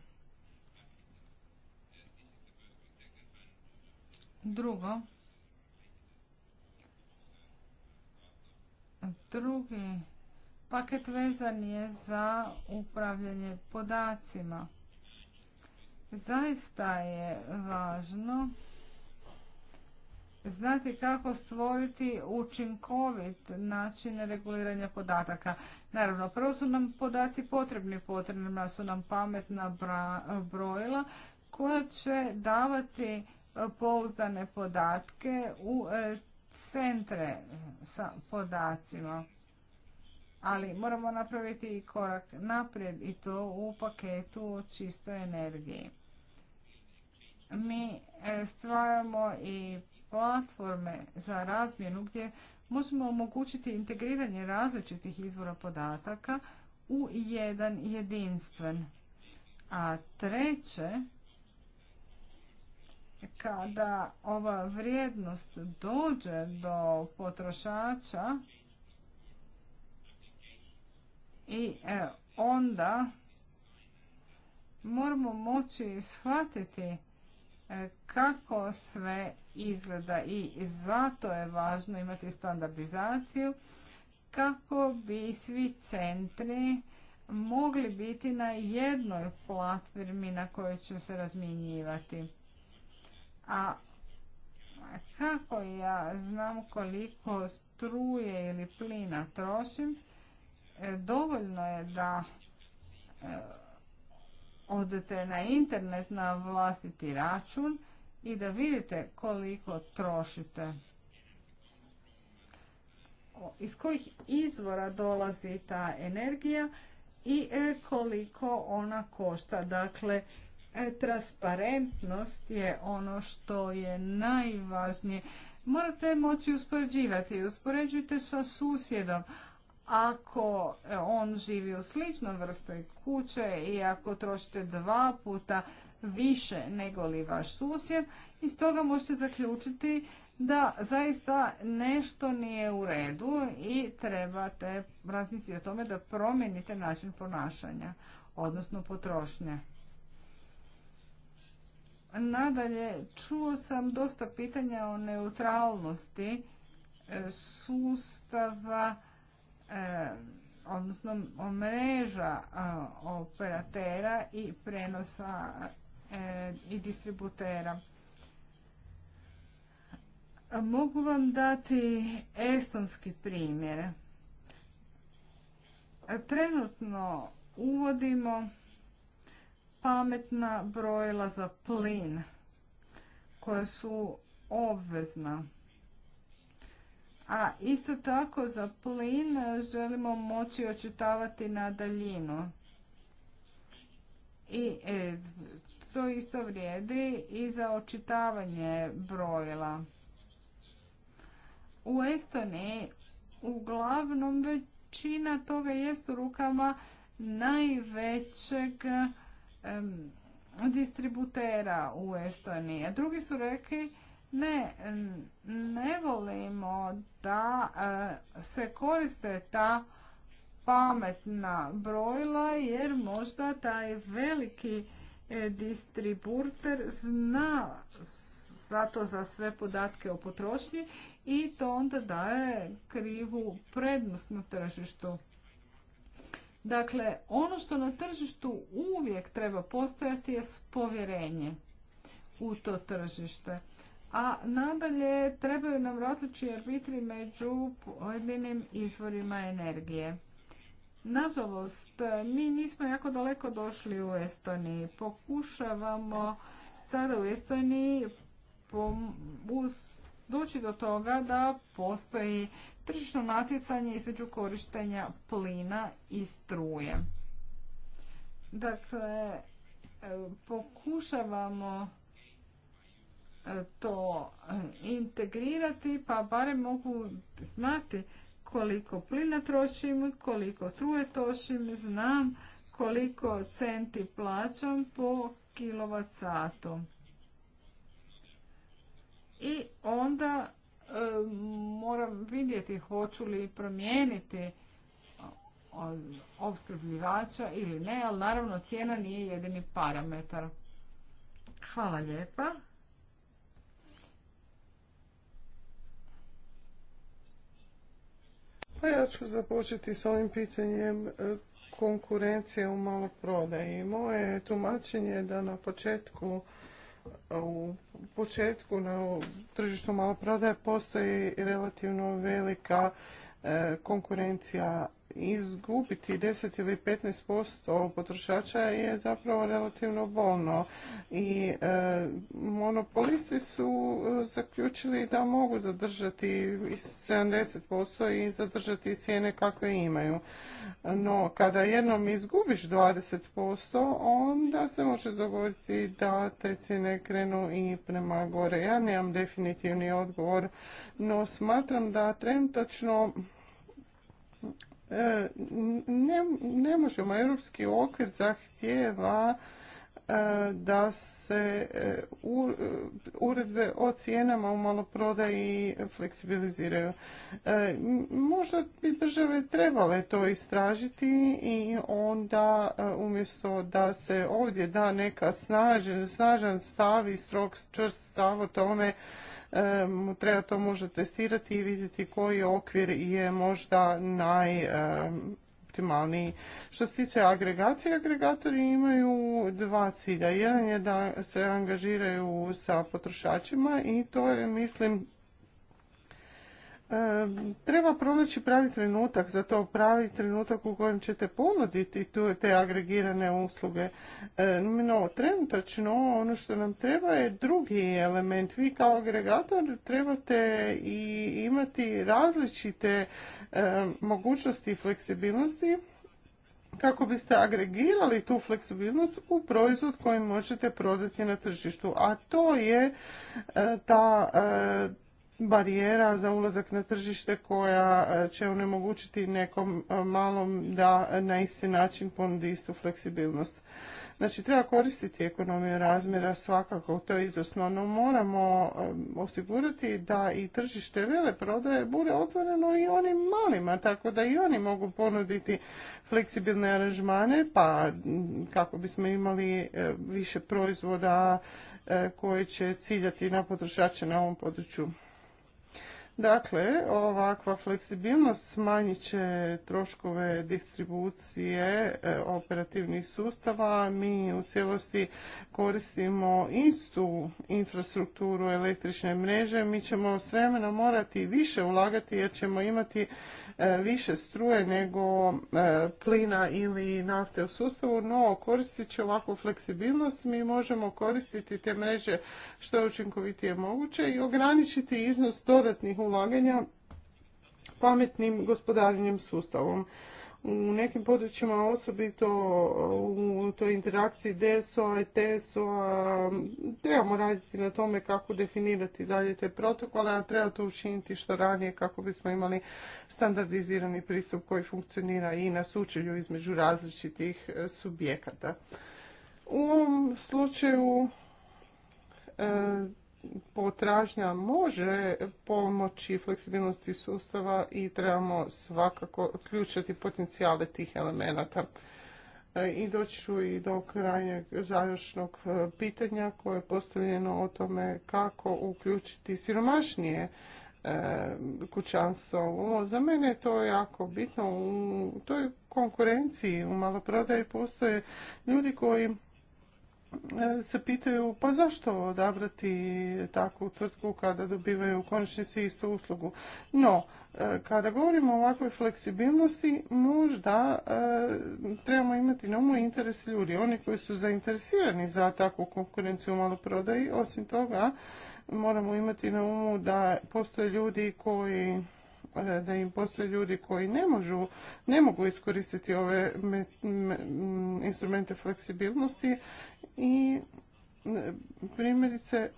Drugo, drugi paket vezan je za upravljanje podacima. Zaista je važno znati kako stvoriti učinkovit način reguliranja podataka. Naravno, prvo su nam podaci potrebni, potrebna su nam pametna brojila koja će davati e, pouzdane podatke u e, centre sa podacima. Ali moramo napraviti i korak naprijed i to u paketu o čistoj energiji. Mi e, stvaramo i platforme za razmjenu gdje možemo omogućiti integriranje različitih izvora podataka u jedan jedinstven. A treće, kada ova vrijednost dođe do potrošača i e, onda moramo moći shvatiti E, kako sve izgleda i zato je važno imati standardizaciju kako bi svi centri mogli biti na jednoj platformi na kojoj će se razmjenjivati. A kako ja znam koliko struje ili plina trošim, e, dovoljno je da e, odete na internet na vlastiti račun i da vidite koliko trošite. Iz kojih izvora dolazi ta energija i e, koliko ona košta. Dakle, e, transparentnost je ono što je najvažnije. Morate moći uspoređivati. Uspoređujte sa susjedom ako e, on živi u sličnom vrstoj kuće i ako trošite dva puta više nego li vaš susjed, iz toga možete zaključiti da zaista nešto nije u redu i trebate razmisliti o tome da promijenite način ponašanja, odnosno potrošnje. Nadalje, čuo sam dosta pitanja o neutralnosti e, sustava E, odnosno mreža e, operatera i prenosa e, i distributera. Mogu vam dati estonski primjer. Trenutno uvodimo pametna brojila za plin koja su obvezna. A isto tako za plin želimo moći očitavati na daljinu. I e, to isto vrijedi i za očitavanje brojila. U Estoniji uglavnom većina toga jest u rukama najvećeg distributera u Estoniji. A drugi su rekli ne, ne volimo da e, se koriste ta pametna brojila jer možda taj veliki e, distributer zna zato za sve podatke o potrošnji i to onda daje krivu prednost na tržištu. Dakle, ono što na tržištu uvijek treba postojati je povjerenje u to tržište a nadalje trebaju nam različiti arbitri među pojedinim izvorima energije. Nažalost, mi nismo jako daleko došli u Estoniji. Pokušavamo sada u Estoniji doći do toga da postoji tržišno natjecanje između korištenja plina i struje. Dakle, e, pokušavamo to e, integrirati, pa barem mogu znati koliko plina trošim, koliko struje trošim, znam koliko centi plaćam po kilovat I onda e, moram vidjeti hoću li promijeniti opskrbljivača ili ne, ali naravno cijena nije jedini parametar. Hvala lijepa. Pa ja ću započeti s ovim pitanjem e, konkurencije u maloprodaji. Moje tumačenje je da na početku e, u početku na tržištu maloprodaje postoji relativno velika e, konkurencija izgubiti 10 ili 15% potrošača je zapravo relativno bolno i e, monopolisti su e, zaključili da mogu zadržati 70% i zadržati cijene kakve imaju. No kada jednom izgubiš 20% onda se može dogoditi da te cijene krenu i prema gore. Ja nemam definitivni odgovor, no smatram da trenutačno E, ne, ne možemo. Europski okvir zahtjeva e, da se e, uredbe o cijenama u maloprodaji fleksibiliziraju. Možda bi države trebale to istražiti i onda umjesto da se ovdje da neka snažan stav i strog čvrst stav o tome treba to možda testirati i vidjeti koji okvir je možda naj optimalniji. Što se tiče agregacije, agregatori imaju dva cilja. Jedan je da se angažiraju sa potrošačima i to je, mislim, treba pronaći pravi trenutak za to, pravi trenutak u kojem ćete ponuditi te agregirane usluge. No, trenutačno ono što nam treba je drugi element. Vi kao agregator trebate i imati različite mogućnosti i fleksibilnosti kako biste agregirali tu fleksibilnost u proizvod koji možete prodati na tržištu. A to je eh, ta eh, barijera za ulazak na tržište koja e, će onemogućiti nekom e, malom da e, na isti način ponudi istu fleksibilnost. Znači, treba koristiti ekonomiju razmjera svakako, to je izosno, no moramo osigurati da i tržište vele prodaje bude otvoreno i onim malima, tako da i oni mogu ponuditi fleksibilne aranžmane, pa kako bismo imali više proizvoda koje će ciljati na potrošače na ovom području. Dakle, ovakva fleksibilnost smanjit će troškove distribucije e, operativnih sustava. Mi u cijelosti koristimo istu infrastrukturu električne mreže. Mi ćemo s vremena morati više ulagati jer ćemo imati e, više struje nego e, plina ili nafte u sustavu, no koristit će ovakvu fleksibilnost. Mi možemo koristiti te mreže što je učinkovitije moguće i ograničiti iznos dodatnih ulaganja pametnim gospodarenjem sustavom. U nekim područjima osobito u toj interakciji DSO-a i TSO-a trebamo raditi na tome kako definirati dalje te protokole, a treba to učiniti što ranije kako bismo imali standardizirani pristup koji funkcionira i na sučelju između različitih e, subjekata. U ovom slučaju e, potražnja može pomoći fleksibilnosti sustava i trebamo svakako uključiti potencijale tih elemenata. E, I doći ću i do krajnjeg završnog e, pitanja koje je postavljeno o tome kako uključiti siromašnije e, kućanstvo. za mene je to jako bitno. U toj konkurenciji u maloprodaji postoje ljudi koji se pitaju pa zašto odabrati takvu tvrtku kada dobivaju u konačnici istu uslugu. No, e, kada govorimo o ovakvoj fleksibilnosti, možda e, trebamo imati na umu interes ljudi, oni koji su zainteresirani za takvu konkurenciju u maloprodaji. Osim toga, moramo imati na umu da postoje ljudi koji E, da im postoje ljudi koji ne, možu, ne mogu iskoristiti ove instrumente fleksibilnosti i primjerice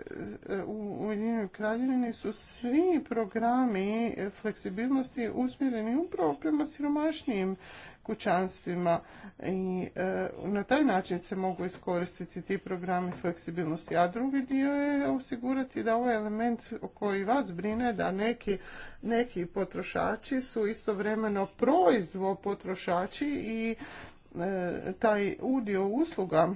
e, u Ujedinjenoj kraljevini su svi programi fleksibilnosti usmjereni upravo prema siromašnijim kućanstvima i e, na taj način se mogu iskoristiti ti programi fleksibilnosti. A drugi dio je osigurati da ovaj element koji vas brine da neki, neki potrošači su istovremeno proizvo potrošači i e, taj udio usluga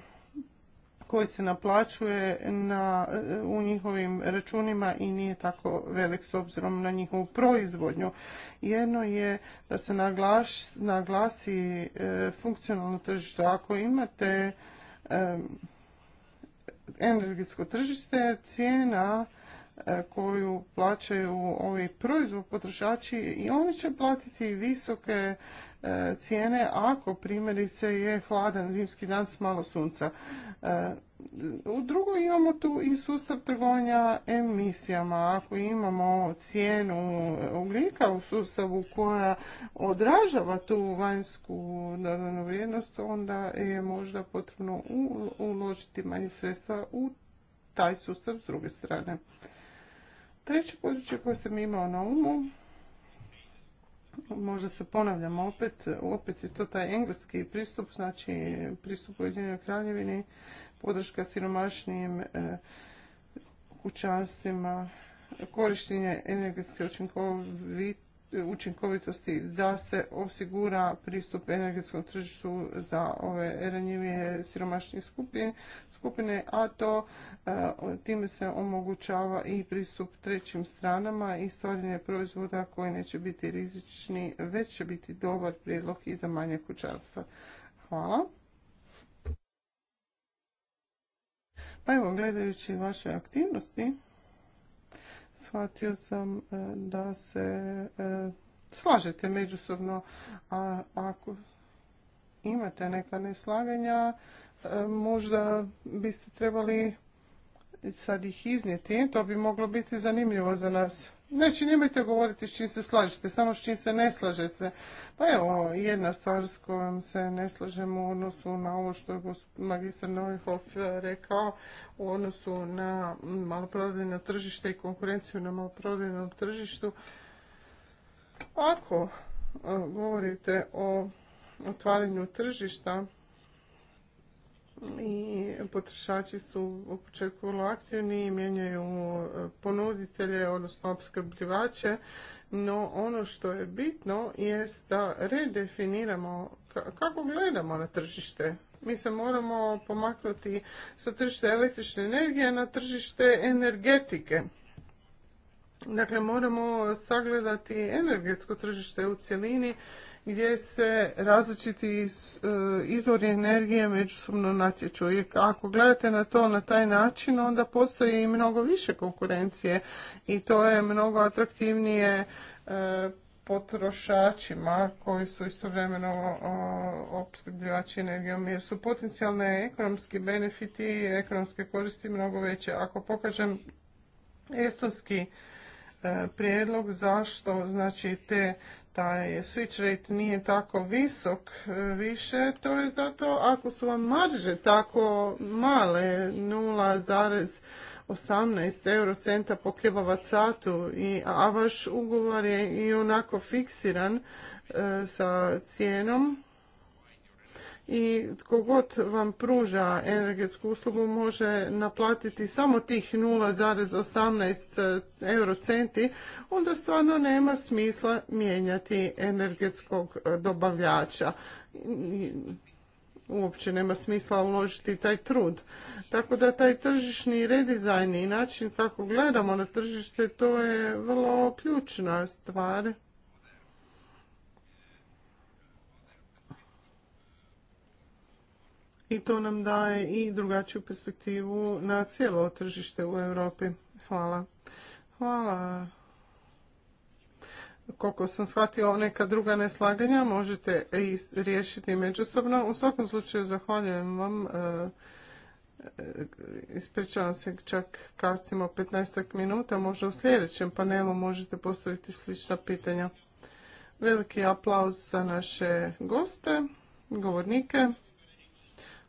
koji se naplaćuje na, u njihovim računima i nije tako velik s obzirom na njihovu proizvodnju. Jedno je da se naglaš, naglasi e, funkcionalno tržište. Ako imate e, energetsko tržište, cijena E, koju plaćaju ovi proizvod potrošači i oni će platiti visoke e, cijene ako primjerice je hladan zimski dan s malo sunca. E, u drugo imamo tu i sustav trgovanja emisijama. Ako imamo cijenu ugljika u sustavu koja odražava tu vanjsku dodanu vrijednost, onda je možda potrebno uložiti manje sredstva u taj sustav s druge strane. Treće područje koje sam imao na umu, možda se ponavljam opet, opet je to taj engleski pristup, znači pristup Ujedinjenoj kraljevini, podrška siromašnim e, kućanstvima, korištenje energetske učinkovite, učinkovitosti da se osigura pristup energetskom tržištu za ove ranjivije siromašnije skupine, a to e, time se omogućava i pristup trećim stranama i stvaranje proizvoda koji neće biti rizični, već će biti dobar prijedlog i za manje kućanstva. Hvala. Pa evo, gledajući vaše aktivnosti, shvatio sam e, da se e, slažete međusobno, a ako imate neka neslaganja, e, možda biste trebali sad ih iznijeti, to bi moglo biti zanimljivo za nas. Znači, nemojte govoriti s čim se slažete, samo s čim se ne slažete. Pa evo, jedna stvar s kojom se ne slažemo u odnosu na ovo što je magistar Neuhoff e, rekao, u odnosu na maloprodajno tržište i konkurenciju na maloprodajnom tržištu. Ako e, govorite o otvaranju tržišta, i potrošači su u početku vrlo aktivni i mijenjaju e, ponuditelje, odnosno opskrbljivače, no ono što je bitno jest da redefiniramo kako gledamo na tržište. Mi se moramo pomaknuti sa tržište električne energije na tržište energetike. Dakle, moramo sagledati energetsko tržište u cjelini gdje se različiti e, izvori energije međusobno natječu. I ako gledate na to na taj način, onda postoji i mnogo više konkurencije i to je mnogo atraktivnije e, potrošačima koji su istovremeno opskrbljivači energijom jer su potencijalne ekonomski benefiti i ekonomske koristi mnogo veće. Ako pokažem estonski e, prijedlog zašto znači te taj switch rate nije tako visok e, više, to je zato ako su vam marže tako male 0,18 centa po kilovat satu, a vaš ugovor je i onako fiksiran e, sa cijenom, i tko god vam pruža energetsku uslugu može naplatiti samo tih 0,18 e, eurocenti, onda stvarno nema smisla mijenjati energetskog e, dobavljača. Uopće nema smisla uložiti taj trud. Tako da taj tržišni redizajn i način kako gledamo na tržište, to je vrlo ključna stvar i to nam daje i drugačiju perspektivu na cijelo tržište u Europi. Hvala. Hvala. Koliko sam shvatio neka druga neslaganja možete i riješiti međusobno. U svakom slučaju zahvaljujem vam. E, e, ispričavam se, čak kasnimo 15 minuta. Možda u sljedećem panelu možete postaviti slična pitanja. Veliki aplauz za naše goste, govornike.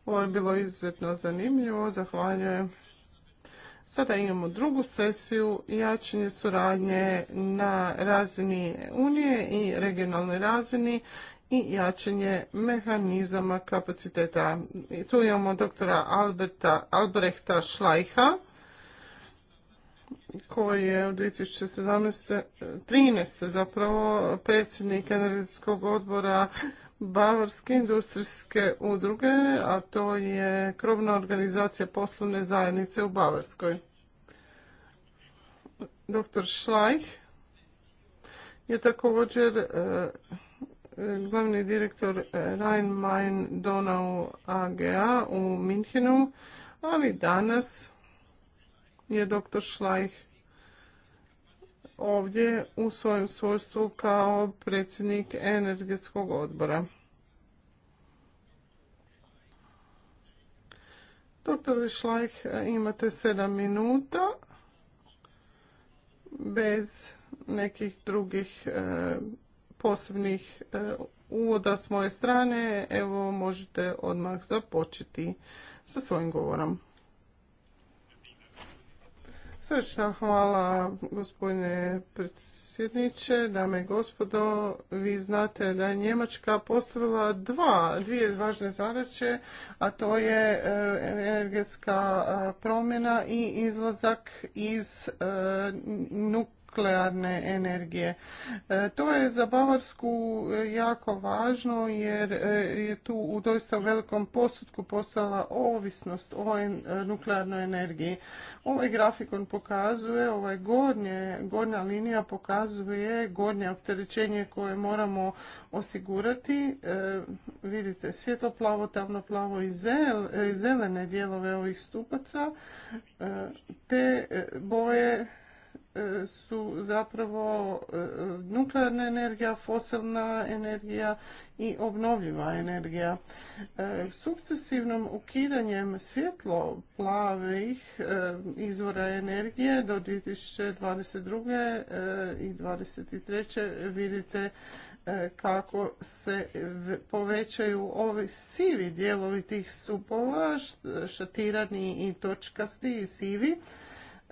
Ovo je bilo izuzetno zanimljivo, zahvaljujem. Sada imamo drugu sesiju jačanje suradnje na razini Unije i regionalnoj razini i jačanje mehanizama kapaciteta. I tu imamo doktora Alberta, Albrehta Šlajha koji je u 2017. 13. zapravo predsjednik energetskog odbora Bavarske industrijske udruge, a to je krovna organizacija poslovne zajednice u Bavarskoj. Dr. Šlajh je također e, glavni direktor Rhein-Main-Donau AGA u Minhenu, ali danas je dr. Šlajh ovdje u svojem svojstvu kao predsjednik energetskog odbora. Dr. Šlajh, imate sedam minuta bez nekih drugih e, posebnih e, uvoda s moje strane. Evo možete odmah započeti sa svojim govorom. Srčna hvala gospodine predsjedniče, dame i gospodo. Vi znate da je Njemačka postavila dva, dvije važne zadaće, a to je e, energetska e, promjena i izlazak iz e, nuk nuklearne energije. E, to je za Bavarsku e, jako važno jer e, je tu u doista velikom postotku postala ovisnost o nuklearnoj energiji. Ovaj grafikon pokazuje, ovaj gornje, gornja linija pokazuje gornje opterećenje koje moramo osigurati. Vidite svjetloplavo, plavo i zelene dijelove ovih stupaca. Te boje E, su zapravo e, nuklearna energija, fosilna energija i obnovljiva energija. E, Sukcesivnom ukidanjem svjetlo plavih izvora energije do 2022. i 2023. vidite kako se povećaju ovi sivi dijelovi tih stupova, šatirani i točkasti i sivi,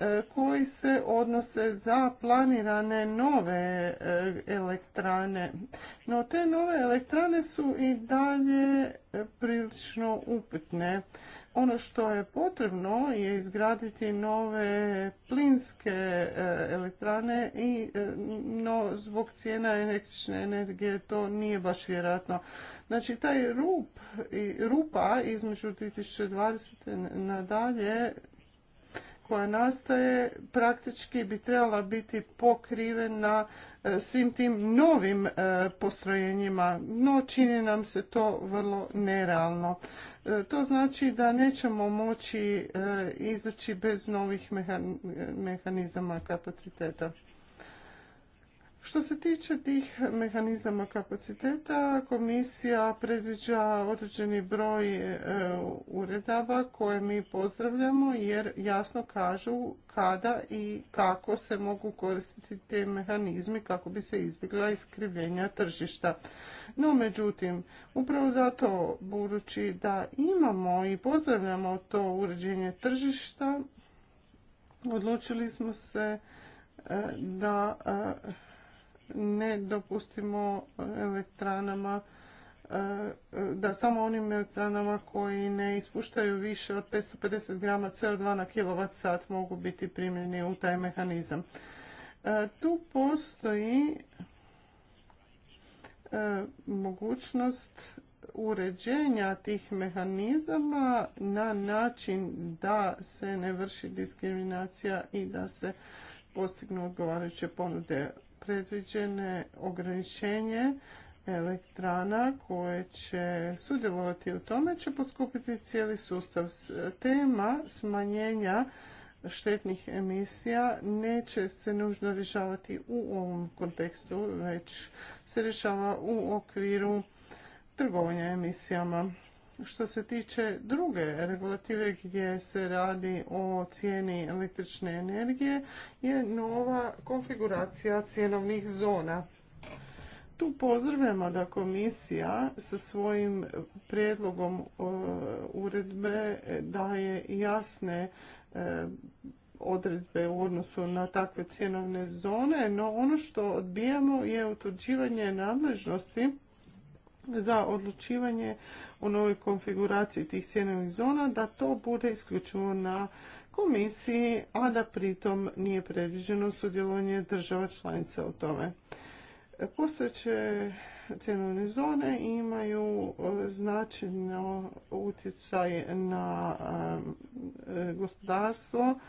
E, koji se odnose za planirane nove e, elektrane. No te nove elektrane su i dalje e, prilično upitne. Ono što je potrebno je izgraditi nove plinske elektrane i no, zbog cijena električne energije to nije baš vjerojatno. Znači taj rup, rupa između 2020. nadalje koja nastaje praktički bi trebala biti pokrivena e, svim tim novim e, postrojenjima, no čini nam se to vrlo nerealno. E, to znači da nećemo moći izaći bez novih mehanizama kapaciteta. Što se tiče tih mehanizama kapaciteta, komisija predviđa određeni broj e, uredaba koje mi pozdravljamo jer jasno kažu kada i kako se mogu koristiti te mehanizmi kako bi se izbjegla iskrivljenja tržišta. No, međutim, upravo zato budući da imamo i pozdravljamo to uređenje tržišta, odlučili smo se e, da e, ne dopustimo elektranama eh, da samo onim elektranama koji ne ispuštaju više od 550 grama CO2 na kWh mogu biti primljeni u taj mehanizam. Eh, tu postoji eh, mogućnost uređenja tih mehanizama na način da se ne vrši diskriminacija i da se postignu odgovarajuće ponude predviđene ograničenje elektrana koje će sudjelovati u tome će poskupiti cijeli sustav. Tema smanjenja štetnih emisija neće se nužno rješavati u ovom kontekstu, već se rješava u okviru trgovanja emisijama. Što se tiče druge regulative gdje se radi o cijeni električne energije je nova konfiguracija cjenovnih zona. Tu pozdravljamo da komisija sa svojim prijedlogom e, uredbe daje jasne e, odredbe u odnosu na takve cijenovne zone, no ono što odbijamo je utvrđivanje nadležnosti za odlučivanje u novoj konfiguraciji tih cjenovnih zona, da to bude isključivo na komisiji, a da pritom nije predviđeno sudjelovanje država članica u tome. Postojeće cjenovne zone imaju e, značajno utjecaj na e, gospodarstvo.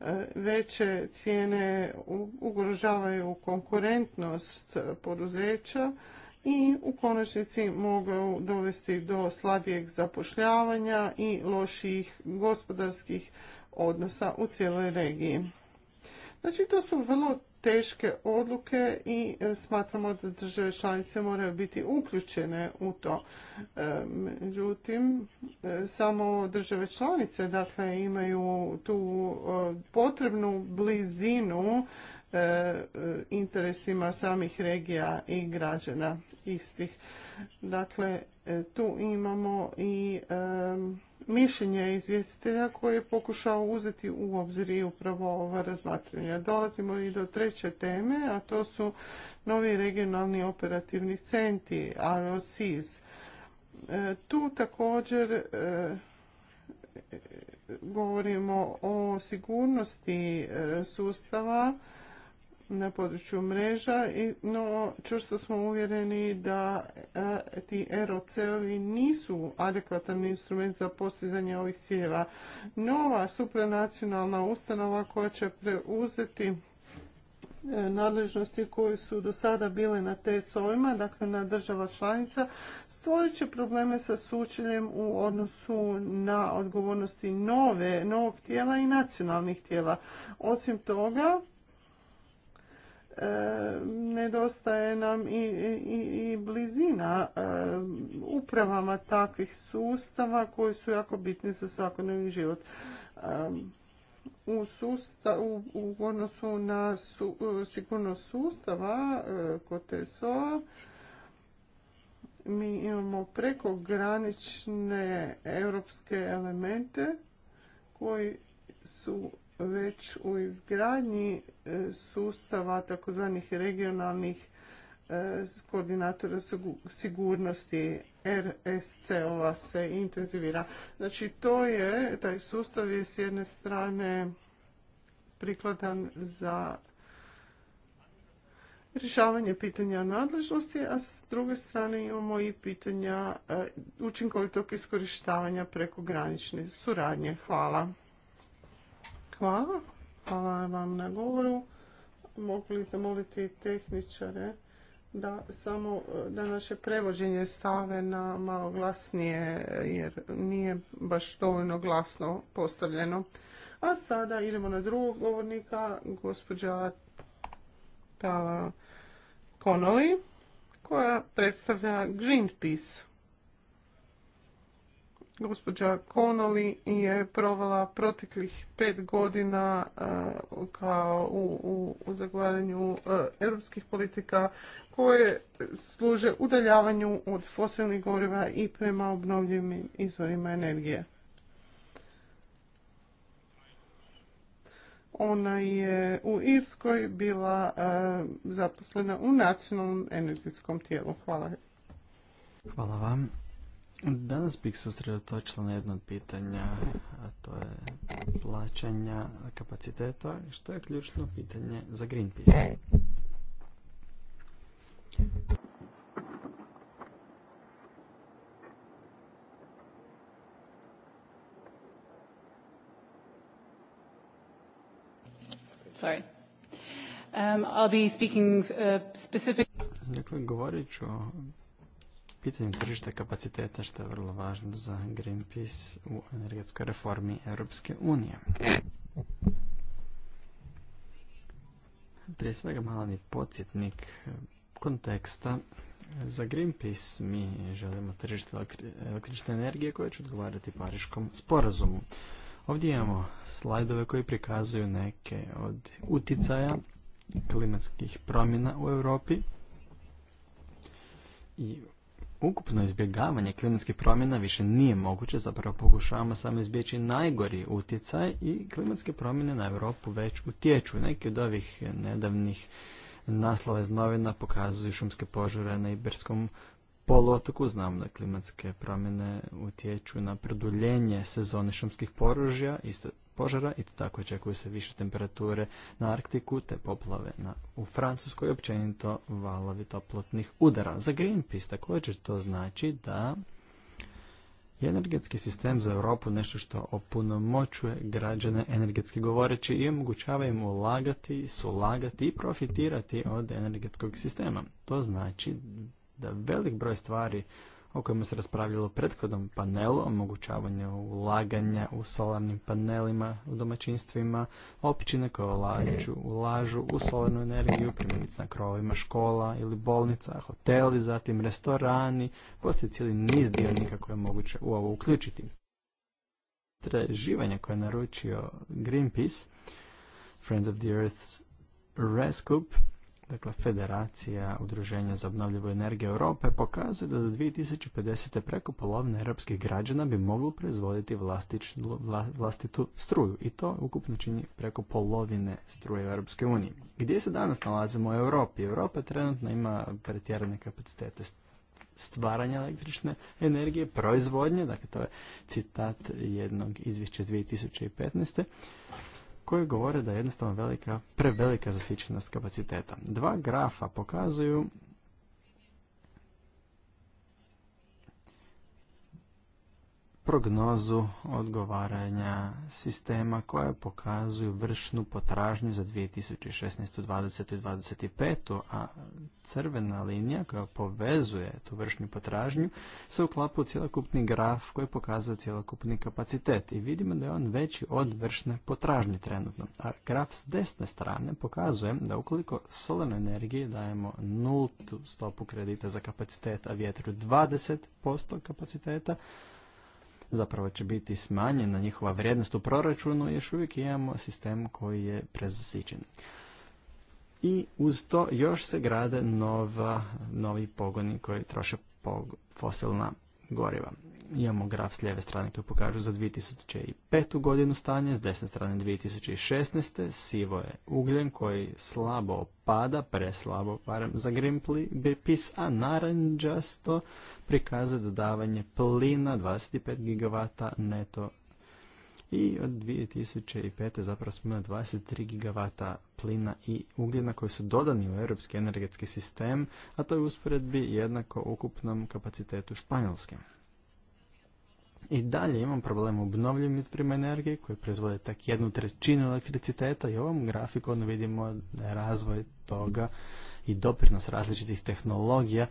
E, veće cijene ugrožavaju konkurentnost poduzeća i u konačnici mogu dovesti do slabijeg zapošljavanja i loših gospodarskih odnosa u cijeloj regiji. Znači to su vrlo teške odluke i e, smatramo da države članice moraju biti uključene u to. E, međutim, e, samo države članice dakle, imaju tu potrebnu blizinu E, interesima samih regija i građana istih. Dakle, e, tu imamo i e, mišljenje izvjestitelja koje je pokušao uzeti u obzir i upravo ova razmatranja. Dolazimo i do treće teme, a to su novi regionalni operativni centri, ROCs. Tu također govorimo o sigurnosti sustava na području mreža, no čvrsto smo uvjereni da e, ti ROC-ovi nisu adekvatan instrument za postizanje ovih ciljeva. Nova supranacionalna ustanova koja će preuzeti e, nadležnosti koje su do sada bile na te ima dakle na država članica, stvorit će probleme sa sučeljem u odnosu na odgovornosti nove, novog tijela i nacionalnih tijela. Osim toga, E, nedostaje nam i, i, i blizina e, upravama takvih sustava koji su jako bitni za svakodnevni život. E, u, u, odnosu na su, sigurnost sustava kod TSO-a mi imamo prekogranične europske elemente koji su već u izgradnji e, sustava takozvanih regionalnih e, koordinatora sigurnosti RSC-ova se intenzivira. Znači to je, taj sustav je s jedne strane prikladan za rješavanje pitanja nadležnosti, a s druge strane imamo i pitanja e, učinkovitog iskorištavanja prekogranične suradnje. Hvala. Hvala. Hvala vam na govoru. Mogu li zamoliti tehničare da samo da naše prevođenje stave na malo glasnije jer nije baš dovoljno glasno postavljeno. A sada idemo na drugog govornika, gospođa Tava Konoli koja predstavlja Greenpeace. Gospođa Connolly je provela proteklih pet godina e, kao u, u, u zagovaranju e, europskih politika koje služe udaljavanju od fosilnih goriva i prema obnovljivim izvorima energije. Ona je u Irskoj bila e, zaposlena u nacionalnom energetskom tijelu. Hvala. Hvala vam. Danas bih se usredotočila na jedno od pitanja, a to je plaćanja kapaciteta, što je ključno pitanje za Greenpeace. Sorry. Um, I'll be speaking uh, specific... Dakle, govorit ću o Pitanjem tržišta kapaciteta što je vrlo važno za Greenpeace u energetskoj reformi Europske unije. Prije svega mali podsjetnik konteksta. Za Greenpeace mi želimo tržište električne energije koje će odgovarati Pariškom sporazumu. Ovdje imamo slajdove koji prikazuju neke od uticaja klimatskih promjena u Europi i ukupno izbjegavanje klimatskih promjena više nije moguće, zapravo pokušavamo samo izbjeći najgori utjecaj i klimatske promjene na Europu već utječu. Neki od ovih nedavnih naslova iz novina pokazuju šumske požare na Iberskom poluotoku. Znam da klimatske promjene utječu na produljenje sezone šumskih poružja, isto požara i tako očekuju se više temperature na Arktiku te poplave na, u Francuskoj i općenito valovi toplotnih udara. Za Greenpeace također to znači da je energetski sistem za Europu nešto što opunomoćuje građane energetski govoreći i omogućava im ulagati, sulagati i profitirati od energetskog sistema. To znači da velik broj stvari o kojima se raspravljalo u prethodnom panelu, omogućavanje ulaganja u solarnim panelima u domaćinstvima, općine koje ulažu, ulažu u solarnu energiju, primjerice na krovima škola ili bolnica, hoteli, zatim restorani, postoji cijeli niz dionika koje je moguće u ovo uključiti. Istraživanje koje je naručio Greenpeace, Friends of the Earth's Rescoop, Dakle, Federacija Udruženja za obnovljivu energiju Europe pokazuje da do 2050. preko polovine europskih građana bi moglo proizvoditi vlastitu struju. I to ukupno čini preko polovine struje u Europske uniji. Gdje se danas nalazimo u Europi? Europa trenutno ima pretjerane kapacitete stvaranja električne energije, proizvodnje, dakle to je citat jednog izvješća iz 2015 koji govore da je jednostavno velika, prevelika zasićenost kapaciteta. Dva grafa pokazuju prognozu odgovaranja sistema koja pokazuju vršnu potražnju za 2016. 20. i 2025. a crvena linija koja povezuje tu vršnu potražnju se uklapa u cjelokupni graf koji pokazuje cjelokupni kapacitet i vidimo da je on veći od vršne potražnje trenutno. A graf s desne strane pokazuje da ukoliko solarnoj energiji dajemo nultu stopu kredita za kapacitet, a vjetru 20% kapaciteta, zapravo će biti smanjena njihova vrijednost u proračunu, još uvijek imamo sistem koji je prezasićen. I uz to još se grade nova, novi pogoni koji troše fosilna goriva imamo graf s lijeve strane koji pokažu za 2005. godinu stanje, s desne strane 2016. Sivo je ugljen koji slabo opada, preslabo barem za Greenpeace, a naranđasto prikazuje dodavanje plina 25 gigavata neto i od 2005. zapravo smo imali 23 gigavata plina i ugljena koji su dodani u europski energetski sistem, a to je usporedbi jednako ukupnom kapacitetu Španjolske. I dalje imam problem u obnovljivim izvorima energije koji proizvode tak jednu trećinu elektriciteta i u ovom grafiku vidimo razvoj toga i doprinos različitih tehnologija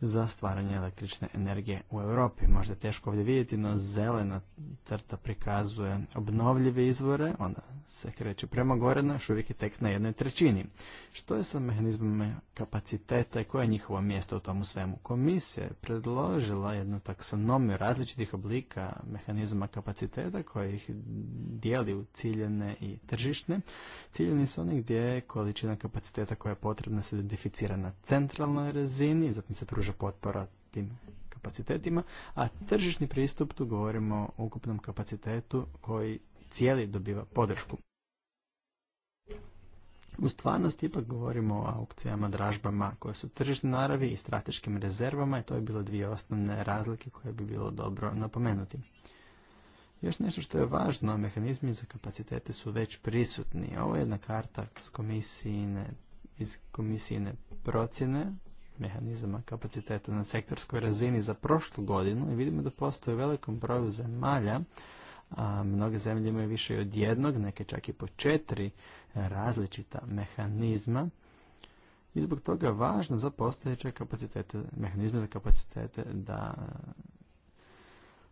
za stvaranje električne energije u Europi. Možda je teško ovdje vidjeti, no zelena crta prikazuje obnovljive izvore, onda se kreće prema gore, no još uvijek je tek na jednoj trećini. Što je sa mehanizmom kapaciteta i koje je njihovo mjesto u tomu svemu? Komisija je predložila jednu taksonomiju različitih oblika mehanizma kapaciteta koji ih dijeli u ciljene i tržišne. Ciljeni su oni gdje je količina kapaciteta koja je potrebna se identificira na centralnoj razini, zatim se pruža pruža potpora tim kapacitetima, a tržišni pristup tu govorimo o ukupnom kapacitetu koji cijeli dobiva podršku. U stvarnosti ipak govorimo o aukcijama, dražbama koje su tržišne naravi i strateškim rezervama i to je bilo dvije osnovne razlike koje bi bilo dobro napomenuti. Još nešto što je važno, mehanizmi za kapacitete su već prisutni. Ovo je jedna karta s komisijine, iz komisijine procjene mehanizama kapaciteta na sektorskoj razini za prošlu godinu i vidimo da postoje u velikom broju zemalja, a mnoge zemlje imaju više od jednog, neke čak i po četiri različita mehanizma i zbog toga je važno za postojeće kapacitete, mehanizme za kapacitete da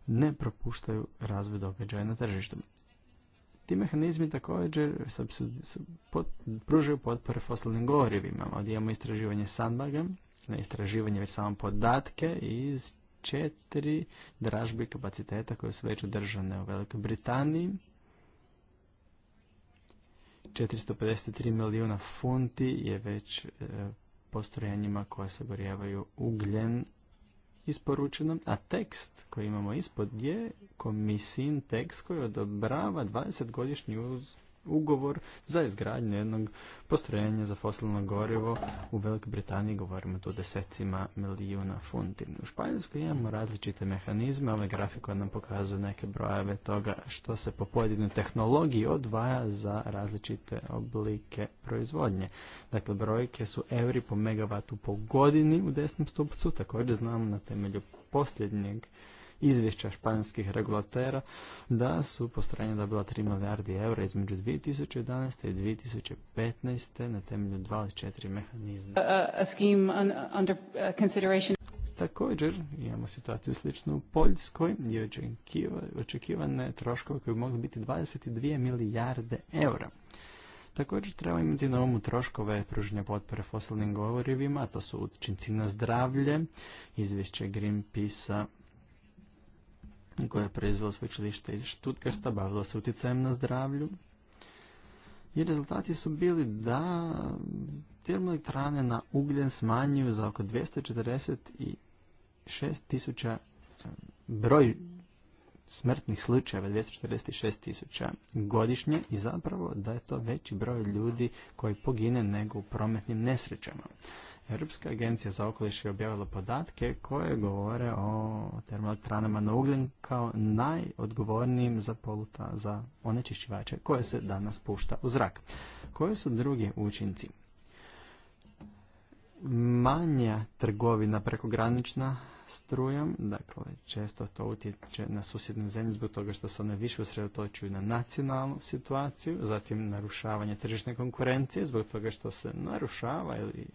ne propuštaju razvoj događaja na tržištu. Ti mehanizmi također pružaju potpore fosilnim gorivima. Ovdje imamo istraživanje sandbaga na istraživanje već samo podatke iz četiri dražbi kapaciteta koje su već održane u Velikoj Britaniji. 453 milijuna funti je već e, postrojenjima koje se gorjevaju ugljen isporučeno, a tekst koji imamo ispod je komisijin tekst koji odobrava 20-godišnji uz ugovor za izgradnju jednog postrojenja za fosilno gorivo u Velikoj Britaniji govorimo tu desecima milijuna funti. U Španjolskoj imamo različite mehanizme, Ove ovaj grafikon nam pokazuje neke brojeve toga što se po pojedinoj tehnologiji odvaja za različite oblike proizvodnje. Dakle, brojke su evri po megavatu po godini u desnom stupcu, također znamo na temelju posljednjeg izvješća španskih regulatera da su postrojenja dobila 3 milijardi eura između 2011. i 2015. na temelju 24 mehanizma. Uh, Također imamo situaciju sličnu u Poljskoj i očekivane troškove koje bi mogli biti 22 milijarde eura. Također treba imati na umu troškove pruženja potpore fosilnim govorivima, a to su učinci na zdravlje, izvješće Greenpeace-a koje je svoje sveučilište iz Štutkarta, bavila se utjecajem na zdravlju. I rezultati su bili da termoelektrane na ugljen smanjuju za oko 246 tisuća broj smrtnih slučajeva, 246 tisuća godišnje i zapravo da je to veći broj ljudi koji pogine nego u prometnim nesrećama. Europska agencija za okoliš je objavila podatke koje govore o termoelektranama na ugljen kao najodgovornijim za poluta za onečišćivače koje se danas pušta u zrak. Koji su drugi učinci? Manja trgovina prekogranična strujom, dakle često to utječe na susjedne zemlje zbog toga što se one više usredotočuju na nacionalnu situaciju, zatim narušavanje tržišne konkurencije zbog toga što se narušava ili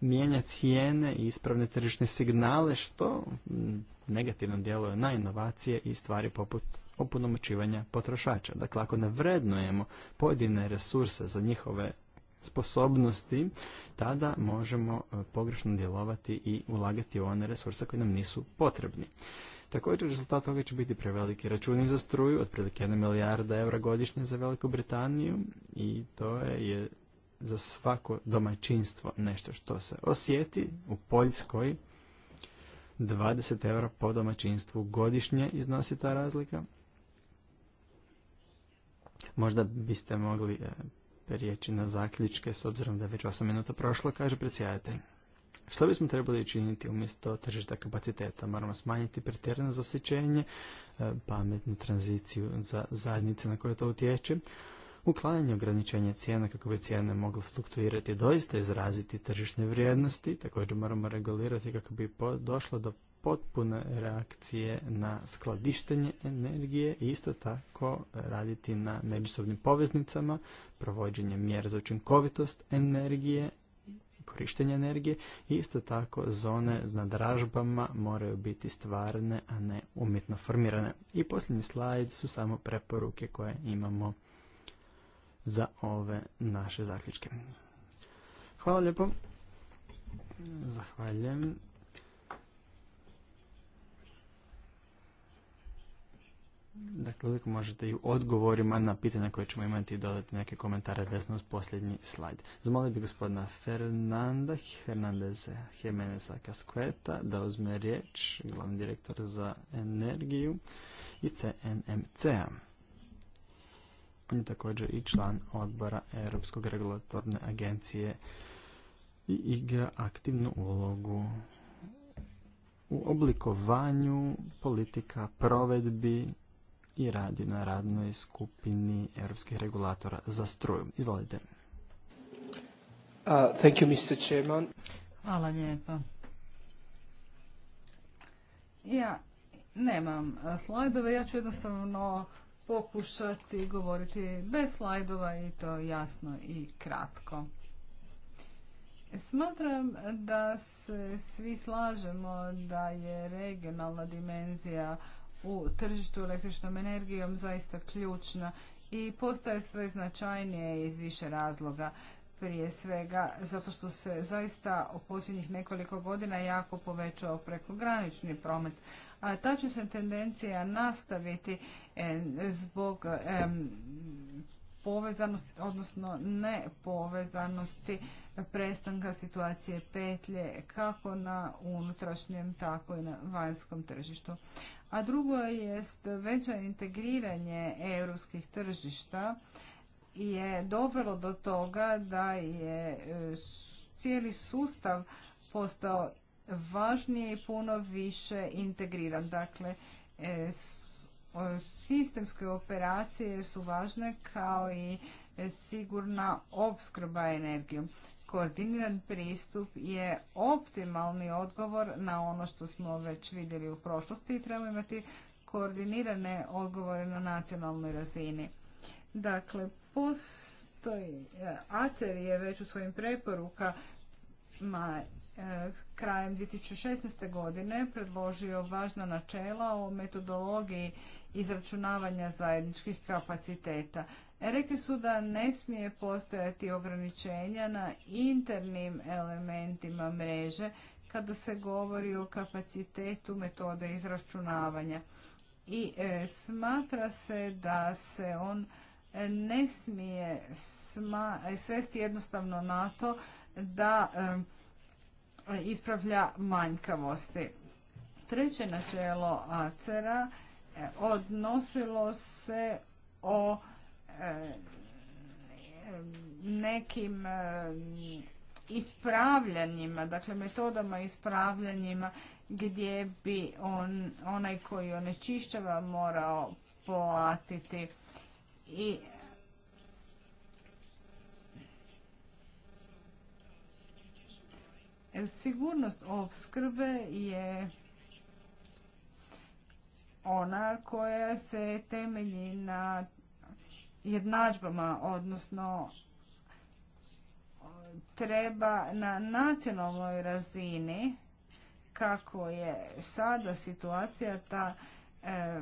mijenja cijene i ispravne tržišne signale što mm, negativno djeluje na inovacije i stvari poput opunomoćivanja potrošača. Dakle, ako ne vrednujemo pojedine resurse za njihove sposobnosti, tada možemo e, pogrešno djelovati i ulagati u one resurse koji nam nisu potrebni. Također rezultat toga će biti preveliki računi za struju, otprilike 1 milijarda eura godišnje za Veliku Britaniju i to je za svako domaćinstvo nešto što se osjeti u Poljskoj 20 eura po domaćinstvu godišnje iznosi ta razlika. Možda biste mogli e, prijeći na zaključke s obzirom da je već 8 minuta prošlo, kaže predsjedatelj. Što bismo trebali učiniti umjesto tržišta kapaciteta? Moramo smanjiti pretjerano zasićenje, e, pametnu tranziciju za zajednice na koje to utječe, uklanjanje ograničenja cijena kako bi cijene mogle fluktuirati doista izraziti tržišne vrijednosti, također moramo regulirati kako bi došlo do potpune reakcije na skladištenje energije i isto tako raditi na međusobnim poveznicama, provođenje mjera za učinkovitost energije, korištenje energije i isto tako zone s nadražbama moraju biti stvarne, a ne umjetno formirane. I posljednji slajd su samo preporuke koje imamo za ove naše zaključke. Hvala lijepo. Zahvaljujem. Dakle, uvijek možete i u odgovorima na pitanja koje ćemo imati dodati neke komentare vezano uz posljednji slajd. Zamolio bi gospodina Fernanda Hernandez Jimeneza Casqueta da uzme riječ, glavni direktor za energiju i CNMC-a. On je također i član odbora Europskog regulatorne agencije i igra aktivnu ulogu u oblikovanju politika, provedbi i radi na radnoj skupini europskih regulatora za struju. Izvolite. Uh, thank you, Mr. Chairman. Hvala lijepa. Ja nemam slajdove, ja ću jednostavno pokušati govoriti bez slajdova i to jasno i kratko. Smatram da se svi slažemo da je regionalna dimenzija u tržištu električnom energijom zaista ključna i postaje sve značajnije iz više razloga prije svega zato što se zaista u posljednjih nekoliko godina jako povećao prekogranični promet. A ta će se tendencija nastaviti e, zbog povezanosti, odnosno nepovezanosti prestanka situacije petlje kako na unutrašnjem, tako i na vanjskom tržištu. A drugo jest veće integriranje europskih tržišta je dovelo do toga da je e, cijeli sustav postao važnije i puno više integriran. Dakle, e, sistemske operacije su važne kao i e, sigurna opskrba energijom. Koordiniran pristup je optimalni odgovor na ono što smo već vidjeli u prošlosti i trebamo imati koordinirane odgovore na nacionalnoj razini. Dakle, postoji, e, ACER je već u svojim preporukama e, krajem 2016. godine predložio važna načela o metodologiji izračunavanja zajedničkih kapaciteta. Rekli su da ne smije postojati ograničenja na internim elementima mreže kada se govori o kapacitetu metode izračunavanja. I e, smatra se da se on ne smije svesti jednostavno na to da ispravlja manjkavosti. Treće načelo ACER-a e, odnosilo se o nekim ispravljanjima, dakle metodama ispravljanjima gdje bi onaj koji onečišćava morao platiti i Sigurnost opskrbe je ona koja se temelji na jednadžbama, odnosno treba na nacionalnoj razini kako je sada situacija ta E,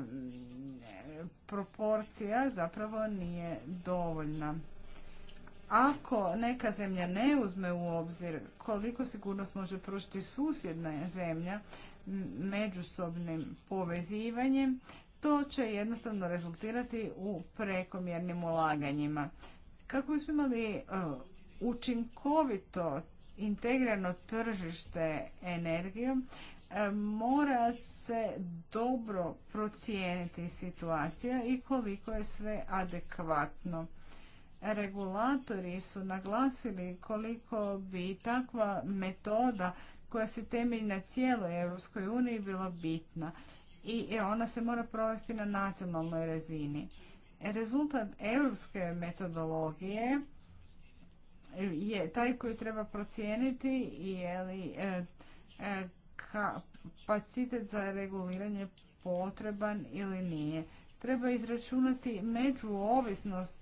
proporcija zapravo nije dovoljna. Ako neka zemlja ne uzme u obzir koliko sigurnost može pružiti susjedna zemlja međusobnim povezivanjem, to će jednostavno rezultirati u prekomjernim ulaganjima. Kako bismo imali e, učinkovito integrirano tržište energijom, E, mora se dobro procijeniti situacija i koliko je sve adekvatno. Regulatori su naglasili koliko bi takva metoda koja se temelji na cijeloj Europskoj uniji bila bitna i e, ona se mora provesti na nacionalnoj razini. Rezultat europske metodologije je taj koji treba procijeniti je li e, kapacitet za reguliranje potreban ili nije. Treba izračunati međuovisnost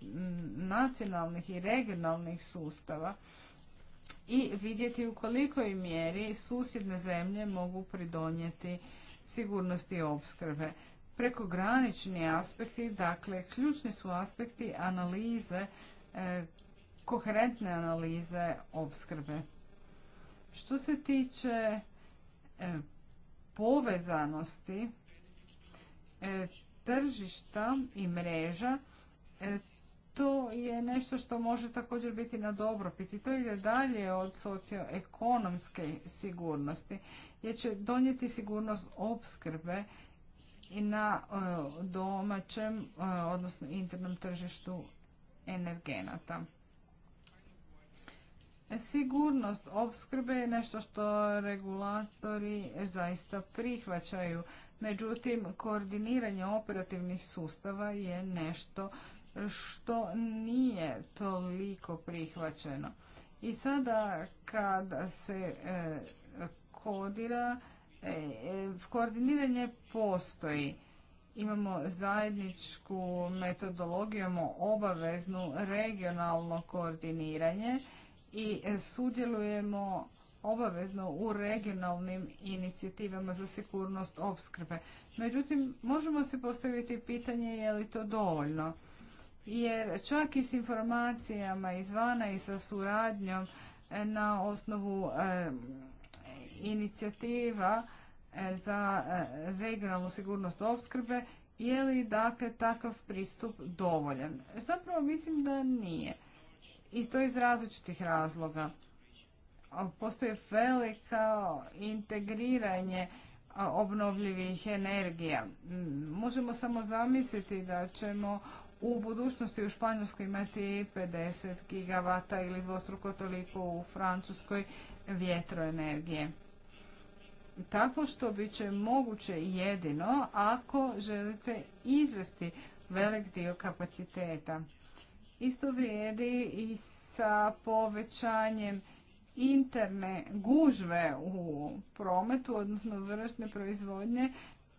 nacionalnih i regionalnih sustava i vidjeti u kolikoj mjeri susjedne zemlje mogu pridonijeti sigurnosti opskrbe. Prekogranični aspekti, dakle, ključni su aspekti analize, e, koherentne analize opskrbe. Što se tiče E, povezanosti e, tržišta i mreža, e, to je nešto što može također biti na dobrobit i to ide dalje od socioekonomske sigurnosti jer će donijeti sigurnost opskrbe i na domaćem, odnosno internom tržištu energenata. Sigurnost opskrbe je nešto što regulatori zaista prihvaćaju. Međutim, koordiniranje operativnih sustava je nešto što nije toliko prihvaćeno. I sada kada se e, kodira, e, koordiniranje postoji. Imamo zajedničku metodologiju, imamo obaveznu regionalno koordiniranje i e, sudjelujemo obavezno u regionalnim inicijativama za sigurnost opskrbe. Međutim, možemo se postaviti pitanje je li to dovoljno. Jer čak i s informacijama izvana i sa suradnjom e, na osnovu e, inicijativa za regionalnu sigurnost opskrbe, je li dakle takav pristup dovoljan? Zapravo mislim da nije i to iz različitih razloga. Postoje velika integriranje obnovljivih energija. Možemo samo zamisliti da ćemo u budućnosti u Španjolskoj imati 50 gigavata ili dvostruko toliko u Francuskoj vjetroenergije. Tako što bit će moguće jedino ako želite izvesti velik dio kapaciteta. Isto vrijedi i sa povećanjem interne gužve u prometu, odnosno vršne proizvodnje,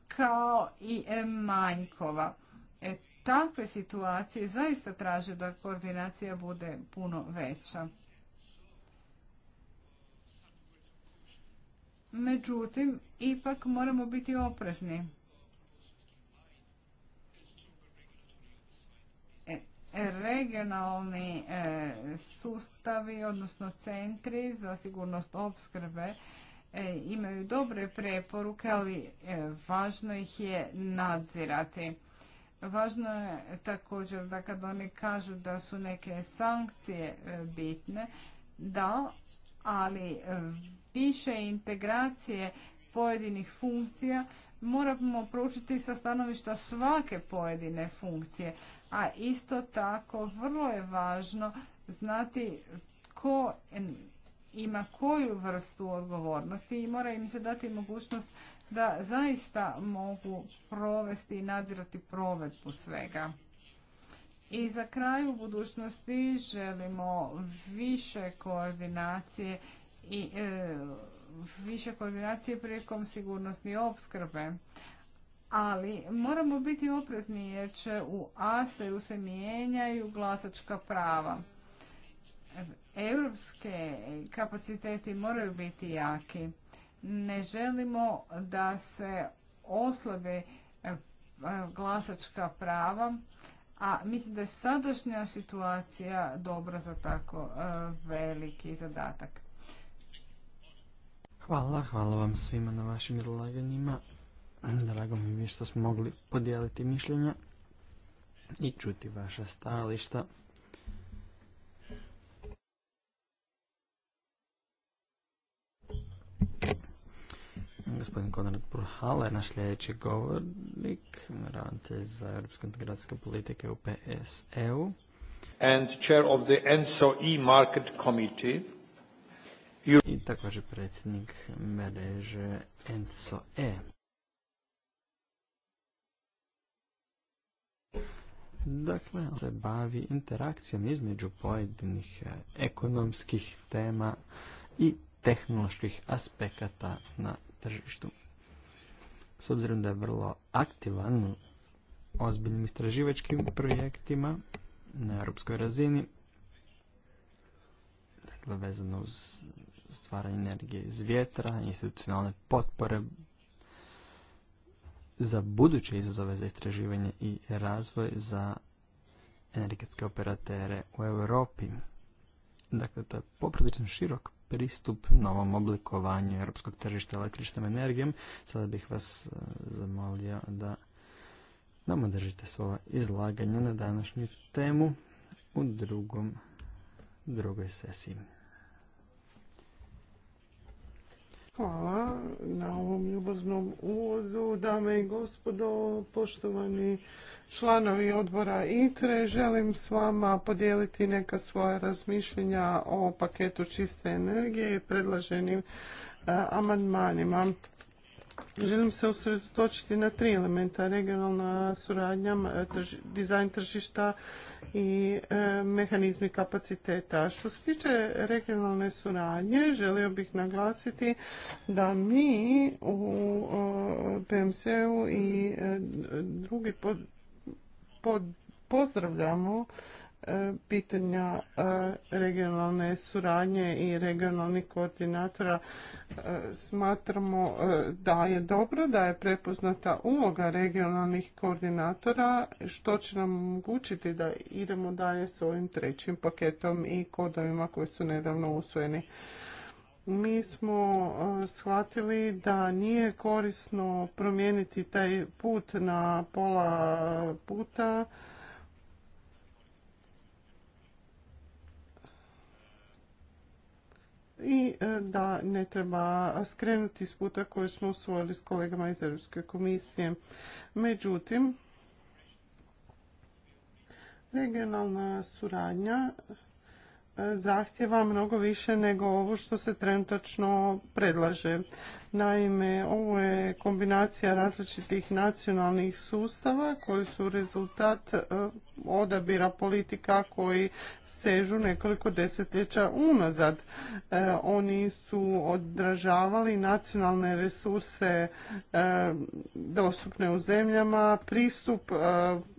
kao i manjkova. E, takve situacije zaista traže da koordinacija bude puno veća. Međutim, ipak moramo biti oprezni. regionalni e, sustavi, odnosno centri za sigurnost opskrbe e, imaju dobre preporuke, ali e, važno ih je nadzirati. Važno je također da kad oni kažu da su neke sankcije bitne, da, ali više integracije pojedinih funkcija moramo proučiti sa stanovišta svake pojedine funkcije a isto tako vrlo je važno znati ko ima koju vrstu odgovornosti i mora im se dati mogućnost da zaista mogu provesti i nadzirati provedbu svega. I za kraj u budućnosti želimo više koordinacije i e, više koordinacije prilikom sigurnosti opskrbe ali moramo biti oprezni jer će u aser se mijenjaju glasačka prava. Europske kapaciteti moraju biti jaki. Ne želimo da se oslabe e, glasačka prava, a mislim da je sadašnja situacija dobra za tako e, veliki zadatak. Hvala, hvala vam svima na vašim izlaganjima. Drago mi je što smo mogli podijeliti mišljenja i čuti vaša stajališta. Gospodin Konrad Purhala je naš sljedeći govornik, ravnatelj za Europsko integracijske politike u PSEU. And chair of the ENSO e-market committee. I također predsjednik mreže ENSO e. Dakle, se bavi interakcijom između pojedinih e, ekonomskih tema i tehnoloških aspekata na tržištu. S obzirom da je vrlo aktivan u ozbiljnim istraživačkim projektima na europskoj razini, dakle vezano uz stvaranje energije iz vjetra, institucionalne potpore za buduće izazove za istraživanje i razvoj za energetske operatere u Europi. Dakle, to je poprilično širok pristup novom oblikovanju europskog tržišta električnom energijom. Sada bih vas e, zamolio da nam održite svoje izlaganje na današnju temu u drugom, drugoj sesiji. Hvala na ovom ljubaznom uvodu. Dame i gospodo, poštovani članovi odbora ITRE, želim s vama podijeliti neka svoja razmišljenja o paketu čiste energije i predlaženim e, amandmanima. Želim se usredotočiti na tri elementa, regionalna suradnja, dizajn tržišta i e, mehanizmi kapaciteta. Što se tiče regionalne suradnje, želio bih naglasiti da mi u PMC-u i e, drugi pozdravljamo pitanja e, regionalne suradnje i regionalnih koordinatora e, smatramo e, da je dobro da je prepoznata uloga regionalnih koordinatora što će nam omogućiti da idemo dalje s ovim trećim paketom i kodovima koji su nedavno usvojeni mi smo shvatili da nije korisno promijeniti taj put na pola puta i e, da ne treba skrenuti s puta koju smo usvojili s kolegama iz Europske komisije. Međutim, regionalna suradnja zahtjeva mnogo više nego ovo što se trenutačno predlaže. Naime, ovo je kombinacija različitih nacionalnih sustava koji su rezultat e, odabira politika koji sežu nekoliko desetljeća unazad. E, oni su odražavali nacionalne resurse e, dostupne u zemljama, pristup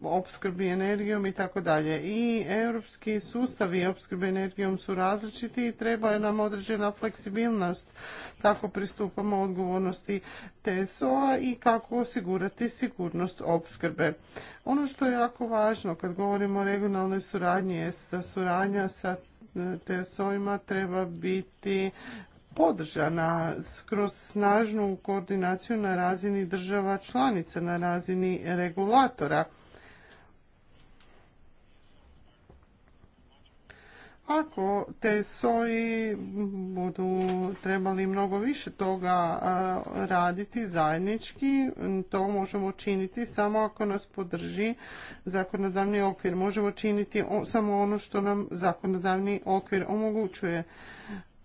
opskrbi energijom i tako dalje. I europski sustavi opskrbe energijom energijom su različiti i treba nam određena fleksibilnost kako pristupamo odgovornosti TSO-a i kako osigurati sigurnost opskrbe. Ono što je jako važno kad govorimo o regionalnoj suradnji je da suradnja sa e, TSO-ima treba biti podržana kroz snažnu koordinaciju na razini država članica, na razini regulatora Ako te soji budu trebali mnogo više toga raditi zajednički, to možemo činiti samo ako nas podrži zakonodavni okvir. Možemo činiti samo ono što nam zakonodavni okvir omogućuje.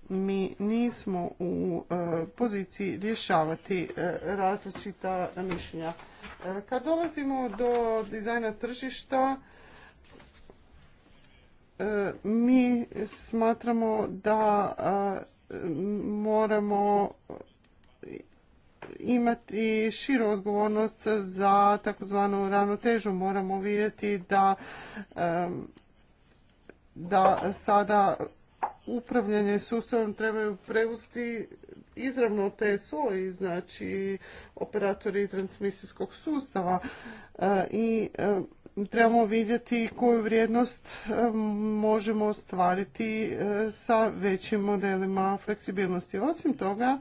Mi nismo u e, poziciji rješavati e, različita mišljenja. E, kad dolazimo do dizajna tržišta, mi smatramo da moramo imati širu odgovornost za takozvanu ravnotežu. Moramo vidjeti da, da sada upravljanje sustavom trebaju preuzeti izravno TSO-i, znači operatori transmisijskog sustava i trebamo vidjeti koju vrijednost e, možemo ostvariti e, sa većim modelima fleksibilnosti. Osim toga,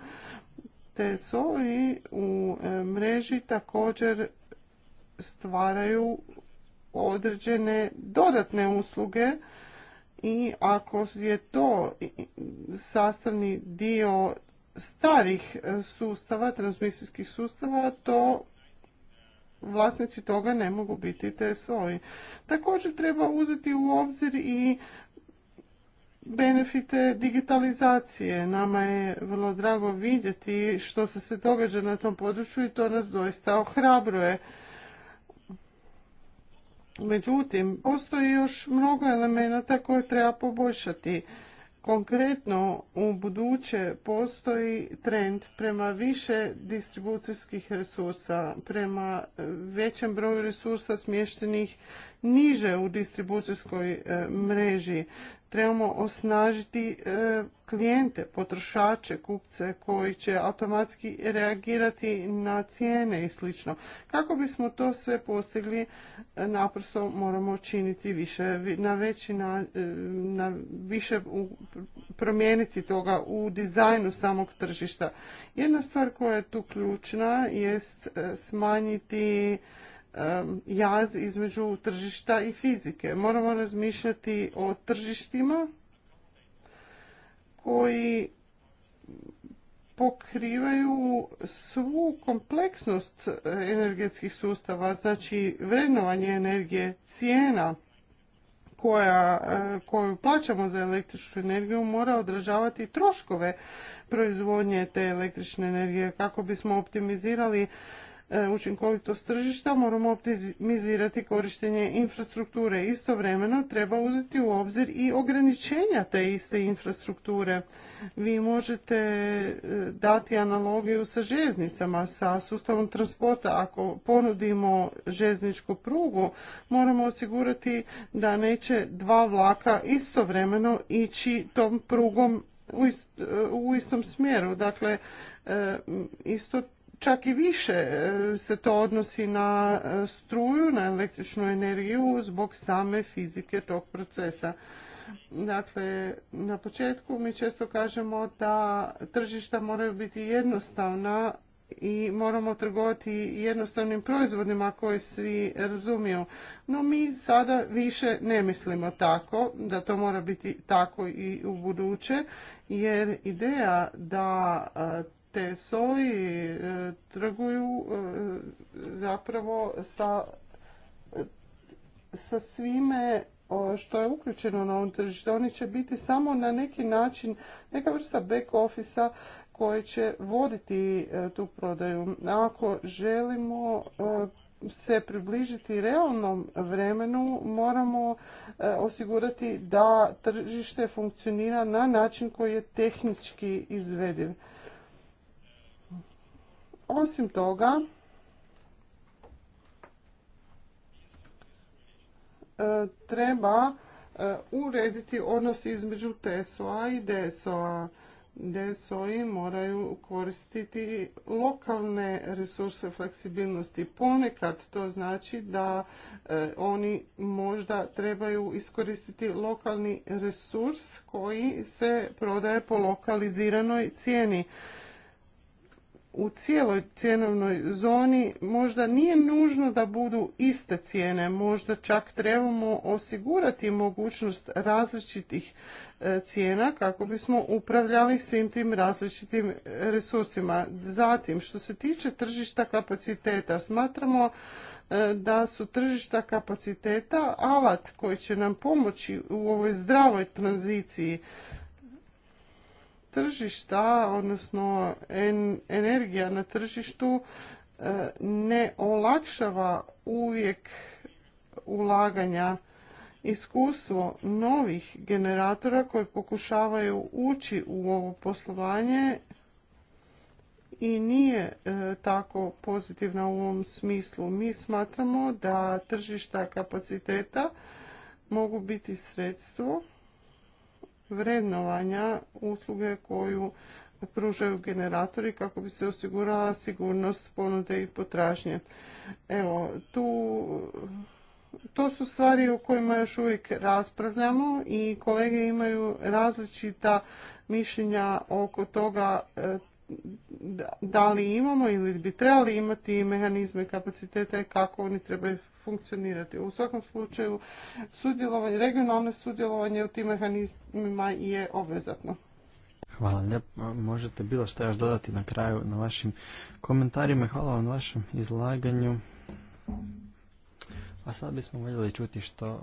TSO i u e, mreži također stvaraju određene dodatne usluge i ako je to sastavni dio starih sustava, transmisijskih sustava, to vlasnici toga ne mogu biti TSO-i. Također treba uzeti u obzir i benefite digitalizacije. Nama je vrlo drago vidjeti što se sve događa na tom području i to nas doista ohrabruje. Međutim, postoji još mnogo elemenata koje treba poboljšati. Konkretno u buduće postoji trend prema više distribucijskih resursa, prema e, većem broju resursa smještenih niže u distribucijskoj e, mreži trebamo osnažiti e, klijente, potrošače, kupce koji će automatski reagirati na cijene i sl. Kako bismo to sve postigli, e, naprosto moramo činiti više, na e, na više promijeniti toga u dizajnu samog tržišta. Jedna stvar koja je tu ključna jest smanjiti jaz između tržišta i fizike. Moramo razmišljati o tržištima koji pokrivaju svu kompleksnost energetskih sustava, znači vrednovanje energije, cijena koja, koju plaćamo za električnu energiju mora odražavati troškove proizvodnje te električne energije kako bismo optimizirali E, učinkovitost tržišta, moramo optimizirati korištenje infrastrukture. Istovremeno treba uzeti u obzir i ograničenja te iste infrastrukture. Vi možete e, dati analogiju sa željeznicama, sa sustavom transporta. Ako ponudimo željezničku prugu, moramo osigurati da neće dva vlaka istovremeno ići tom prugom u e, istom smjeru. Dakle, isto čak i više e, se to odnosi na e, struju, na električnu energiju zbog same fizike tog procesa. Dakle, na početku mi često kažemo da tržišta moraju biti jednostavna i moramo trgovati jednostavnim proizvodima koje svi razumiju. No mi sada više ne mislimo tako, da to mora biti tako i u buduće, jer ideja da e, te soji trguju e, zapravo sa, e, svime što je uključeno na ovom tržištu. Oni će biti samo na neki način neka vrsta back office koje će voditi e, tu prodaju. Ako želimo se približiti realnom vremenu, moramo osigurati da tržište funkcionira na način koji je tehnički izvediv. Osim toga, e, treba e, urediti odnos između TSO-a i DSO-a. DSO-i moraju koristiti lokalne resurse fleksibilnosti. Ponekad to znači da e, oni možda trebaju iskoristiti lokalni resurs koji se prodaje po lokaliziranoj cijeni u cijeloj cjenovnoj zoni možda nije nužno da budu iste cijene, možda čak trebamo osigurati mogućnost različitih e, cijena kako bismo upravljali svim tim različitim e, resursima. Zatim, što se tiče tržišta kapaciteta, smatramo e, da su tržišta kapaciteta alat koji će nam pomoći u ovoj zdravoj tranziciji tržišta, odnosno energija na tržištu e, ne olakšava uvijek ulaganja iskustvo novih generatora koji pokušavaju ući u ovo poslovanje i nije e, tako pozitivna u ovom smislu. Mi smatramo da tržišta kapaciteta mogu biti sredstvo vrednovanja usluge koju pružaju generatori kako bi se osigurala sigurnost ponude i potražnje. Evo, tu to su stvari o kojima još uvijek raspravljamo i kolege imaju različita mišljenja oko toga e, da li imamo ili bi trebali imati mehanizme i kapacitete kako oni trebaju funkcionirati. U svakom slučaju sudjelovanje, regionalno sudjelovanje u tim mehanizmima je obvezatno. Hvala lijepo. Možete bilo što još dodati na kraju na vašim komentarima. Hvala vam na vašem izlaganju. A sad bismo voljeli čuti što,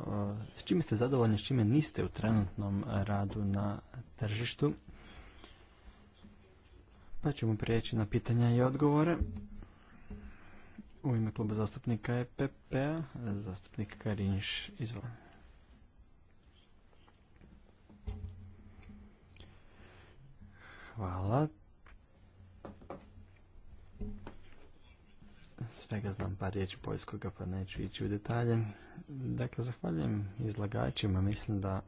s čime ste zadovoljni, s čime niste u trenutnom radu na tržištu. Pa ćemo prijeći na pitanja i odgovore. U ime kluba zastupnika EPP-a, zastupnik Karinš, izvolite. Hvala. Svega znam par riječi poljskoga, pa neću ići u detalje. Dakle, zahvaljujem izlagačima. Mislim da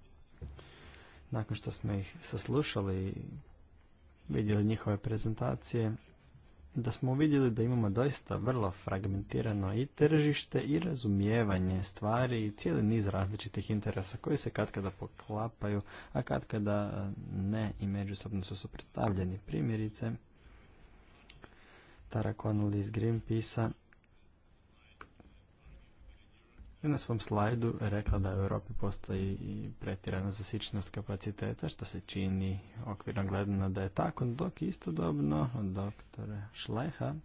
nakon što smo ih saslušali vidjeli njihove prezentacije, da smo vidjeli da imamo doista vrlo fragmentirano i tržište i razumijevanje stvari i cijeli niz različitih interesa koji se katkada poklapaju, a katkada ne i međusobno su suprotstavljeni primjerice. Tara iz Greenpeace-a je na svom slajdu rekla da u Europi postoji i pretjerana zasičnost kapaciteta, što se čini okvirno gledano da je tako, dok istodobno od doktora Šleha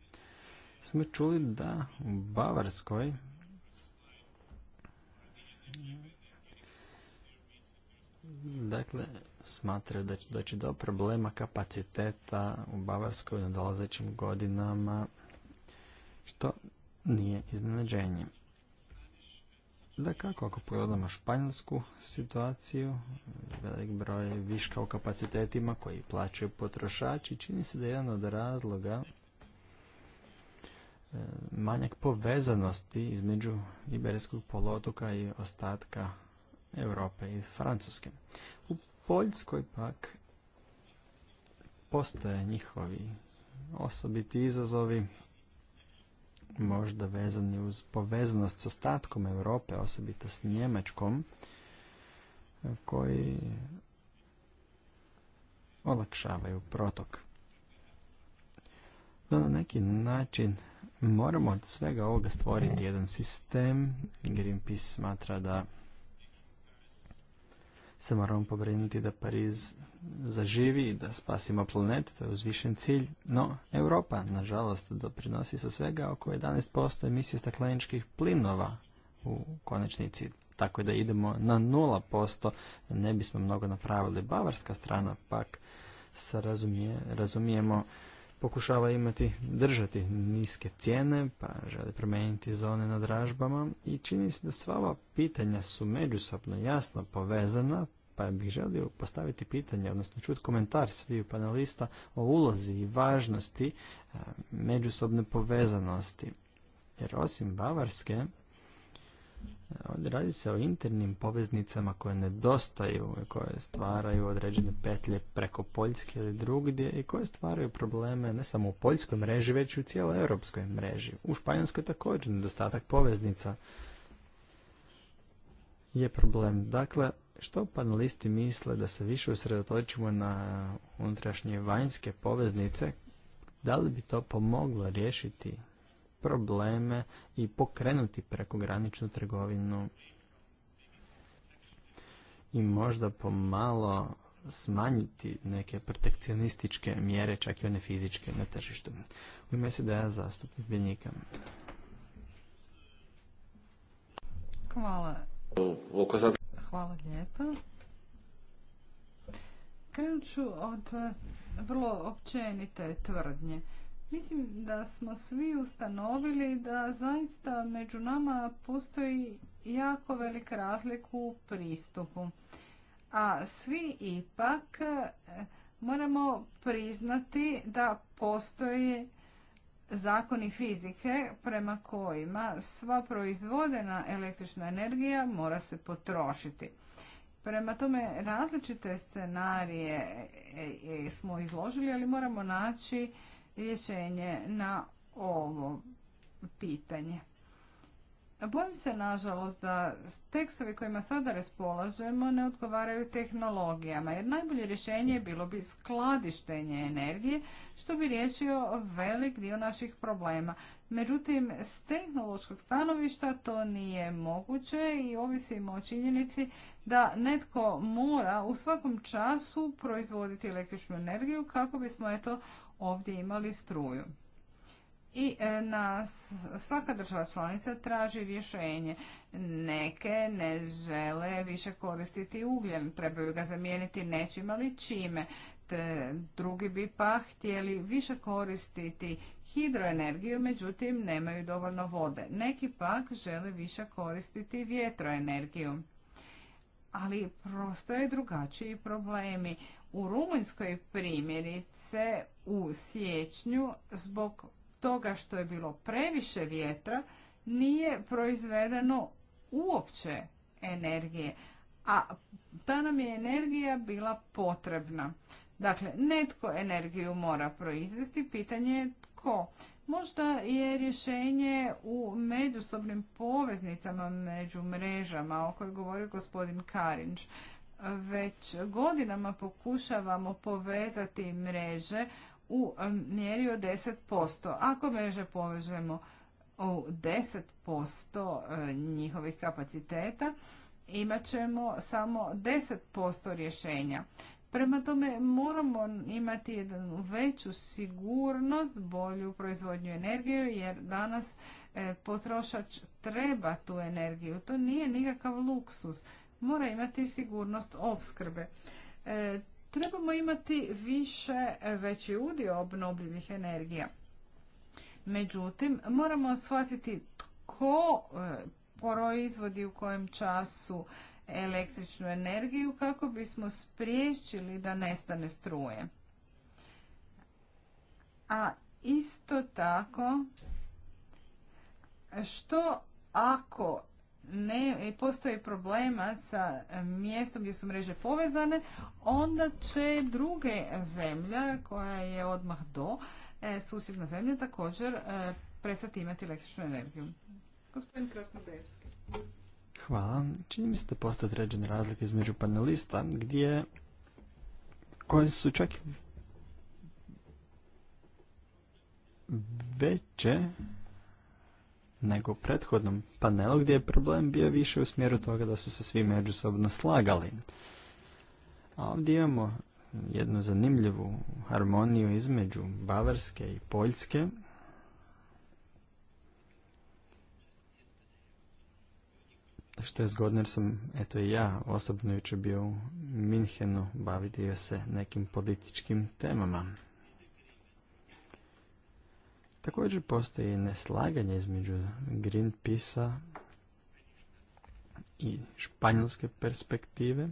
smo čuli da u Bavarskoj dakle smatraju da će doći do problema kapaciteta u Bavarskoj na dolazećim godinama što nije iznenađenje. Da kako, ako pogledamo španjolsku situaciju, velik broj viška u kapacitetima koji plaćaju potrošači, čini se da je jedan od razloga e, manjak povezanosti između Iberijskog polotoka i ostatka Europe i Francuske. U Poljskoj pak postoje njihovi osobiti izazovi Mhm. možda vezani uz povezanost s ostatkom Europe, osobito s Njemačkom, koji olakšavaju protok. No, na neki način moramo od svega ovoga stvoriti jedan sistem. Greenpeace smatra da se moramo pobrinuti da Pariz zaživi i da spasimo planet, to je uzvišen cilj, no Europa, nažalost, doprinosi sa svega oko 11% emisije stakleničkih plinova u konačnici, tako da idemo na 0%, ne bismo mnogo napravili. Bavarska strana pak se razumije, razumijemo pokušava imati, držati niske cijene, pa želi promijeniti zone na dražbama i čini se da sva ova pitanja su međusobno jasno povezana, pa bih želio postaviti pitanje, odnosno čuti komentar svih panelista o ulozi i važnosti e, međusobne povezanosti. Jer osim Bavarske, e, ovdje radi se o internim poveznicama koje nedostaju, koje stvaraju određene petlje preko Poljske ili drugdje i koje stvaraju probleme ne samo u poljskoj mreži, već i u cijeloj europskoj mreži. U Španjolskoj također nedostatak poveznica je problem. Dakle, što panelisti misle da se više usredotočimo na unutrašnje vanjske poveznice, da li bi to pomoglo riješiti probleme i pokrenuti prekograničnu trgovinu i možda pomalo smanjiti neke protekcionističke mjere, čak i one fizičke na tržištu. U ime se da ja zastupnik Benjika. Hvala. Hvala lijepa. Krenut ću od eh, vrlo općenite tvrdnje. Mislim da smo svi ustanovili da zaista među nama postoji jako velika razlika u pristupu. A svi ipak eh, moramo priznati da postoji zakoni fizike prema kojima sva proizvodena električna energija mora se potrošiti. Prema tome različite scenarije e, e, smo izložili, ali moramo naći rješenje na ovo pitanje. Bojim se, nažalost, da tekstovi kojima sada raspolažemo ne odgovaraju tehnologijama, jer najbolje rješenje bilo bi skladištenje energije, što bi riješio velik dio naših problema. Međutim, s tehnološkog stanovišta to nije moguće i ovisimo o činjenici da netko mora u svakom času proizvoditi električnu energiju kako bismo eto ovdje imali struju i e, na svaka država članica traži rješenje. Neke ne žele više koristiti ugljen, trebaju ga zamijeniti nečim, ali čime. drugi bi pa htjeli više koristiti hidroenergiju, međutim nemaju dovoljno vode. Neki pak žele više koristiti vjetroenergiju. Ali je drugačiji problemi. U Rumunjskoj primjerice u siječnju zbog toga što je bilo previše vjetra nije proizvedeno uopće energije, a ta nam je energija bila potrebna. Dakle, netko energiju mora proizvesti, pitanje je tko. Možda je rješenje u međusobnim poveznicama među mrežama o kojoj govori gospodin Karinč. Već godinama pokušavamo povezati mreže u mjeri od 10%. Ako mreže povežemo u 10% e, njihovih kapaciteta, imat ćemo samo 10% rješenja. Prema tome moramo imati jednu veću sigurnost, bolju proizvodnju energije, jer danas e, potrošač treba tu energiju. To nije nikakav luksus. Mora imati sigurnost opskrbe. E, Trebamo imati više e, veći udio obnovljivih energija. Međutim, moramo shvatiti tko e, proizvodi u kojem času električnu energiju kako bismo spriječili da nestane struje. A isto tako, što ako ne postoji problema sa mjestom gdje su mreže povezane, onda će druge zemlja koja je odmah do e, susjedna zemlja također e, prestati imati električnu energiju. Gospodin Krasnodevski. Hvala. Čini mi se da postoje određene razlike između panelista gdje koje su čak veće nego u prethodnom panelu gdje je problem bio više u smjeru toga da su se svi međusobno slagali. A ovdje imamo jednu zanimljivu harmoniju između Bavarske i Poljske. Što je zgodno jer sam, eto i ja, osobno jučer bio u Minhenu bavitio se nekim političkim temama. Također postoji neslaganje između Greenpeace-a i španjolske perspektive.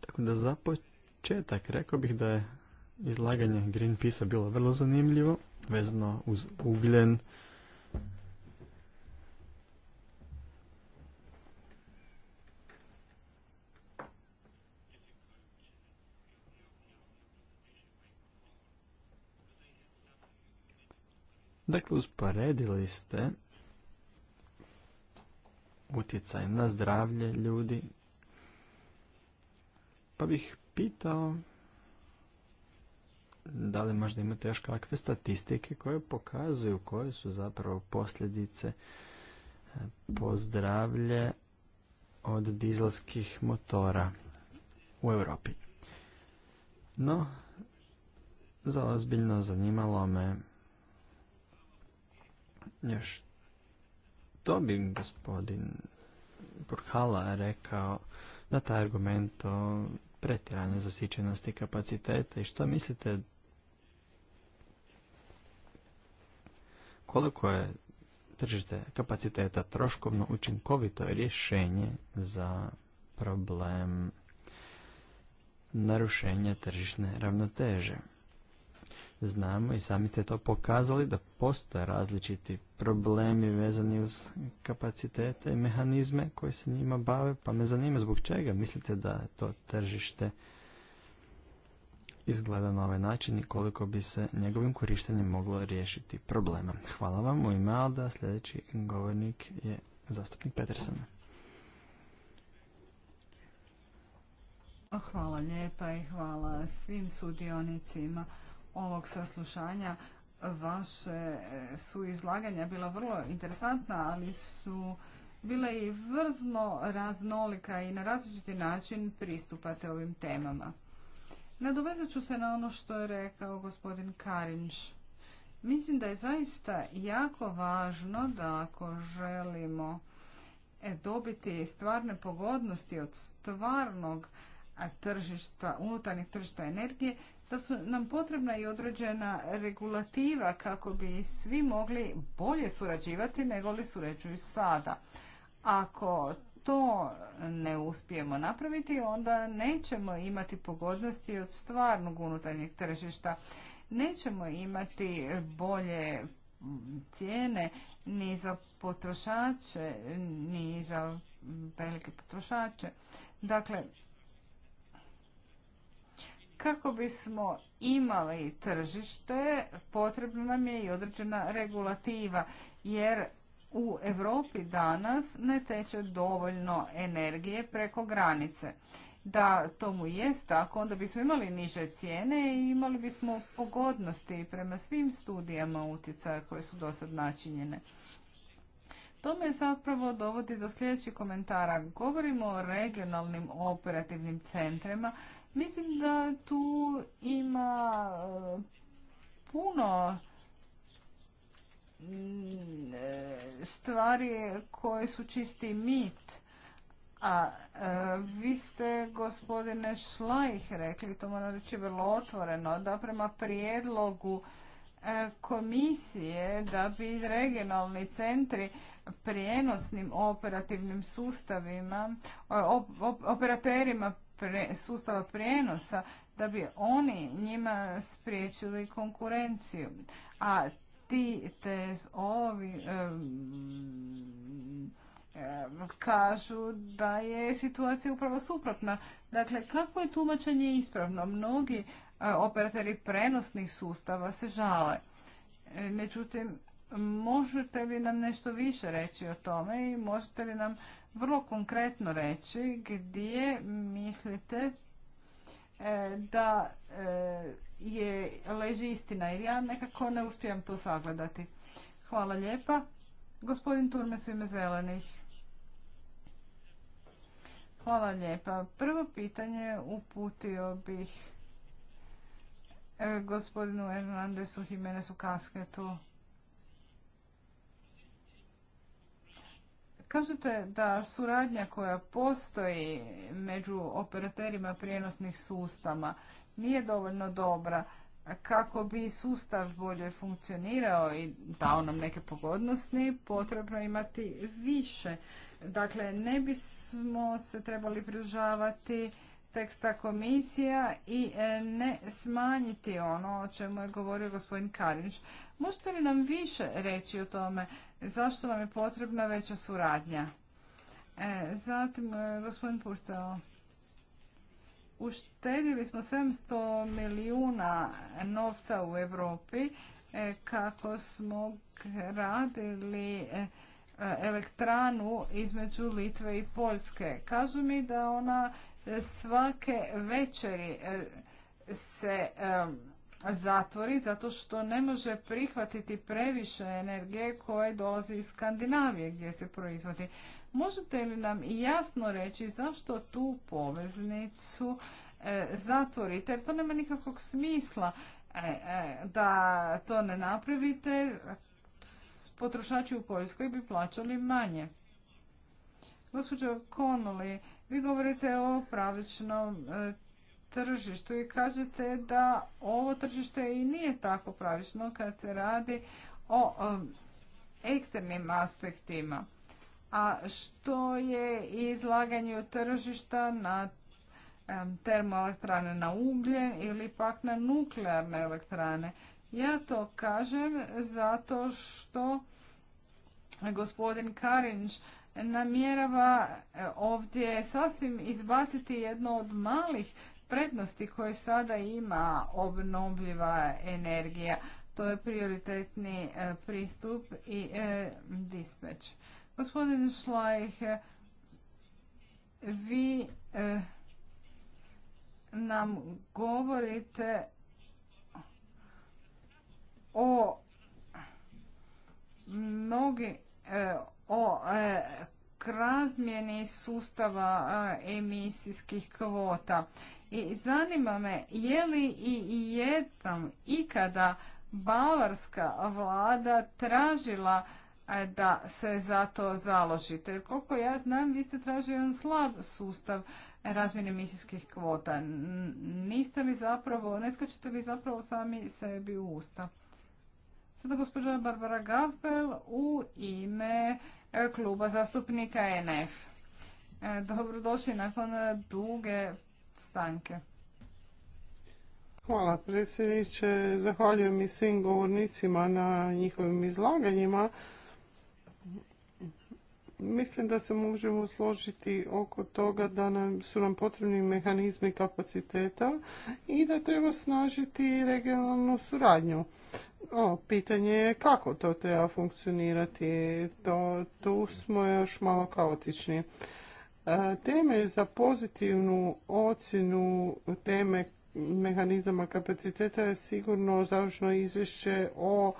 Tako da za početak rekao bih da je izlaganje Greenpeace-a bilo vrlo zanimljivo vezano uz ugljen, Dakle, usporedili ste utjecaj na zdravlje ljudi, pa bih pitao da li možda imate još kakve statistike koje pokazuju koje su zapravo posljedice e, pozdravlje od dizelskih motora u Europi. No, za ozbiljno zanimalo me još to bi gospodin Burhala rekao na taj argument o pretjeranju zasićenosti kapaciteta i što mislite koliko je tržište kapaciteta troškovno učinkovito rješenje za problem narušenja tržišne ravnoteže znamo i sami ste to pokazali da postoje različiti problemi vezani uz kapacitete i mehanizme koji se njima bave, pa me zanima zbog čega mislite da to tržište izgleda na ovaj način i koliko bi se njegovim korištenjem moglo riješiti problema. Hvala vam u ime Alda, sljedeći govornik je zastupnik Petersona. Hvala lijepa i hvala svim sudionicima ovog saslušanja. Vaše su izlaganja bila vrlo interesantna, ali su bila i vrzno raznolika i na različiti način pristupate ovim temama. Nadovezat ću se na ono što je rekao gospodin Karinč. Mislim da je zaista jako važno da ako želimo e, dobiti stvarne pogodnosti od stvarnog tržišta, unutarnjeg tržišta energije, da su nam potrebna i određena regulativa kako bi svi mogli bolje surađivati nego li surađuju sada. Ako to ne uspijemo napraviti, onda nećemo imati pogodnosti od stvarnog unutarnjeg tržišta. Nećemo imati bolje cijene ni za potrošače, ni za velike potrošače. Dakle, kako bismo imali tržište, potrebna nam je i određena regulativa, jer u Europi danas ne teče dovoljno energije preko granice. Da tomu jest tako, onda bismo imali niže cijene i imali bismo pogodnosti prema svim studijama utjecaja koje su do sad načinjene. To me zapravo dovodi do sljedećih komentara. Govorimo o regionalnim operativnim centrima Mislim da tu ima e, puno mm, e, stvari koje su čisti mit. A e, vi ste, gospodine Šlajh, rekli, to moram reći vrlo otvoreno, da prema prijedlogu komisije da bi regionalni centri prijenosnim operativnim sustavima, operaterima pre, sustava prijenosa da bi oni njima spriječili konkurenciju. A ti TSO-ovi um, kažu da je situacija upravo suprotna. Dakle, kako je tumačenje ispravno? Mnogi e, operateri prenosnih sustava se žale. E, međutim, možete li nam nešto više reći o tome i možete li nam vrlo konkretno reći gdje mislite e, da e, je leži istina jer ja nekako ne uspijem to sagledati. Hvala lijepa. Gospodin Turmes u ime zelenih. Hvala lijepa. Prvo pitanje uputio bih e, gospodinu Hernandesu Jimenezu Kasketu. Kažete da suradnja koja postoji među operaterima prijenosnih sustava nije dovoljno dobra kako bi sustav bolje funkcionirao i dao nam neke pogodnosti, potrebno imati više. Dakle, ne bismo se trebali pridržavati teksta komisija i e, ne smanjiti ono o čemu je govorio gospodin Karić. Možete li nam više reći o tome zašto nam je potrebna veća suradnja? E, zatim, e, gospodin Purcao, uštedili smo 700 milijuna novca u Europi e, kako smo radili elektranu između Litve i Poljske. Kažu mi da ona svake večeri se zatvori zato što ne može prihvatiti previše energije koje dolazi iz Skandinavije gdje se proizvodi. Možete li nam jasno reći zašto tu poveznicu e, zatvorite? Jer to nema nikakvog smisla e, e, da to ne napravite. Potrošači u Poljskoj bi plaćali manje. Gospođo Konoli, vi govorite o pravičnom tržištu i kažete da ovo tržište i nije tako pravično kad se radi o um, eksternim aspektima. A što je izlaganju tržišta na termoelektrane na ugljen ili pak na nuklearne elektrane? Ja to kažem zato što gospodin Karinč namjerava e, ovdje sasvim izbaciti jedno od malih prednosti koje sada ima obnovljiva energija. To je prioritetni e, pristup i e, dispeć. Gospodin Šlajh, vi e, nam govorite o mnogi o razmjeni sustava emisijskih kvota. I zanima me je li i jednom ikada bavarska vlada tražila e, da se za to založite. Jer koliko ja znam, vi ste tražili jedan slab sustav razmjene misijskih kvota. Niste li zapravo, ne skačete li zapravo sami sebi u usta? Sada gospođa Barbara Gapel u ime e, kluba zastupnika NF. E, dobrodošli nakon duge stanke. Hvala predsjedniče. Zahvaljujem i svim govornicima na njihovim izlaganjima. Mislim da se možemo složiti oko toga da nam, su nam potrebni mehanizmi kapaciteta i da treba snažiti regionalnu suradnju. O, pitanje je kako to treba funkcionirati. tu smo još malo kaotični. E, temelj za pozitivnu ocjenu teme mehanizama kapaciteta je sigurno završno izvješće o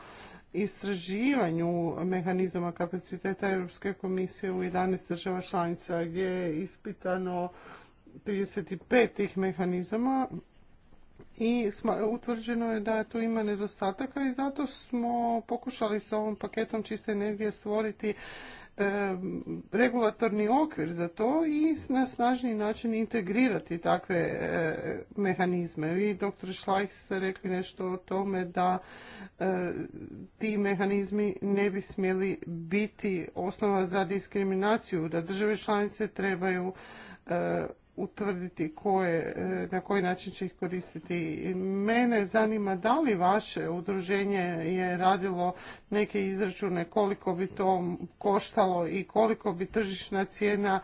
istraživanju mehanizama kapaciteta Europske komisije u 11 država članica gdje je ispitano 35 tih mehanizama i utvrđeno je da tu ima nedostataka i zato smo pokušali sa ovom paketom čiste energije stvoriti regulatorni okvir za to i na snažni način integrirati takve eh, mehanizme. Vi, doktor Šlajh, ste rekli nešto o tome da eh, ti mehanizmi ne bi smjeli biti osnova za diskriminaciju, da države članice trebaju eh, utvrditi koje, e, na koji način će ih koristiti. Mene zanima da li vaše udruženje je radilo neke izračune koliko bi to koštalo i koliko bi tržišna cijena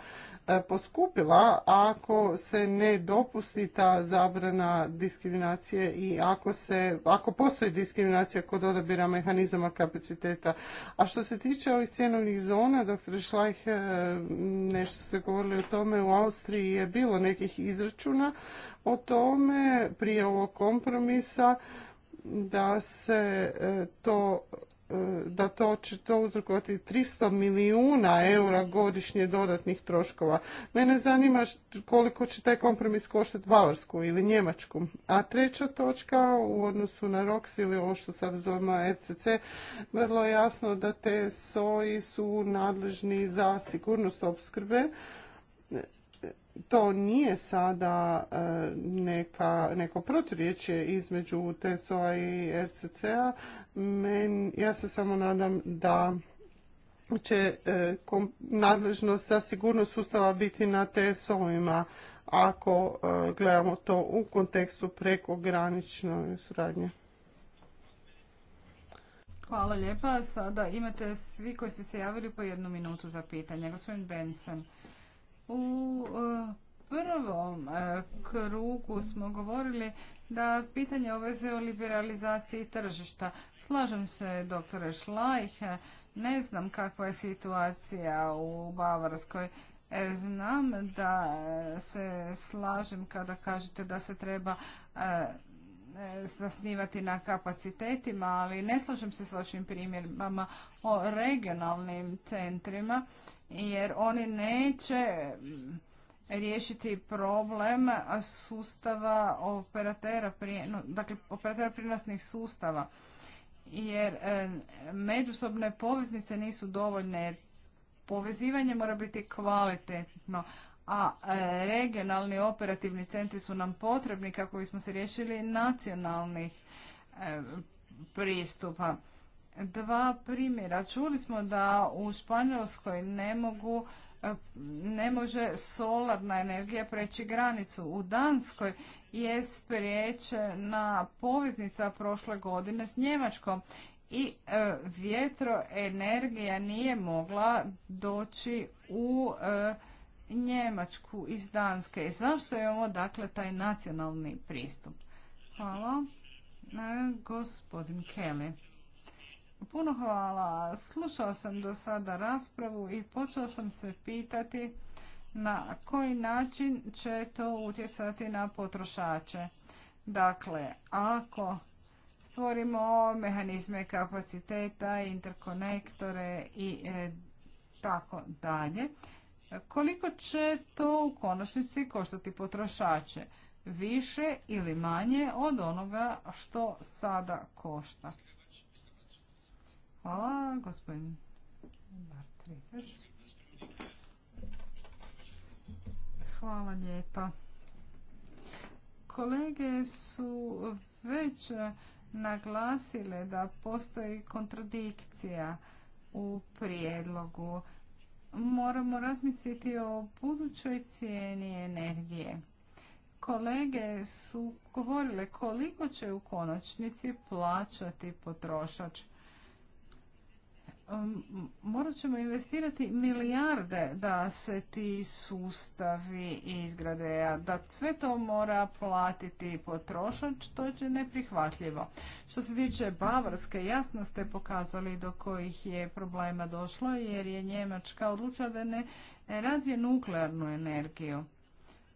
E, poskupila ako se ne dopusti ta zabrana diskriminacije i ako, se, ako postoji diskriminacija kod odabira mehanizama kapaciteta. A što se tiče ovih cjenovnih zona, dr. Šlajh, e, nešto ste govorili o tome, u Austriji je bilo nekih izračuna o tome prije ovog kompromisa da se e, to da to će to uzrokovati 300 milijuna eura godišnje dodatnih troškova. Mene zanima koliko će taj kompromis koštati Bavarsku ili Njemačku. A treća točka u odnosu na ROX ili ovo što sad zovemo FCC, vrlo jasno da te SOI su nadležni za sigurnost opskrbe to nije sada e, neka, neko proturječje između TSO-a i RCC-a. Ja se samo nadam da će e, nadležnost za sigurnost sustava biti na TSO-ima ako e, gledamo to u kontekstu prekogranične suradnje. Hvala lijepa. Sada imate svi koji ste se javili po jednu minutu za pitanje. Gospodin Benson. U e, prvom e, krugu smo govorili da pitanje oveze o liberalizaciji tržišta. Slažem se, doktore Šlajh, ne znam kakva je situacija u Bavarskoj. E, znam da se slažem kada kažete da se treba zasnivati na kapacitetima, ali ne slažem se s vašim primjerima o regionalnim centrima, jer oni neće riješiti problem sustava operatera, dakle operatera prinosnih sustava, jer e, međusobne poveznice nisu dovoljne, povezivanje mora biti kvalitetno, a e, regionalni operativni centri su nam potrebni kako bismo se riješili nacionalnih e, pristupa. Dva primjera. Čuli smo da u Španjolskoj ne mogu e, ne može solarna energija preći granicu. U Danskoj je spriječena poveznica prošle godine s Njemačkom i vjetroenergija nije mogla doći u Njemačku, iz Danske. Zašto ovo dakle taj nacionalni pristup? Hvala. E, gospodin Kelly. Puno hvala. Slušao sam do sada raspravu i počeo sam se pitati na koji način će to utjecati na potrošače. Dakle, ako stvorimo mehanizme kapaciteta, interkonektore i e, tako dalje, koliko će to u konačnici koštati potrošače? Više ili manje od onoga što sada košta? Hvala, gospodin Hvala lijepa. Kolege su već naglasile da postoji kontradikcija u prijedlogu moramo razmisliti o budućoj cijeni energije. Kolege su govorile koliko će u konačnici plaćati potrošač morat ćemo investirati milijarde da se ti sustavi izgrade, da sve to mora platiti potrošač, to je neprihvatljivo. Što se tiče Bavarske, jasno ste pokazali do kojih je problema došlo, jer je Njemačka odlučila da ne razvije nuklearnu energiju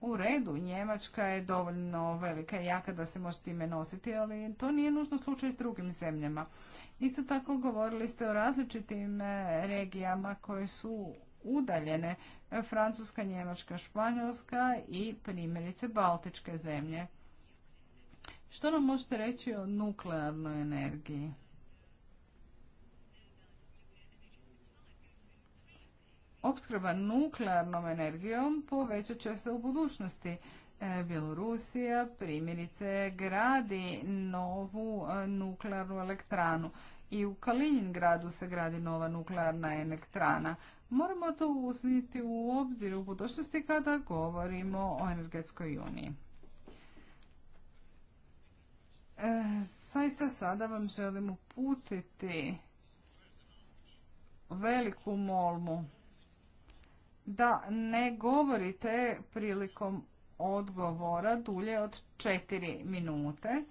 u redu, Njemačka je dovoljno velika i jaka da se može time nositi, ali to nije nužno slučaj s drugim zemljama. Isto tako govorili ste o različitim e, regijama koje su udaljene, e, Francuska, Njemačka, Španjolska i primjerice Baltičke zemlje. Što nam možete reći o nuklearnoj energiji? opskrba nuklearnom energijom povećat će se u budućnosti. E, Bjelorusija primjerice gradi novu e, nuklearnu elektranu i u gradu se gradi nova nuklearna elektrana. Moramo to uzeti u obzir u budućnosti kada govorimo o energetskoj uniji. E, saista sada vam želim uputiti veliku molmu da ne govorite prilikom odgovora dulje od 4 minute,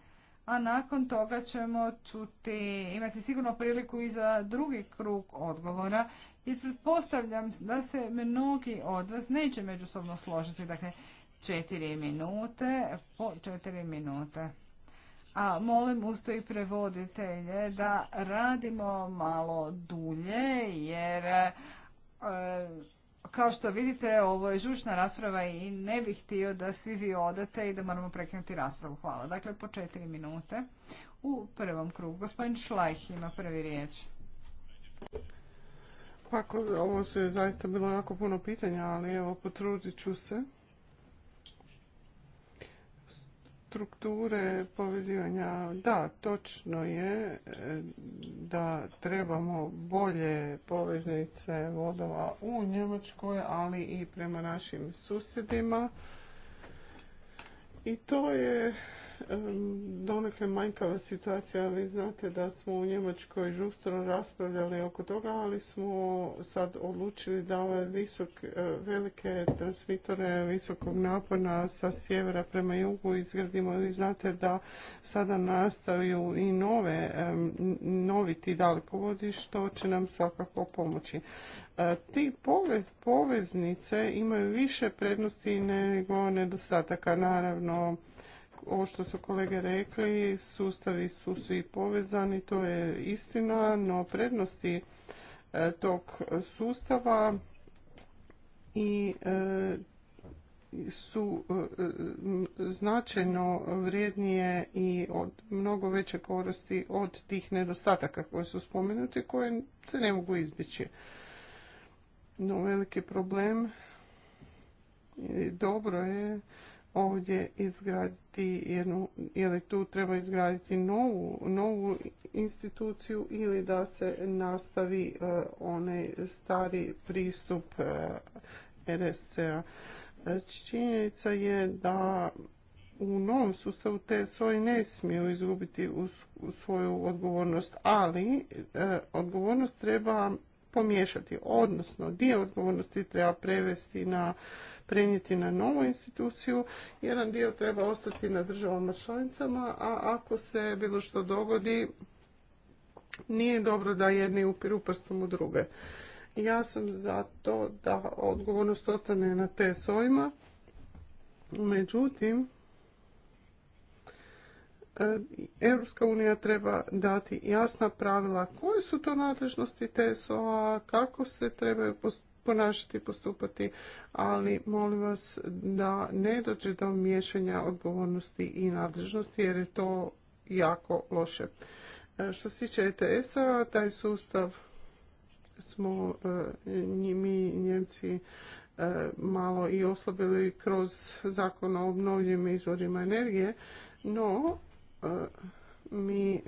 a nakon toga ćemo čuti, imati sigurno priliku i za drugi krug odgovora, i pretpostavljam da se mnogi od vas neće međusobno složiti, dakle, 4 minute po četiri minute. A molim to i prevoditelje da radimo malo dulje, jer e, kao što vidite, ovo je žučna rasprava i ne bih htio da svi vi odete i da moramo prekinuti raspravu. Hvala. Dakle, po četiri minute u prvom krugu. Gospodin Šlajh ima prvi riječ. Pa, ovo su zaista bilo jako puno pitanja, ali evo, potrudit ću se. strukture povezivanja, da, točno je e, da trebamo bolje poveznice vodova u Njemačkoj, ali i prema našim susjedima. I to je donekle manjkava situacija, vi znate da smo u Njemačkoj žustro raspravljali oko toga, ali smo sad odlučili da ove visok, e, velike transmitore visokog napona sa sjevera prema jugu izgradimo. Vi znate da sada nastaju i nove, novi ti dalekovodi što će nam svakako pomoći. E, ti poveznice imaju više prednosti nego nedostataka. Naravno, ovo što su kolege rekli, sustavi su svi povezani, to je istina, no prednosti e, tog sustava i e, su e, značajno vrijednije i od mnogo veće koristi od tih nedostataka koje su spomenuti koje se ne mogu izbjeći. No veliki problem dobro je ovdje izgraditi jednu, je li tu treba izgraditi novu, novu instituciju ili da se nastavi e, onaj stari pristup e, RSC-a. E, činjenica je da u novom sustavu te i ne smiju izgubiti u svoju odgovornost, ali odgovornost treba pomiješati, odnosno dio odgovornosti treba prevesti na prenijeti na novu instituciju, jedan dio treba ostati na državama članicama, a ako se bilo što dogodi, nije dobro da jedni upiru prstom u druge. Ja sam za to da odgovornost ostane na te ima međutim, E, Europska unija treba dati jasna pravila koje su to nadležnosti TSO-a, kako se trebaju ponašati i postupati, ali molim vas da ne dođe do miješanja odgovornosti i nadležnosti jer je to jako loše. E, što se tiče ETS-a, taj sustav smo e, mi Njemci malo i oslobili kroz zakon o obnovljivim izvorima energije, no mi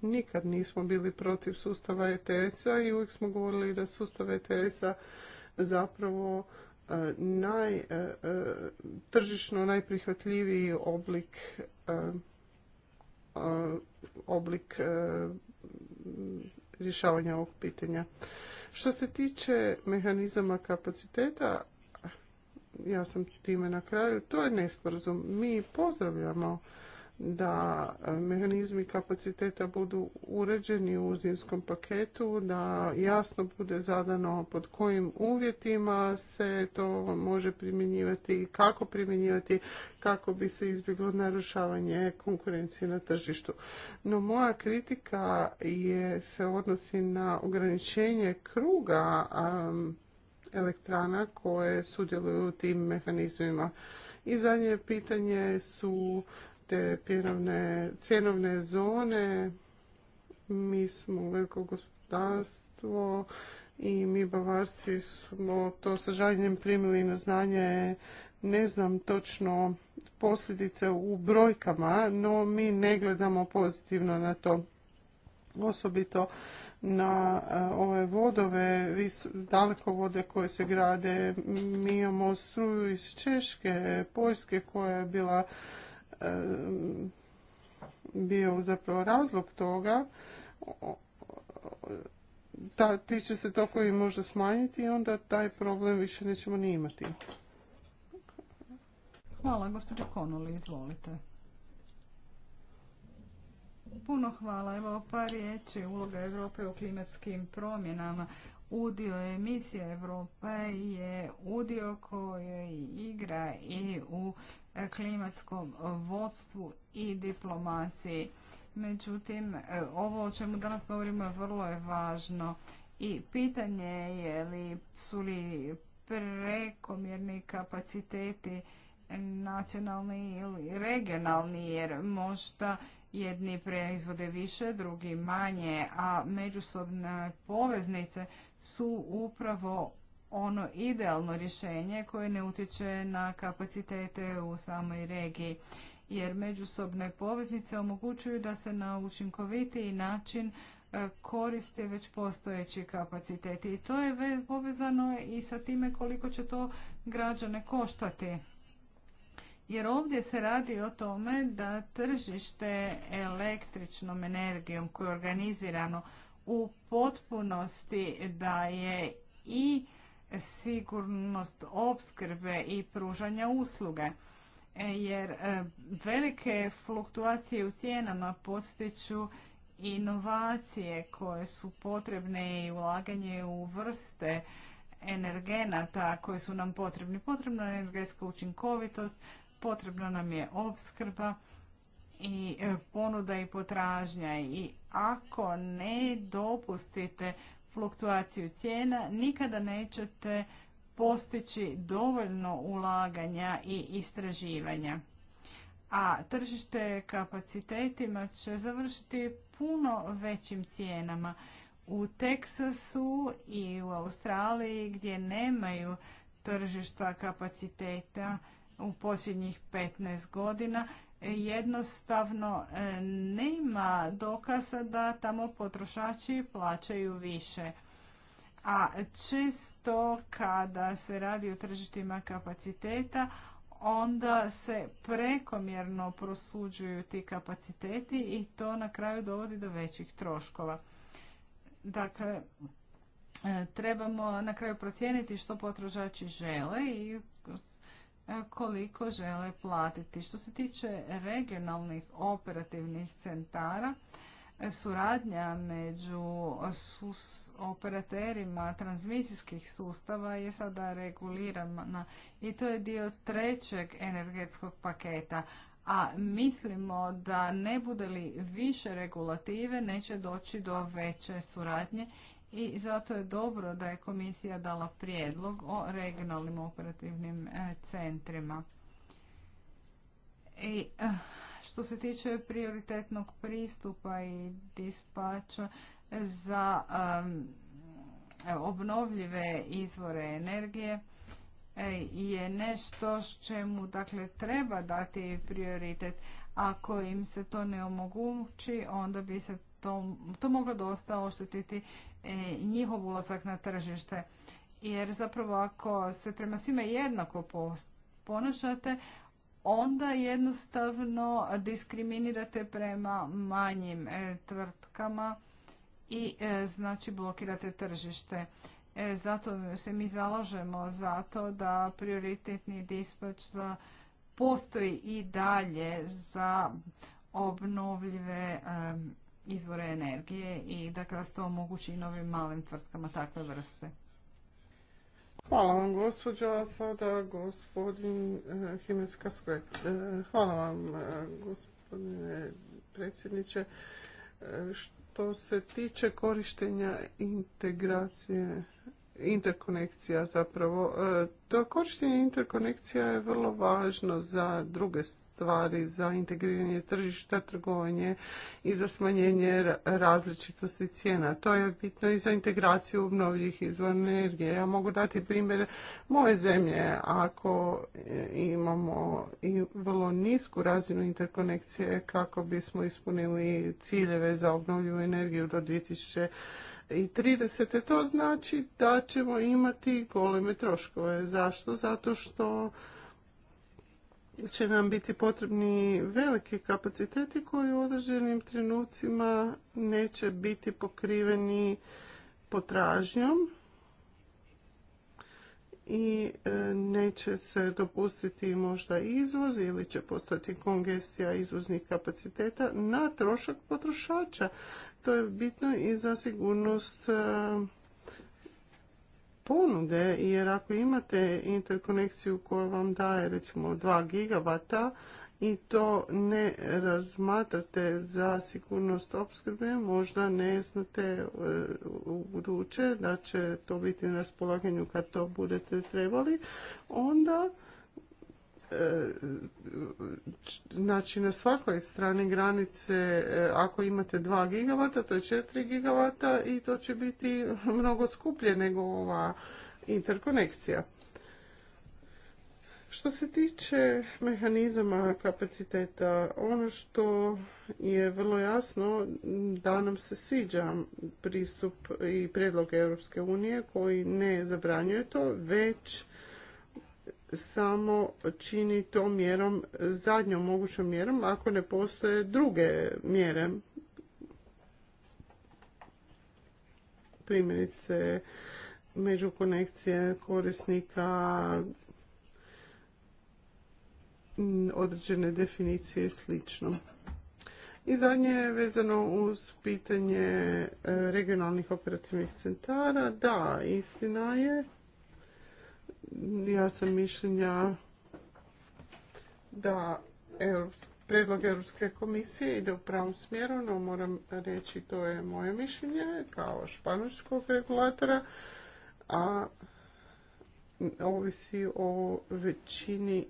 nikad nismo bili protiv sustava ETS-a i uvijek smo govorili da sustav ETS-a zapravo naj, tržišno najprihvatljiviji oblik oblik rješavanja ovog pitanja. Što se tiče mehanizama kapaciteta, ja sam time na kraju, to je nesporazum. Mi pozdravljamo da mehanizmi kapaciteta budu uređeni u zimskom paketu, da jasno bude zadano pod kojim uvjetima se to može primjenjivati i kako primjenjivati kako bi se izbjeglo narušavanje konkurencije na tržištu. No moja kritika je, se odnosi na ograničenje kruga um, elektrana koje sudjeluju u tim mehanizmima. I zadnje pitanje su te pjerovne cjenovne zone. Mi smo veliko gospodarstvo i mi Bavarci smo to sa žaljenjem primili na znanje. Ne znam točno posljedice u brojkama, no mi ne gledamo pozitivno na to osobito na eh, ove vodove, daleko vode koje se grade. Mi imamo struju iz Češke, Poljske koja je bila E, bio zapravo razlog toga, ta, ti će se tokovi možda smanjiti i onda taj problem više nećemo ni imati. Hvala, gospođo Konoli, izvolite. Puno hvala. Evo par riječi uloga Europe u klimatskim promjenama. Udio emisija Europe je udio koji igra i u klimatskom vodstvu i diplomaciji. Međutim, ovo o čemu danas govorimo je vrlo je važno i pitanje je li su li prekomjerni kapaciteti nacionalni ili regionalni jer možda jedni proizvode više, drugi manje, a međusobne poveznice su upravo ono idealno rješenje koje ne utječe na kapacitete u samoj regiji jer međusobne poveznice omogućuju da se na učinkovitiji način e, koriste već postojeći kapaciteti. I to je povezano i sa time koliko će to građane koštati. Jer ovdje se radi o tome da tržište električnom energijom koje je organizirano u potpunosti da je i sigurnost opskrbe i pružanja usluge e, jer e, velike fluktuacije u cijenama postiću inovacije koje su potrebne i ulaganje u vrste energenata koje su nam potrebni. Potrebna je energetska učinkovitost, potrebna nam je opskrba i e, ponuda i potražnja. I ako ne dopustite fluktuaciju cijena, nikada nećete postići dovoljno ulaganja i istraživanja. A tržište kapacitetima će završiti puno većim cijenama. U Teksasu i u Australiji gdje nemaju tržišta kapaciteta u posljednjih 15 godina jednostavno e, nema dokaza da tamo potrošači plaćaju više. A često kada se radi o tržištima kapaciteta, onda se prekomjerno prosuđuju ti kapaciteti i to na kraju dovodi do većih troškova. Dakle, e, trebamo na kraju procijeniti što potrošači žele i E, koliko žele platiti. Što se tiče regionalnih operativnih centara, e, suradnja među operaterima transmisijskih sustava je sada regulirana i to je dio trećeg energetskog paketa. A mislimo da ne bude li više regulative, neće doći do veće suradnje i zato je dobro da je komisija dala prijedlog o regionalnim operativnim e, centrima. I e, što se tiče prioritetnog pristupa i dispača za e, obnovljive izvore energije je nešto s čemu dakle, treba dati prioritet. Ako im se to ne omogući, onda bi se to, to moglo dosta oštetiti njihov ulazak na tržište. Jer zapravo ako se prema svima jednako ponašate, onda jednostavno diskriminirate prema manjim e, tvrtkama i e, znači blokirate tržište. E, zato se mi zalažemo za to da prioritetni dispač postoji i dalje za obnovljive izvore energije i dakle da se to omogući i novim malim tvrtkama takve vrste. Hvala vam gospođo, a sada gospodin Himenska eh, Skvet. Eh, hvala vam eh, gospodine predsjedniče. Što se tiče korištenja integracije interkonekcija zapravo. To korištenje interkonekcija je vrlo važno za druge stvari za integriranje tržišta, trgovanje i za smanjenje različitosti cijena. To je bitno i za integraciju obnovljivih izvora energije. Ja mogu dati primjer moje zemlje. Ako imamo i vrlo nisku razinu interkonekcije kako bismo ispunili ciljeve za obnovljivu energiju do 2030. i 30. To znači da ćemo imati goleme troškove. Zašto? Zato što će nam biti potrebni veliki kapaciteti koji u određenim trenucima neće biti pokriveni potražnjom i e, neće se dopustiti možda izvoz ili će postati kongestija izvoznih kapaciteta na trošak potrošača. To je bitno i za sigurnost e, ponude, jer ako imate interkonekciju koja vam daje recimo 2 gigavata i to ne razmatrate za sigurnost opskrbe, možda ne znate e, u buduće da će to biti na raspolaganju kad to budete trebali, onda E, znači na svakoj strani granice e, ako imate 2 gigavata to je 4 gigavata i to će biti mnogo skuplje nego ova interkonekcija. Što se tiče mehanizama kapaciteta, ono što je vrlo jasno da nam se sviđa pristup i predlog Europske unije koji ne zabranjuje to, već samo čini to mjerom, zadnjom mogućom mjerom, ako ne postoje druge mjere. Primjerice, međukonekcije korisnika, određene definicije i slično. I zadnje je vezano uz pitanje e, regionalnih operativnih centara. Da, istina je ja sam mišljenja da predlog Europske komisije ide u pravom smjeru, no moram reći to je moje mišljenje kao španočkog regulatora, a ovisi o većini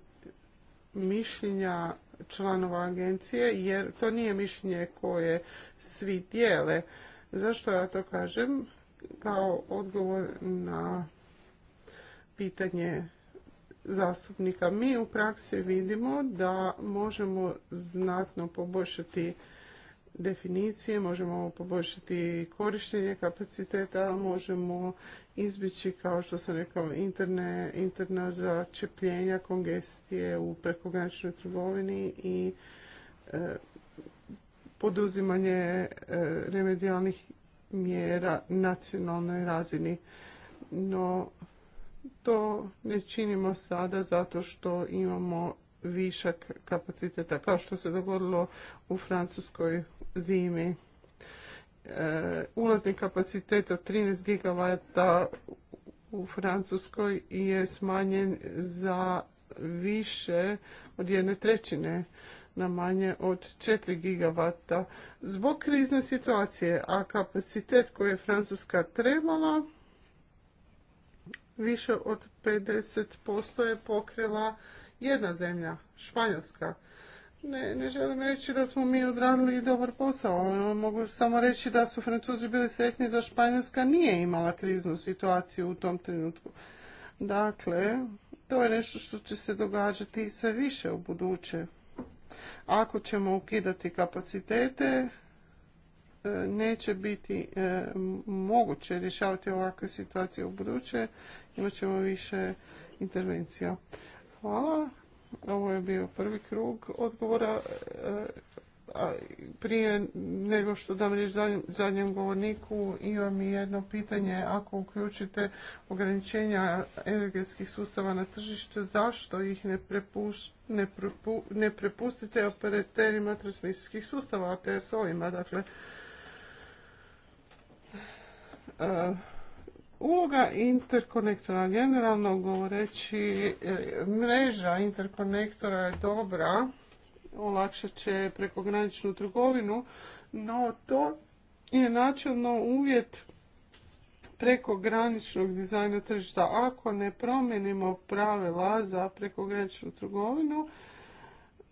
mišljenja članova agencije, jer to nije mišljenje koje svi dijele. Zašto ja to kažem? Kao odgovor na pitanje zastupnika. Mi u praksi vidimo da možemo znatno poboljšati definicije, možemo poboljšati korištenje kapaciteta, možemo izbjeći, kao što sam rekao, interne, interna začepljenja, kongestije u prekograničnoj trgovini i e, poduzimanje e, remedijalnih mjera nacionalnoj razini. No, to ne činimo sada zato što imamo višak kapaciteta, kao što se dogodilo u francuskoj zimi. E, ulazni kapacitet od 13 gigavata u Francuskoj je smanjen za više od jedne trećine na manje od 4 gigavata zbog krizne situacije, a kapacitet koji je Francuska trebala više od 50% je pokrila jedna zemlja, Španjolska. Ne, ne želim reći da smo mi odradili dobar posao. Ono mogu samo reći da su Francuzi bili sretni da Španjolska nije imala kriznu situaciju u tom trenutku. Dakle, to je nešto što će se događati i sve više u buduće. Ako ćemo ukidati kapacitete, E, neće biti e, moguće rješavati ovakve situacije u buduće. Imat ćemo više intervencija. Hvala. Ovo je bio prvi krug odgovora. E, prije nego što dam riječ zadnjem govorniku, imam i jedno pitanje. Ako uključite ograničenja energetskih sustava na tržište, zašto ih ne, prepustite operaterima transmisijskih sustava, te ima Dakle, E, uloga interkonektora, generalno govoreći, e, mreža interkonektora je dobra, olakšat će prekograničnu trgovinu, no to je načelno uvjet prekograničnog dizajna tržišta. Ako ne promijenimo pravila za prekograničnu trgovinu,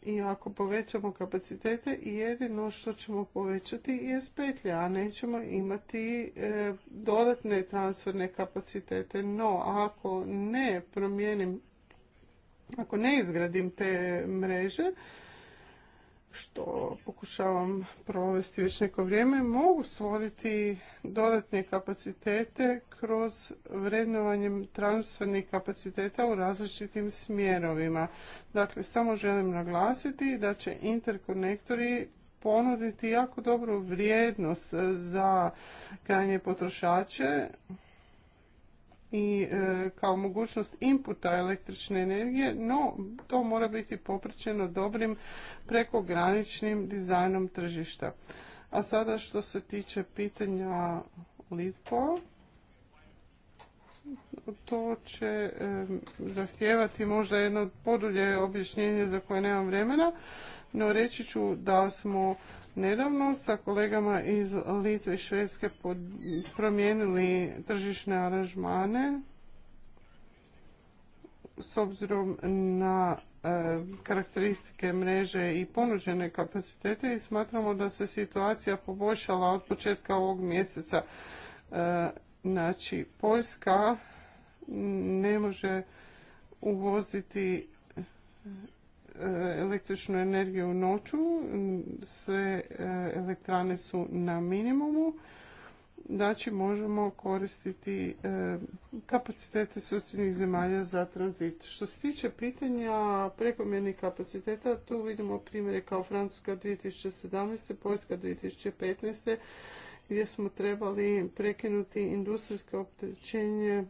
i ako povećamo kapacitete jedino što ćemo povećati je spetlja. a nećemo imati e, dodatne transferne kapacitete. No, ako ne promijenim, ako ne izgradim te mreže, što pokušavam provesti već neko vrijeme, mogu stvoriti dodatne kapacitete kroz vrednovanjem transfernih kapaciteta u različitim smjerovima. Dakle, samo želim naglasiti da će interkonektori ponuditi jako dobru vrijednost za krajnje potrošače i e, kao mogućnost inputa električne energije, no to mora biti popraćeno dobrim prekograničnim dizajnom tržišta. A sada što se tiče pitanja litpo to će zahtijevati možda jedno podulje objašnjenje za koje nemam vremena, no reći ću da smo nedavno sa kolegama iz Litve i Švedske promijenili tržišne aranžmane s obzirom na karakteristike mreže i ponuđene kapacitete i smatramo da se situacija poboljšala od početka ovog mjeseca Znači, Poljska ne može uvoziti e, električnu energiju noću, sve e, elektrane su na minimumu, znači možemo koristiti e, kapacitete susjednih zemalja za tranzit. Što se tiče pitanja prekomjernih kapaciteta, tu vidimo primjere kao Francuska 2017. Poljska 2015 gdje smo trebali prekinuti industrijske opterećenje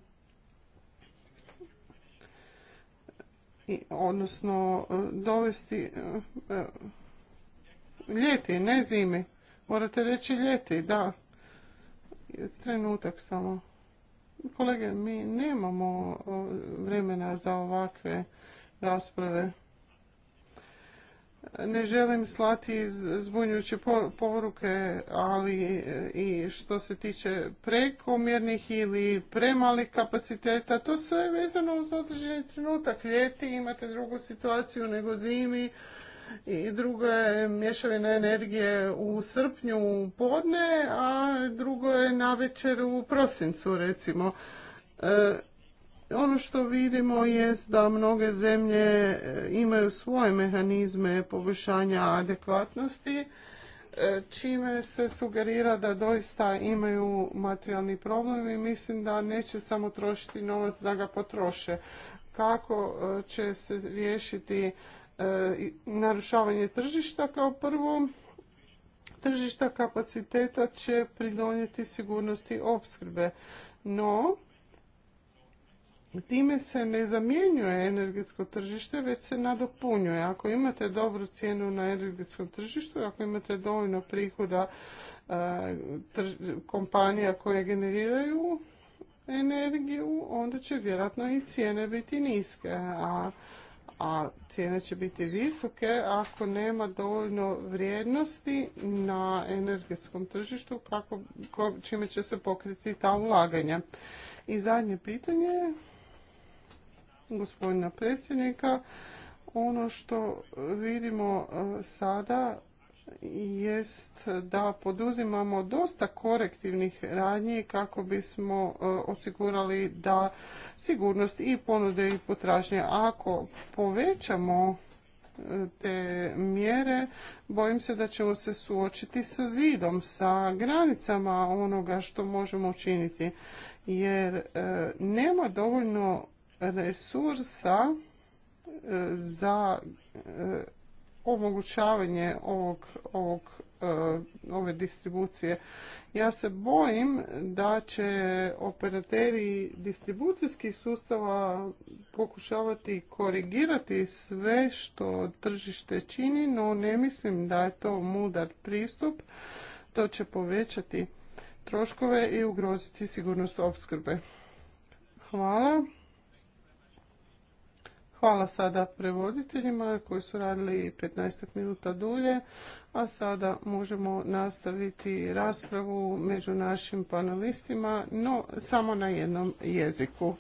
odnosno dovesti e, e, ljeti, ne zimi. Morate reći ljeti, da. Trenutak samo. Kolege, mi nemamo e, vremena za ovakve rasprave ne želim slati zbunjujuće poruke, ali e, i što se tiče prekomjernih ili premalih kapaciteta, to sve je vezano uz određeni trenutak. Ljeti imate drugu situaciju nego zimi i drugo je mješavina energije u srpnju u podne, a drugo je na večer u prosincu recimo. E, ono što vidimo je da mnoge zemlje e, imaju svoje mehanizme poboljšanja adekvatnosti, e, čime se sugerira da doista imaju materijalni problem i mislim da neće samo trošiti novac da ga potroše. Kako e, će se riješiti narušavanje tržišta kao prvo, tržišta kapaciteta će pridonijeti sigurnosti opskrbe. No, time se ne zamjenjuje energetsko tržište, već se nadopunjuje. Ako imate dobru cijenu na energetskom tržištu, ako imate dovoljno prihoda e, kompanija koje generiraju energiju, onda će vjerojatno i cijene biti niske. A, cijene će biti visoke ako nema dovoljno vrijednosti na energetskom tržištu kako, čime će se pokriti ta ulaganja. I zadnje pitanje gospodina predsjednika. Ono što vidimo e, sada jest da poduzimamo dosta korektivnih radnji kako bismo e, osigurali da sigurnost i ponude i potražnje ako povećamo e, te mjere, bojim se da ćemo se suočiti sa zidom, sa granicama onoga što možemo učiniti. Jer nema dovoljno resursa e, za e, omogućavanje ovog, ovog, e, ove distribucije. Ja se bojim da će operateri distribucijskih sustava pokušavati korigirati sve što tržište čini, no ne mislim da je to mudar pristup. To će povećati troškove i ugroziti sigurnost opskrbe. Hvala. Hvala sada prevoditeljima koji su radili 15 minuta dulje, a sada možemo nastaviti raspravu među našim panelistima, no samo na jednom jeziku.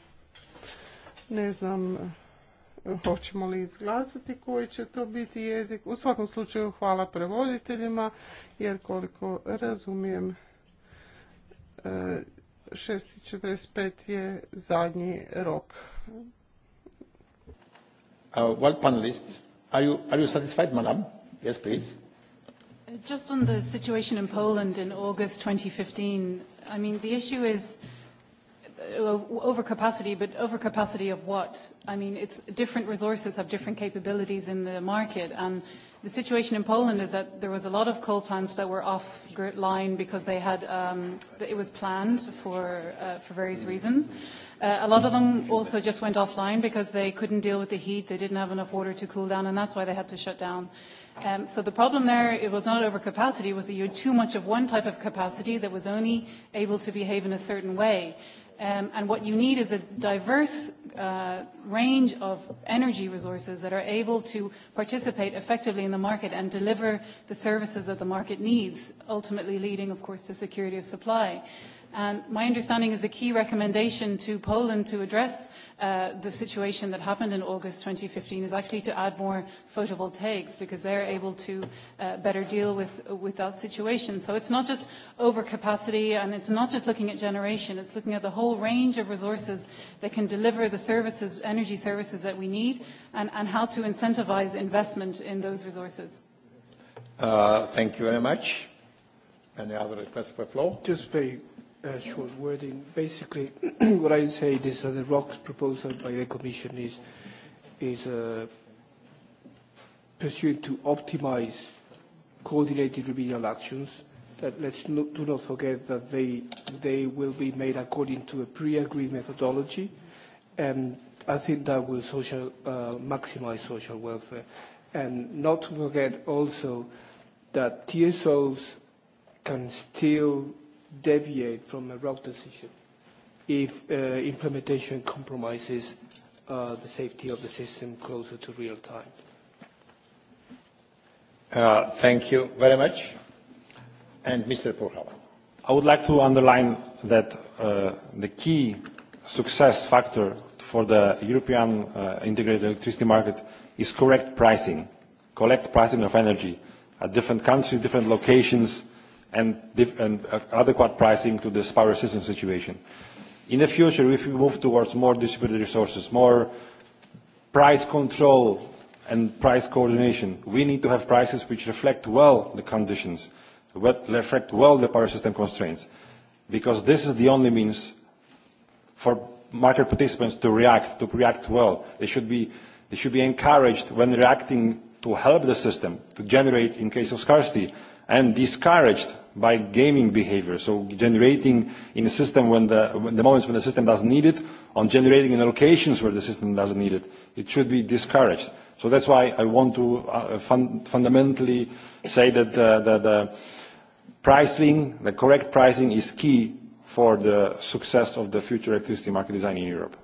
Ne znam hoćemo li izglasati koji će to biti jezik. U svakom slučaju hvala prevoditeljima jer koliko razumijem 6.45 e, je zadnji rok. Uh, well, panelists, are you, are you satisfied, madam? Yes, please. Just on the situation in Poland in August 2015, I mean, the issue is uh, overcapacity, but overcapacity of what? I mean, it's different resources have different capabilities in the market, and the situation in Poland is that there was a lot of coal plants that were off line because they had um, it was planned for uh, for various reasons. Uh, a lot of them also just went offline because they couldn't deal with the heat. They didn't have enough water to cool down, and that's why they had to shut down. Um, so the problem there, it was not overcapacity, it was that you had too much of one type of capacity that was only able to behave in a certain way. Um, and what you need is a diverse uh, range of energy resources that are able to participate effectively in the market and deliver the services that the market needs, ultimately leading, of course, to security of supply. And um, my understanding is the key recommendation to Poland to address uh, the situation that happened in August 2015 is actually to add more photovoltaics because they're able to uh, better deal with, with that situation. So it's not just overcapacity and it's not just looking at generation, it's looking at the whole range of resources that can deliver the services, energy services that we need and, and how to incentivize investment in those resources. Uh, thank you very much. Any other requests for floor? Just very Uh, short wording. Basically, what I say is that the ROC's proposal by the Commission is, is uh, pursuing to optimize coordinated remedial actions. That let's do not forget that they, they will be made according to a pre-agreed methodology, and I think that will social, uh, maximize social welfare. And not to forget also that TSOs can still deviate from a rogue decision if uh, implementation compromises uh, the safety of the system closer to real time. Uh, thank you very much. And Mr. Pohlava. I would like to underline that uh, the key success factor for the European uh, integrated electricity market is correct pricing, correct pricing of energy at different countries, different locations, and, uh, adequate pricing to this power system situation. In the future, if we move towards more distributed resources, more price control and price coordination, we need to have prices which reflect well the conditions, reflect well the power system constraints, because this is the only means for market participants to react, to react well. They should be, they should be encouraged when reacting to help the system to generate in case of scarcity and discouraged by gaming behavior. So generating in a system when the, the moments when the system doesn't need it, on generating in locations where the system doesn't need it. It should be discouraged. So that's why I want to uh, fundamentally say that the, the pricing, the correct pricing is key for the success of the future electricity market design in Europe.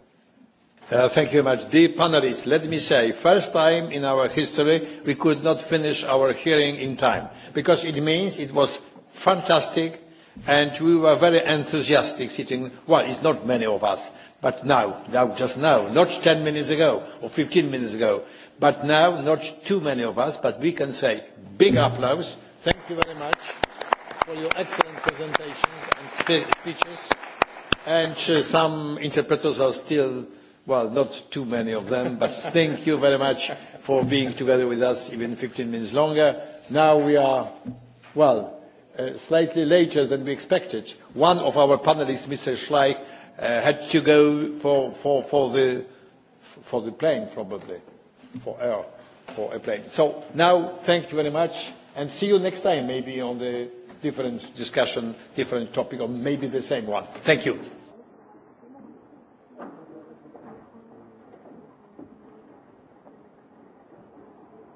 Uh, thank you very much. Dear panelists, let me say, first time in our history we could not finish our hearing in time, because it means it was fantastic and we were very enthusiastic sitting well it's not many of us but now now just now not 10 minutes ago or 15 minutes ago but now not too many of us but we can say big applause thank you very much for your excellent presentations and speeches and uh, some interpreters are still well not too many of them but thank you very much for being together with us even 15 minutes longer now we are well Uh, slightly later than we expected. One of our panelists, Mr. Schleich, uh, had to go for, for, for, the, for the plane, probably, for for a plane. So now, thank you very much, and see you next time, maybe on the different discussion, different topic, or maybe the same one. Thank you.